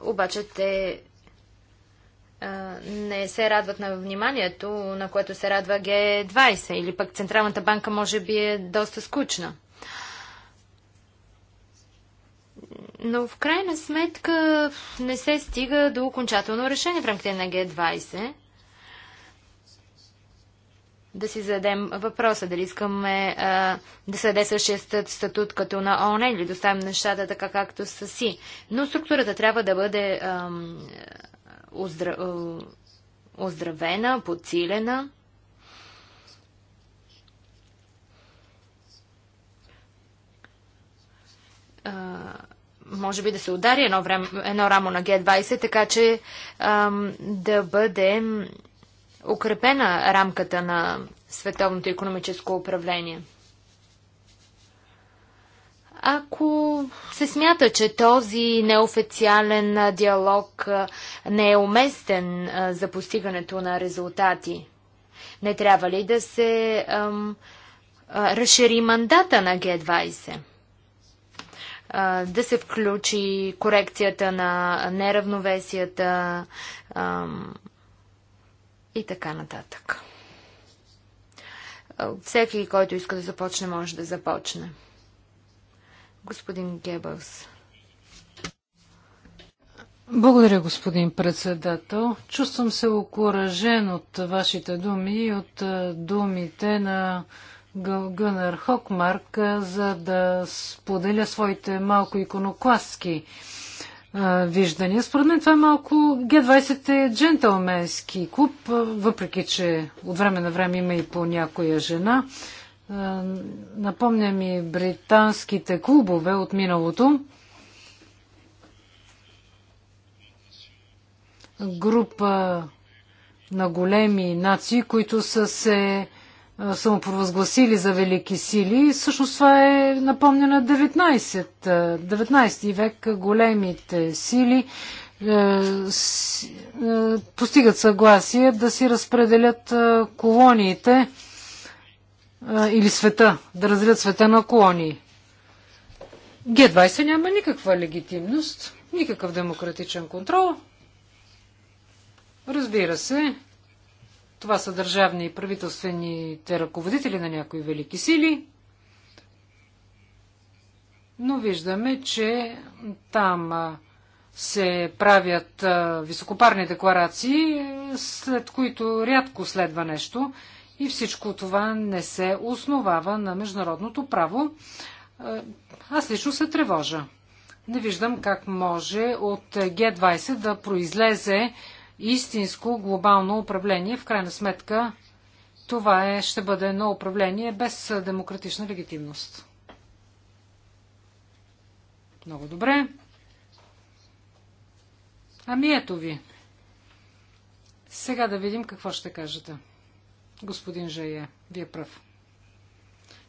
обаче те е, не се радват на вниманието, на което се радва Г20 или пък Централната банка може би е доста скучна. Но в крайна сметка не се стига до окончателно решение в рамките на Г20 да си зададем въпроса, дали искаме а, да се даде същия статут като на ООН или доставим нещата така както са си. Но структурата трябва да бъде а, оздра, оздравена, подсилена. А, може би да се удари едно, време, едно рамо на Г20, така че ам, да бъде укрепена рамката на световното економическо управление. Ако се смята, че този неофициален диалог не е уместен за постигането на резултати, не трябва ли да се ам, а, разшири мандата на Г-20? да се включи корекцията на неравновесията, ам, и така нататък. Всеки, който иска да започне, може да започне. Господин Гебълс. Благодаря, господин председател. Чувствам се окоръжен от вашите думи и от думите на Гънър Хокмарк, за да споделя своите малко иконокласки виждания. Според мен това е малко Г20 е джентълменски клуб, въпреки че от време на време има и по някоя жена. напомня ми британските клубове от миналото. Група на големи нации, които са се самопровъзгласили за велики сили. Всъщност това е напомня на 19, 19 век големите сили постигат съгласие да си разпределят колониите или света, да разделят света на колонии. Г-20 няма никаква легитимност, никакъв демократичен контрол. Разбира се, това са държавни и правителствените ръководители на някои велики сили. Но виждаме, че там се правят високопарни декларации, след които рядко следва нещо и всичко това не се основава на международното право. Аз лично се тревожа. Не виждам как може от Г20 да произлезе истинско глобално управление. В крайна сметка това е, ще бъде едно управление без демократична легитимност. Много добре. Ами ето ви. Сега да видим какво ще кажете. Господин Жае, вие прав.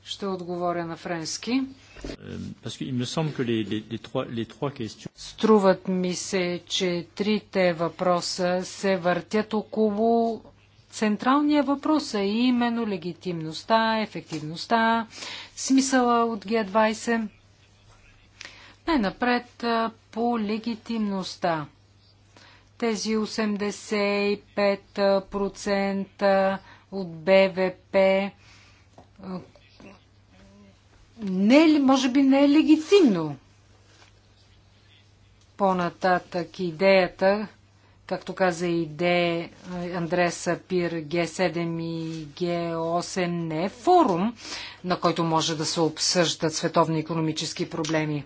Ще отговоря на френски. Euh, Струват ми се, че трите въпроса се въртят около централния въпрос, а именно легитимността, ефективността, смисъла от Г20. Най-напред по легитимността. Тези 85% от БВП, не, може би не е легитимно. По-нататък идеята, както каза идея Андрея Сапир, Г7 и Г8 не е форум, на който може да се обсъждат световни економически проблеми.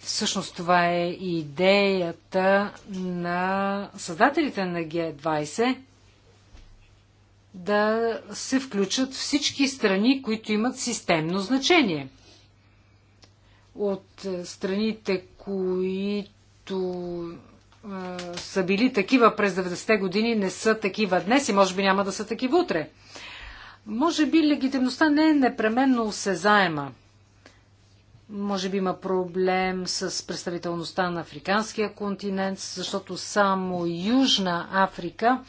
Всъщност това е идеята на създателите на Г20 да се включат всички страни, които имат системно значение. От е, страните, които а, е, са били такива през 90-те години, не са такива днес и може би няма да са такива утре. Може би легитимността не е непременно осезаема. Може би има проблем с представителността на африканския континент, защото само Южна Африка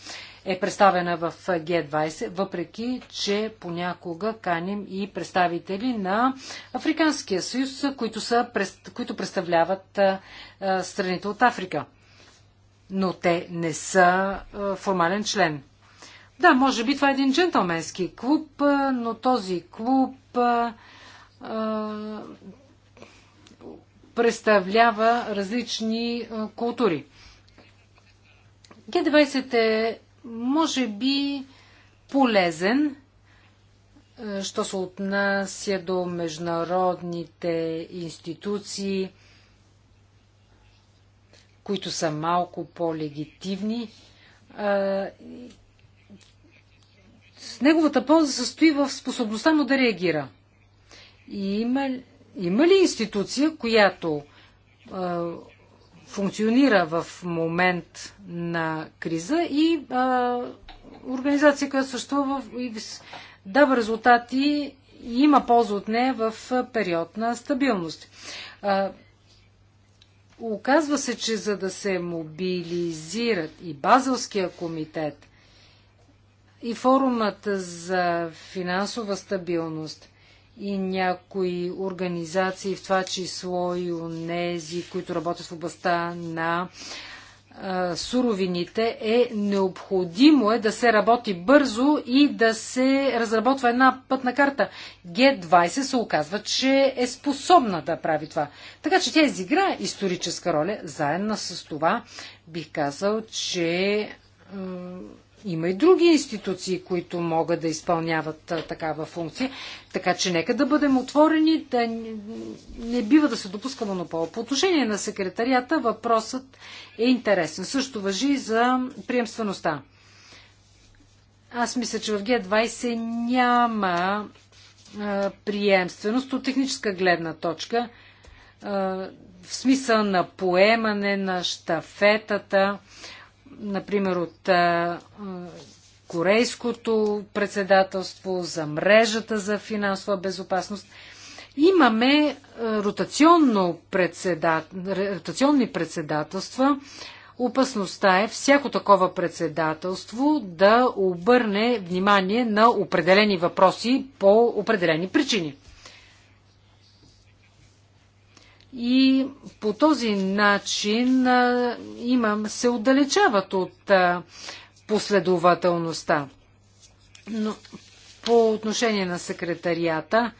е представена в Г20, въпреки че понякога каним и представители на Африканския съюз, които, са, които представляват страните от Африка. Но те не са формален член. Да, може би това е един джентълменски клуб, но този клуб представлява различни култури. Г20 е може би полезен, е, що се отнася до международните институции, които са малко по-легитимни. Е, неговата полза състои в способността му да реагира. И има, има ли институция, която е, функционира в момент на криза и а, организация, която съществува и дава резултати и има полза от нея в период на стабилност. А, оказва се, че за да се мобилизират и Базелския комитет, и форумът за финансова стабилност – и някои организации, в това число и онези, които работят в областта на суровините, е необходимо е да се работи бързо и да се разработва една пътна карта. Г20 се оказва, че е способна да прави това. Така че тя изигра историческа роля. Заедно с това бих казал, че има и други институции, които могат да изпълняват а, такава функция. Така че нека да бъдем отворени, да не бива да се допуска монопол. По отношение на секретарията въпросът е интересен. Също въжи и за приемствеността. Аз мисля, че в Г20 няма а, приемственост от техническа гледна точка. А, в смисъл на поемане на штафетата. А, например, от корейското председателство, за мрежата за финансова безопасност. Имаме ротационно председател, ротационни председателства. Опасността е всяко такова председателство да обърне внимание на определени въпроси по определени причини и по този начин имам, се отдалечават от последователността. Но по отношение на секретарията,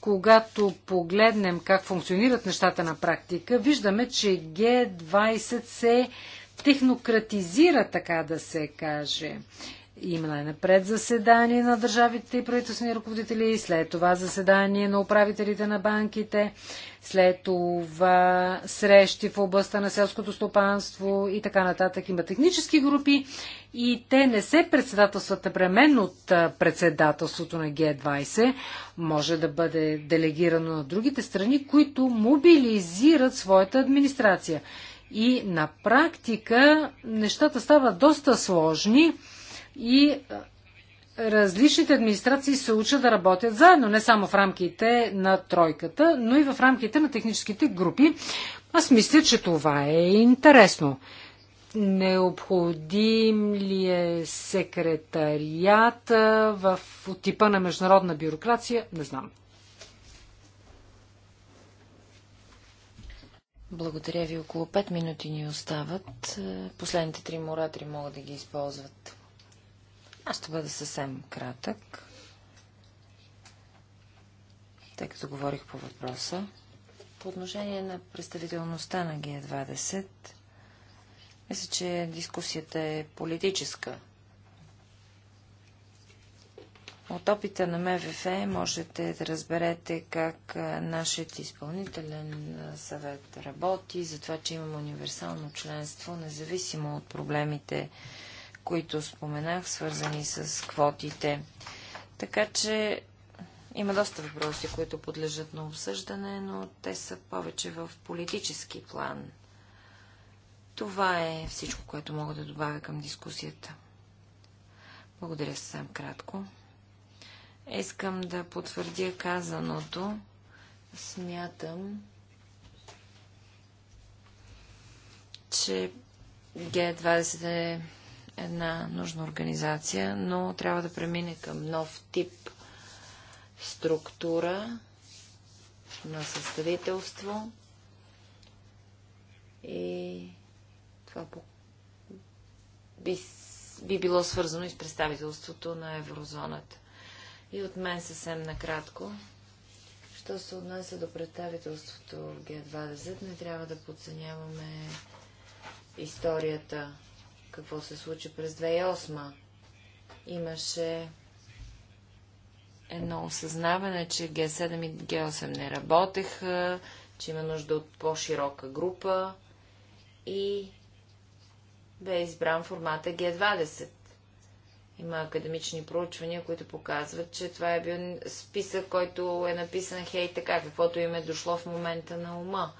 когато погледнем как функционират нещата на практика, виждаме, че Г20 се технократизира, така да се каже. Има е напред заседание на държавите и правителствени ръководители, след това заседание на управителите на банките, след това срещи в областта на селското стопанство и така нататък. Има технически групи и те не се председателстват премен от председателството на Г20. Може да бъде делегирано на другите страни, които мобилизират своята администрация. И на практика нещата стават доста сложни и е, различните администрации се учат да работят заедно, не само в рамките на тройката, но и в рамките на техническите групи. Аз мисля, че това е интересно. Необходим ли е секретарият е, в типа на международна бюрокрация? Не знам. Благодаря ви. Около 5 минути ни остават. Е, последните три моратори могат да ги използват. Аз ще бъда съвсем кратък, тъй като говорих по въпроса. По отношение на представителността на Г20, мисля, че дискусията е политическа. От опита на МВФ можете да разберете как нашият изпълнителен съвет работи, за това, че имаме универсално членство, независимо от проблемите, които споменах, свързани с квотите. Така че има доста въпроси, които подлежат на обсъждане, но те са повече в политически план. Това е всичко, което мога да добавя към дискусията. Благодаря съвсем кратко. Искам да потвърдя казаното. Смятам, че Г20 е една нужна организация, но трябва да премине към нов тип структура на съставителство и това би, би било свързано и с представителството на еврозоната. И от мен съвсем накратко. Що се отнася до представителството в Г20, не трябва да подценяваме историята какво се случи през 2008. Имаше едно осъзнаване, че Г7 и Г8 не работеха, че има нужда от по-широка група и бе избран формата Г20. Има академични проучвания, които показват, че това е бил списък, който е написан хей така, каквото им е дошло в момента на ума.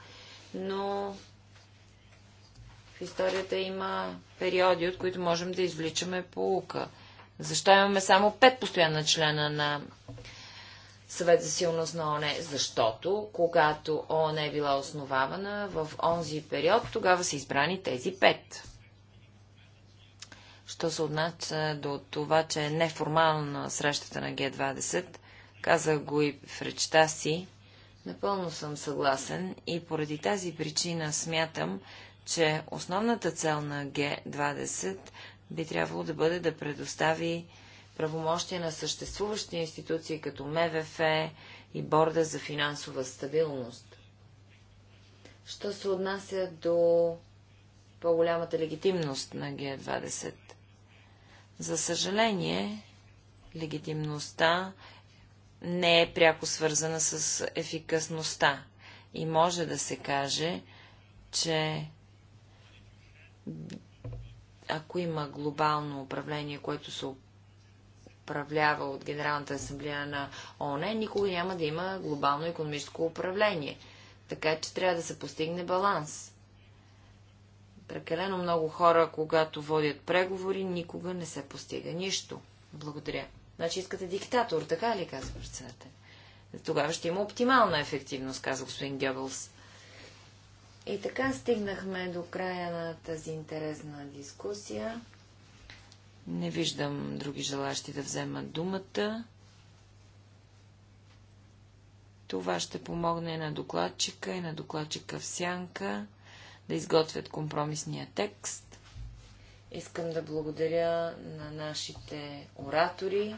Но историята има периоди, от които можем да извличаме полука. Защо имаме само пет постоянна члена на съвет за силност на ОНЕ, защото когато ОНЕ е била основавана в онзи период, тогава са избрани тези пет. Що се отнася до това, че е неформална срещата на Г-20, казах го и в речта си, напълно съм съгласен и поради тази причина смятам, че основната цел на Г-20 би трябвало да бъде да предостави правомощия на съществуващи институции като МВФ и Борда за финансова стабилност. Що се отнася до по-голямата легитимност на Г-20? За съжаление, легитимността не е пряко свързана с ефикасността и може да се каже, че ако има глобално управление, което се управлява от Генералната асамблея на ОНЕ, никога няма да има глобално економическо управление. Така че трябва да се постигне баланс. Прекалено много хора, когато водят преговори, никога не се постига нищо. Благодаря. Значи искате диктатор, така ли казва председател? Тогава ще има оптимална ефективност, казва господин Гебълс. И така стигнахме до края на тази интересна дискусия. Не виждам други желащи да вземат думата. Това ще помогне на докладчика и на докладчика в сянка да изготвят компромисния текст. Искам да благодаря на нашите оратори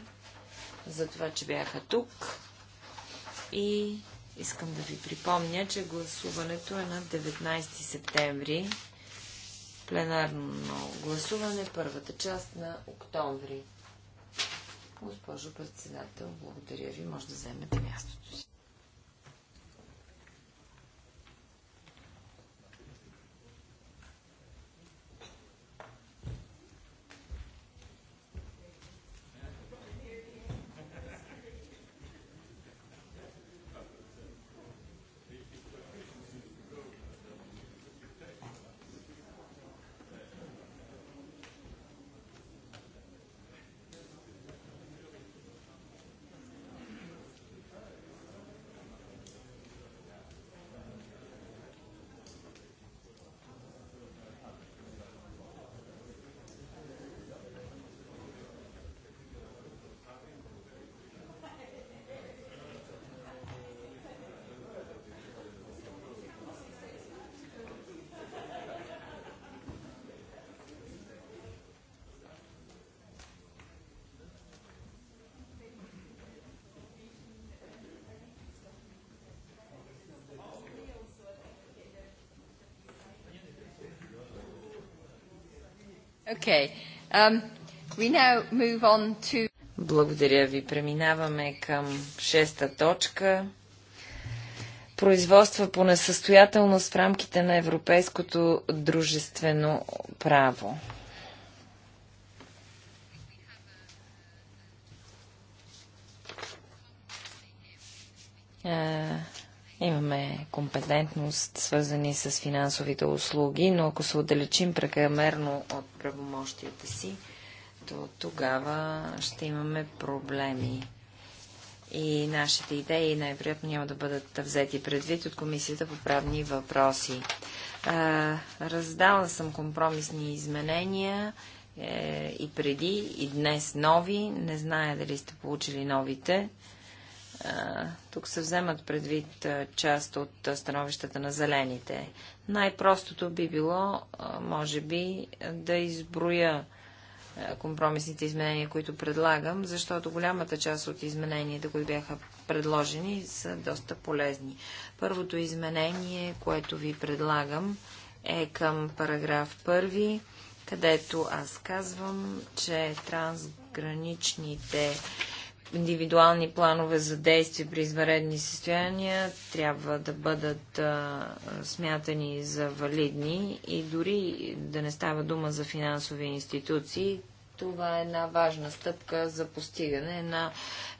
за това, че бяха тук и Искам да ви припомня, че гласуването е на 19 септември. Пленарно гласуване, първата част на октомври. Госпожо председател, благодаря ви. Може да вземете мястото си. Okay. Um, we now move on to... Благодаря ви. Преминаваме към шеста точка. Производства по несъстоятелност в рамките на европейското дружествено право. компетентност, свързани с финансовите услуги, но ако се отдалечим прекамерно от правомощията си, то тогава ще имаме проблеми. И нашите идеи най-вероятно няма да бъдат взети предвид от Комисията по правни въпроси. А, раздала съм компромисни изменения е, и преди, и днес нови. Не зная дали сте получили новите тук се вземат предвид част от становищата на зелените. Най-простото би било, може би, да изброя компромисните изменения, които предлагам, защото голямата част от измененията, които бяха предложени, са доста полезни. Първото изменение, което ви предлагам, е към параграф 1, където аз казвам, че трансграничните индивидуални планове за действие при изваредни състояния трябва да бъдат а, смятани за валидни и дори да не става дума за финансови институции, това е една важна стъпка за постигане на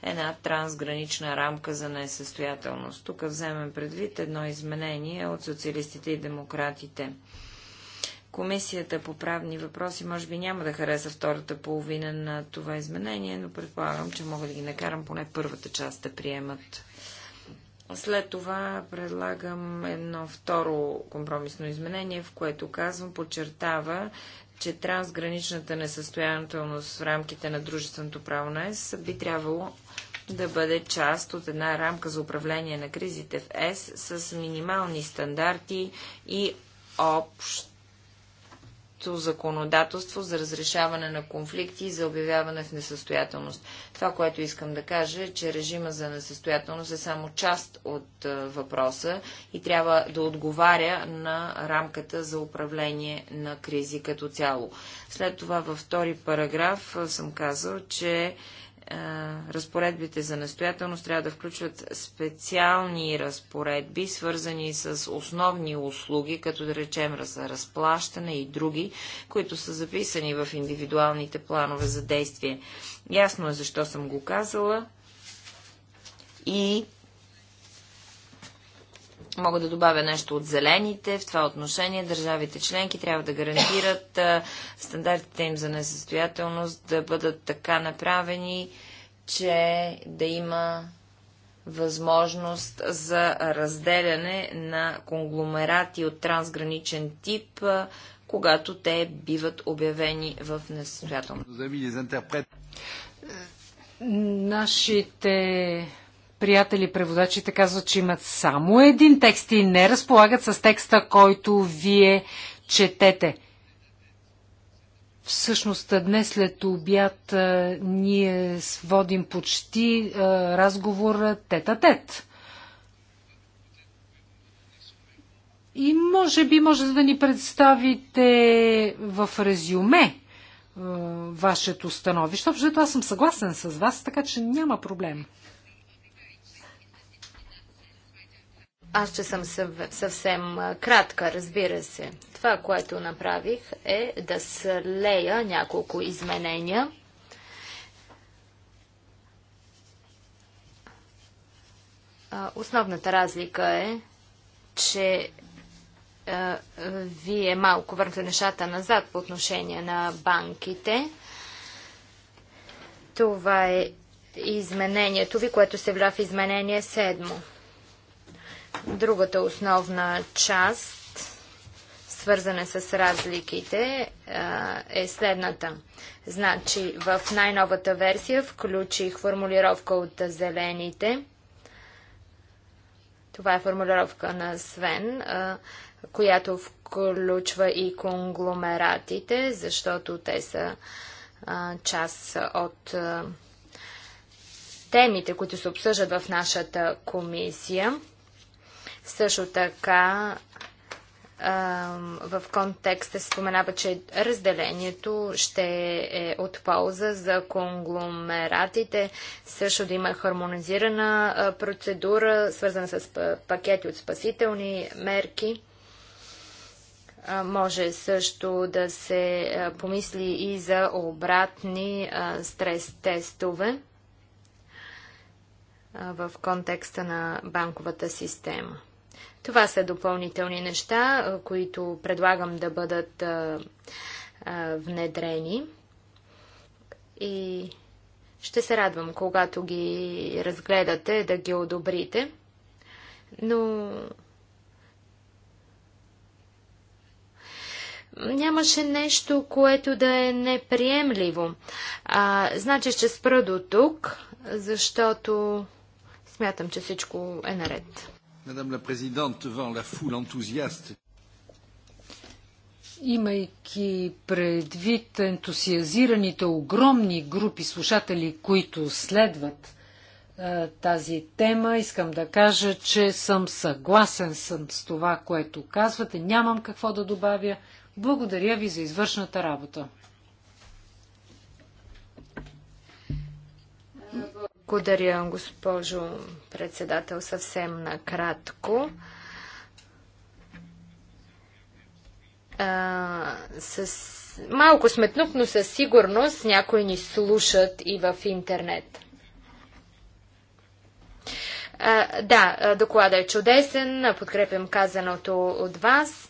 една трансгранична рамка за несъстоятелност. Тук вземем предвид едно изменение от социалистите и демократите – Комисията по правни въпроси може би няма да хареса втората половина на това изменение, но предполагам, че мога да ги накарам поне първата част да приемат. След това предлагам едно второ компромисно изменение, в което казвам, подчертава, че трансграничната несъстоятелност в рамките на дружественото право на ЕС би трябвало да бъде част от една рамка за управление на кризите в ЕС с минимални стандарти и общ законодателство за разрешаване на конфликти и за обявяване в несъстоятелност. Това, което искам да кажа е, че режима за несъстоятелност е само част от е, въпроса и трябва да отговаря на рамката за управление на кризи като цяло. След това във втори параграф е, съм казал, че разпоредбите за настоятелност трябва да включват специални разпоредби, свързани с основни услуги, като да речем за разплащане и други, които са записани в индивидуалните планове за действие. Ясно е защо съм го казала и Мога да добавя нещо от зелените. В това отношение държавите членки трябва да гарантират стандартите им за несъстоятелност да бъдат така направени, че да има възможност за разделяне на конгломерати от трансграничен тип, когато те биват обявени в несъстоятелност. Нашите приятели преводачите казват, че имат само един текст и не разполагат с текста, който вие четете. Всъщност днес след обяд ние водим почти разговор тета тет -тет. И може би може да ни представите в резюме вашето становище. Общо аз съм съгласен с вас, така че няма проблем. Аз че съм съвсем кратка, разбира се. Това, което направих е да слея няколко изменения. Основната разлика е, че вие малко върнете нещата назад по отношение на банките. Това е изменението ви, което се вля в изменение седмо. Другата основна част, свързана с разликите, е следната. Значи, в най-новата версия включих формулировка от зелените. Това е формулировка на Свен, която включва и конгломератите, защото те са част от темите, които се обсъждат в нашата комисия. Също така в контекста се споменава, че разделението ще е от полза за конгломератите, също да има хармонизирана процедура, свързана с пакети от спасителни мерки. Може също да се помисли и за обратни стрес-тестове в контекста на банковата система. Това са допълнителни неща, които предлагам да бъдат внедрени. И ще се радвам, когато ги разгледате, да ги одобрите. Но нямаше нещо, което да е неприемливо. А, значи ще спра до тук, защото смятам, че всичко е наред. Madame la Présidente, devant la foule enthousiaste. Имайки предвид ентусиазираните огромни групи слушатели, които следват а, тази тема, искам да кажа, че съм съгласен съм с това, което казвате. Нямам какво да добавя. Благодаря ви за извършната работа. Благодаря, госпожо председател, съвсем накратко. А, с... Малко сметнук, но със сигурност някои ни слушат и в интернет. А, да, докладът е чудесен, подкрепям казаното от вас.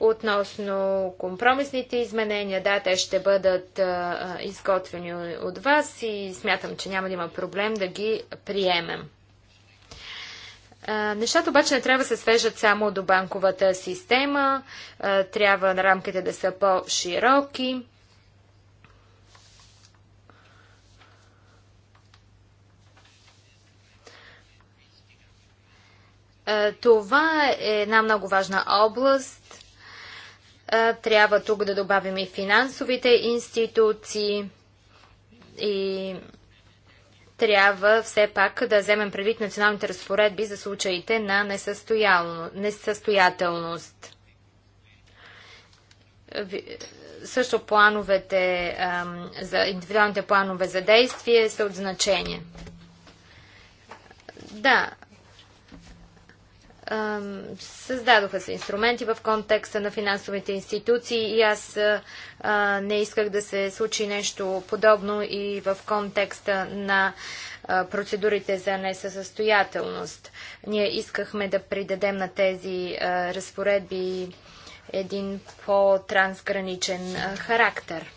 Относно компромисните изменения, да, те ще бъдат а, изготвени от вас и смятам, че няма да има проблем да ги приемем. А, нещата обаче не трябва да се свежат само до банковата система, а, трябва на рамките да са по-широки. Това е една много важна област трябва тук да добавим и финансовите институции и трябва все пак да вземем предвид националните разпоредби за случаите на несъстоятелност. Също плановете за индивидуалните планове за действие са от значение. Да, Създадоха се инструменти в контекста на финансовите институции и аз не исках да се случи нещо подобно и в контекста на процедурите за несъстоятелност. Ние искахме да придадем на тези разпоредби един по-трансграничен характер.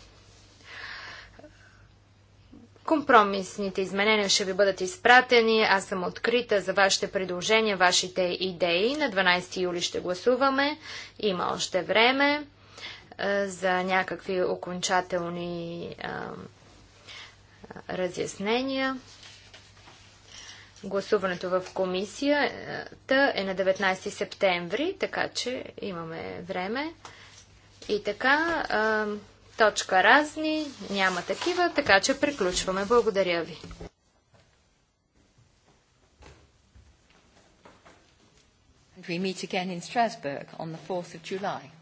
Компромисните изменения ще ви бъдат изпратени. Аз съм открита за вашите предложения, вашите идеи. На 12 юли ще гласуваме. Има още време е, за някакви окончателни е, разяснения. Гласуването в комисията е на 19 септември, така че имаме време. И така. Е, Точка разни, няма такива, така че приключваме. Благодаря ви. We meet again in Strasbourg on the 4th of July.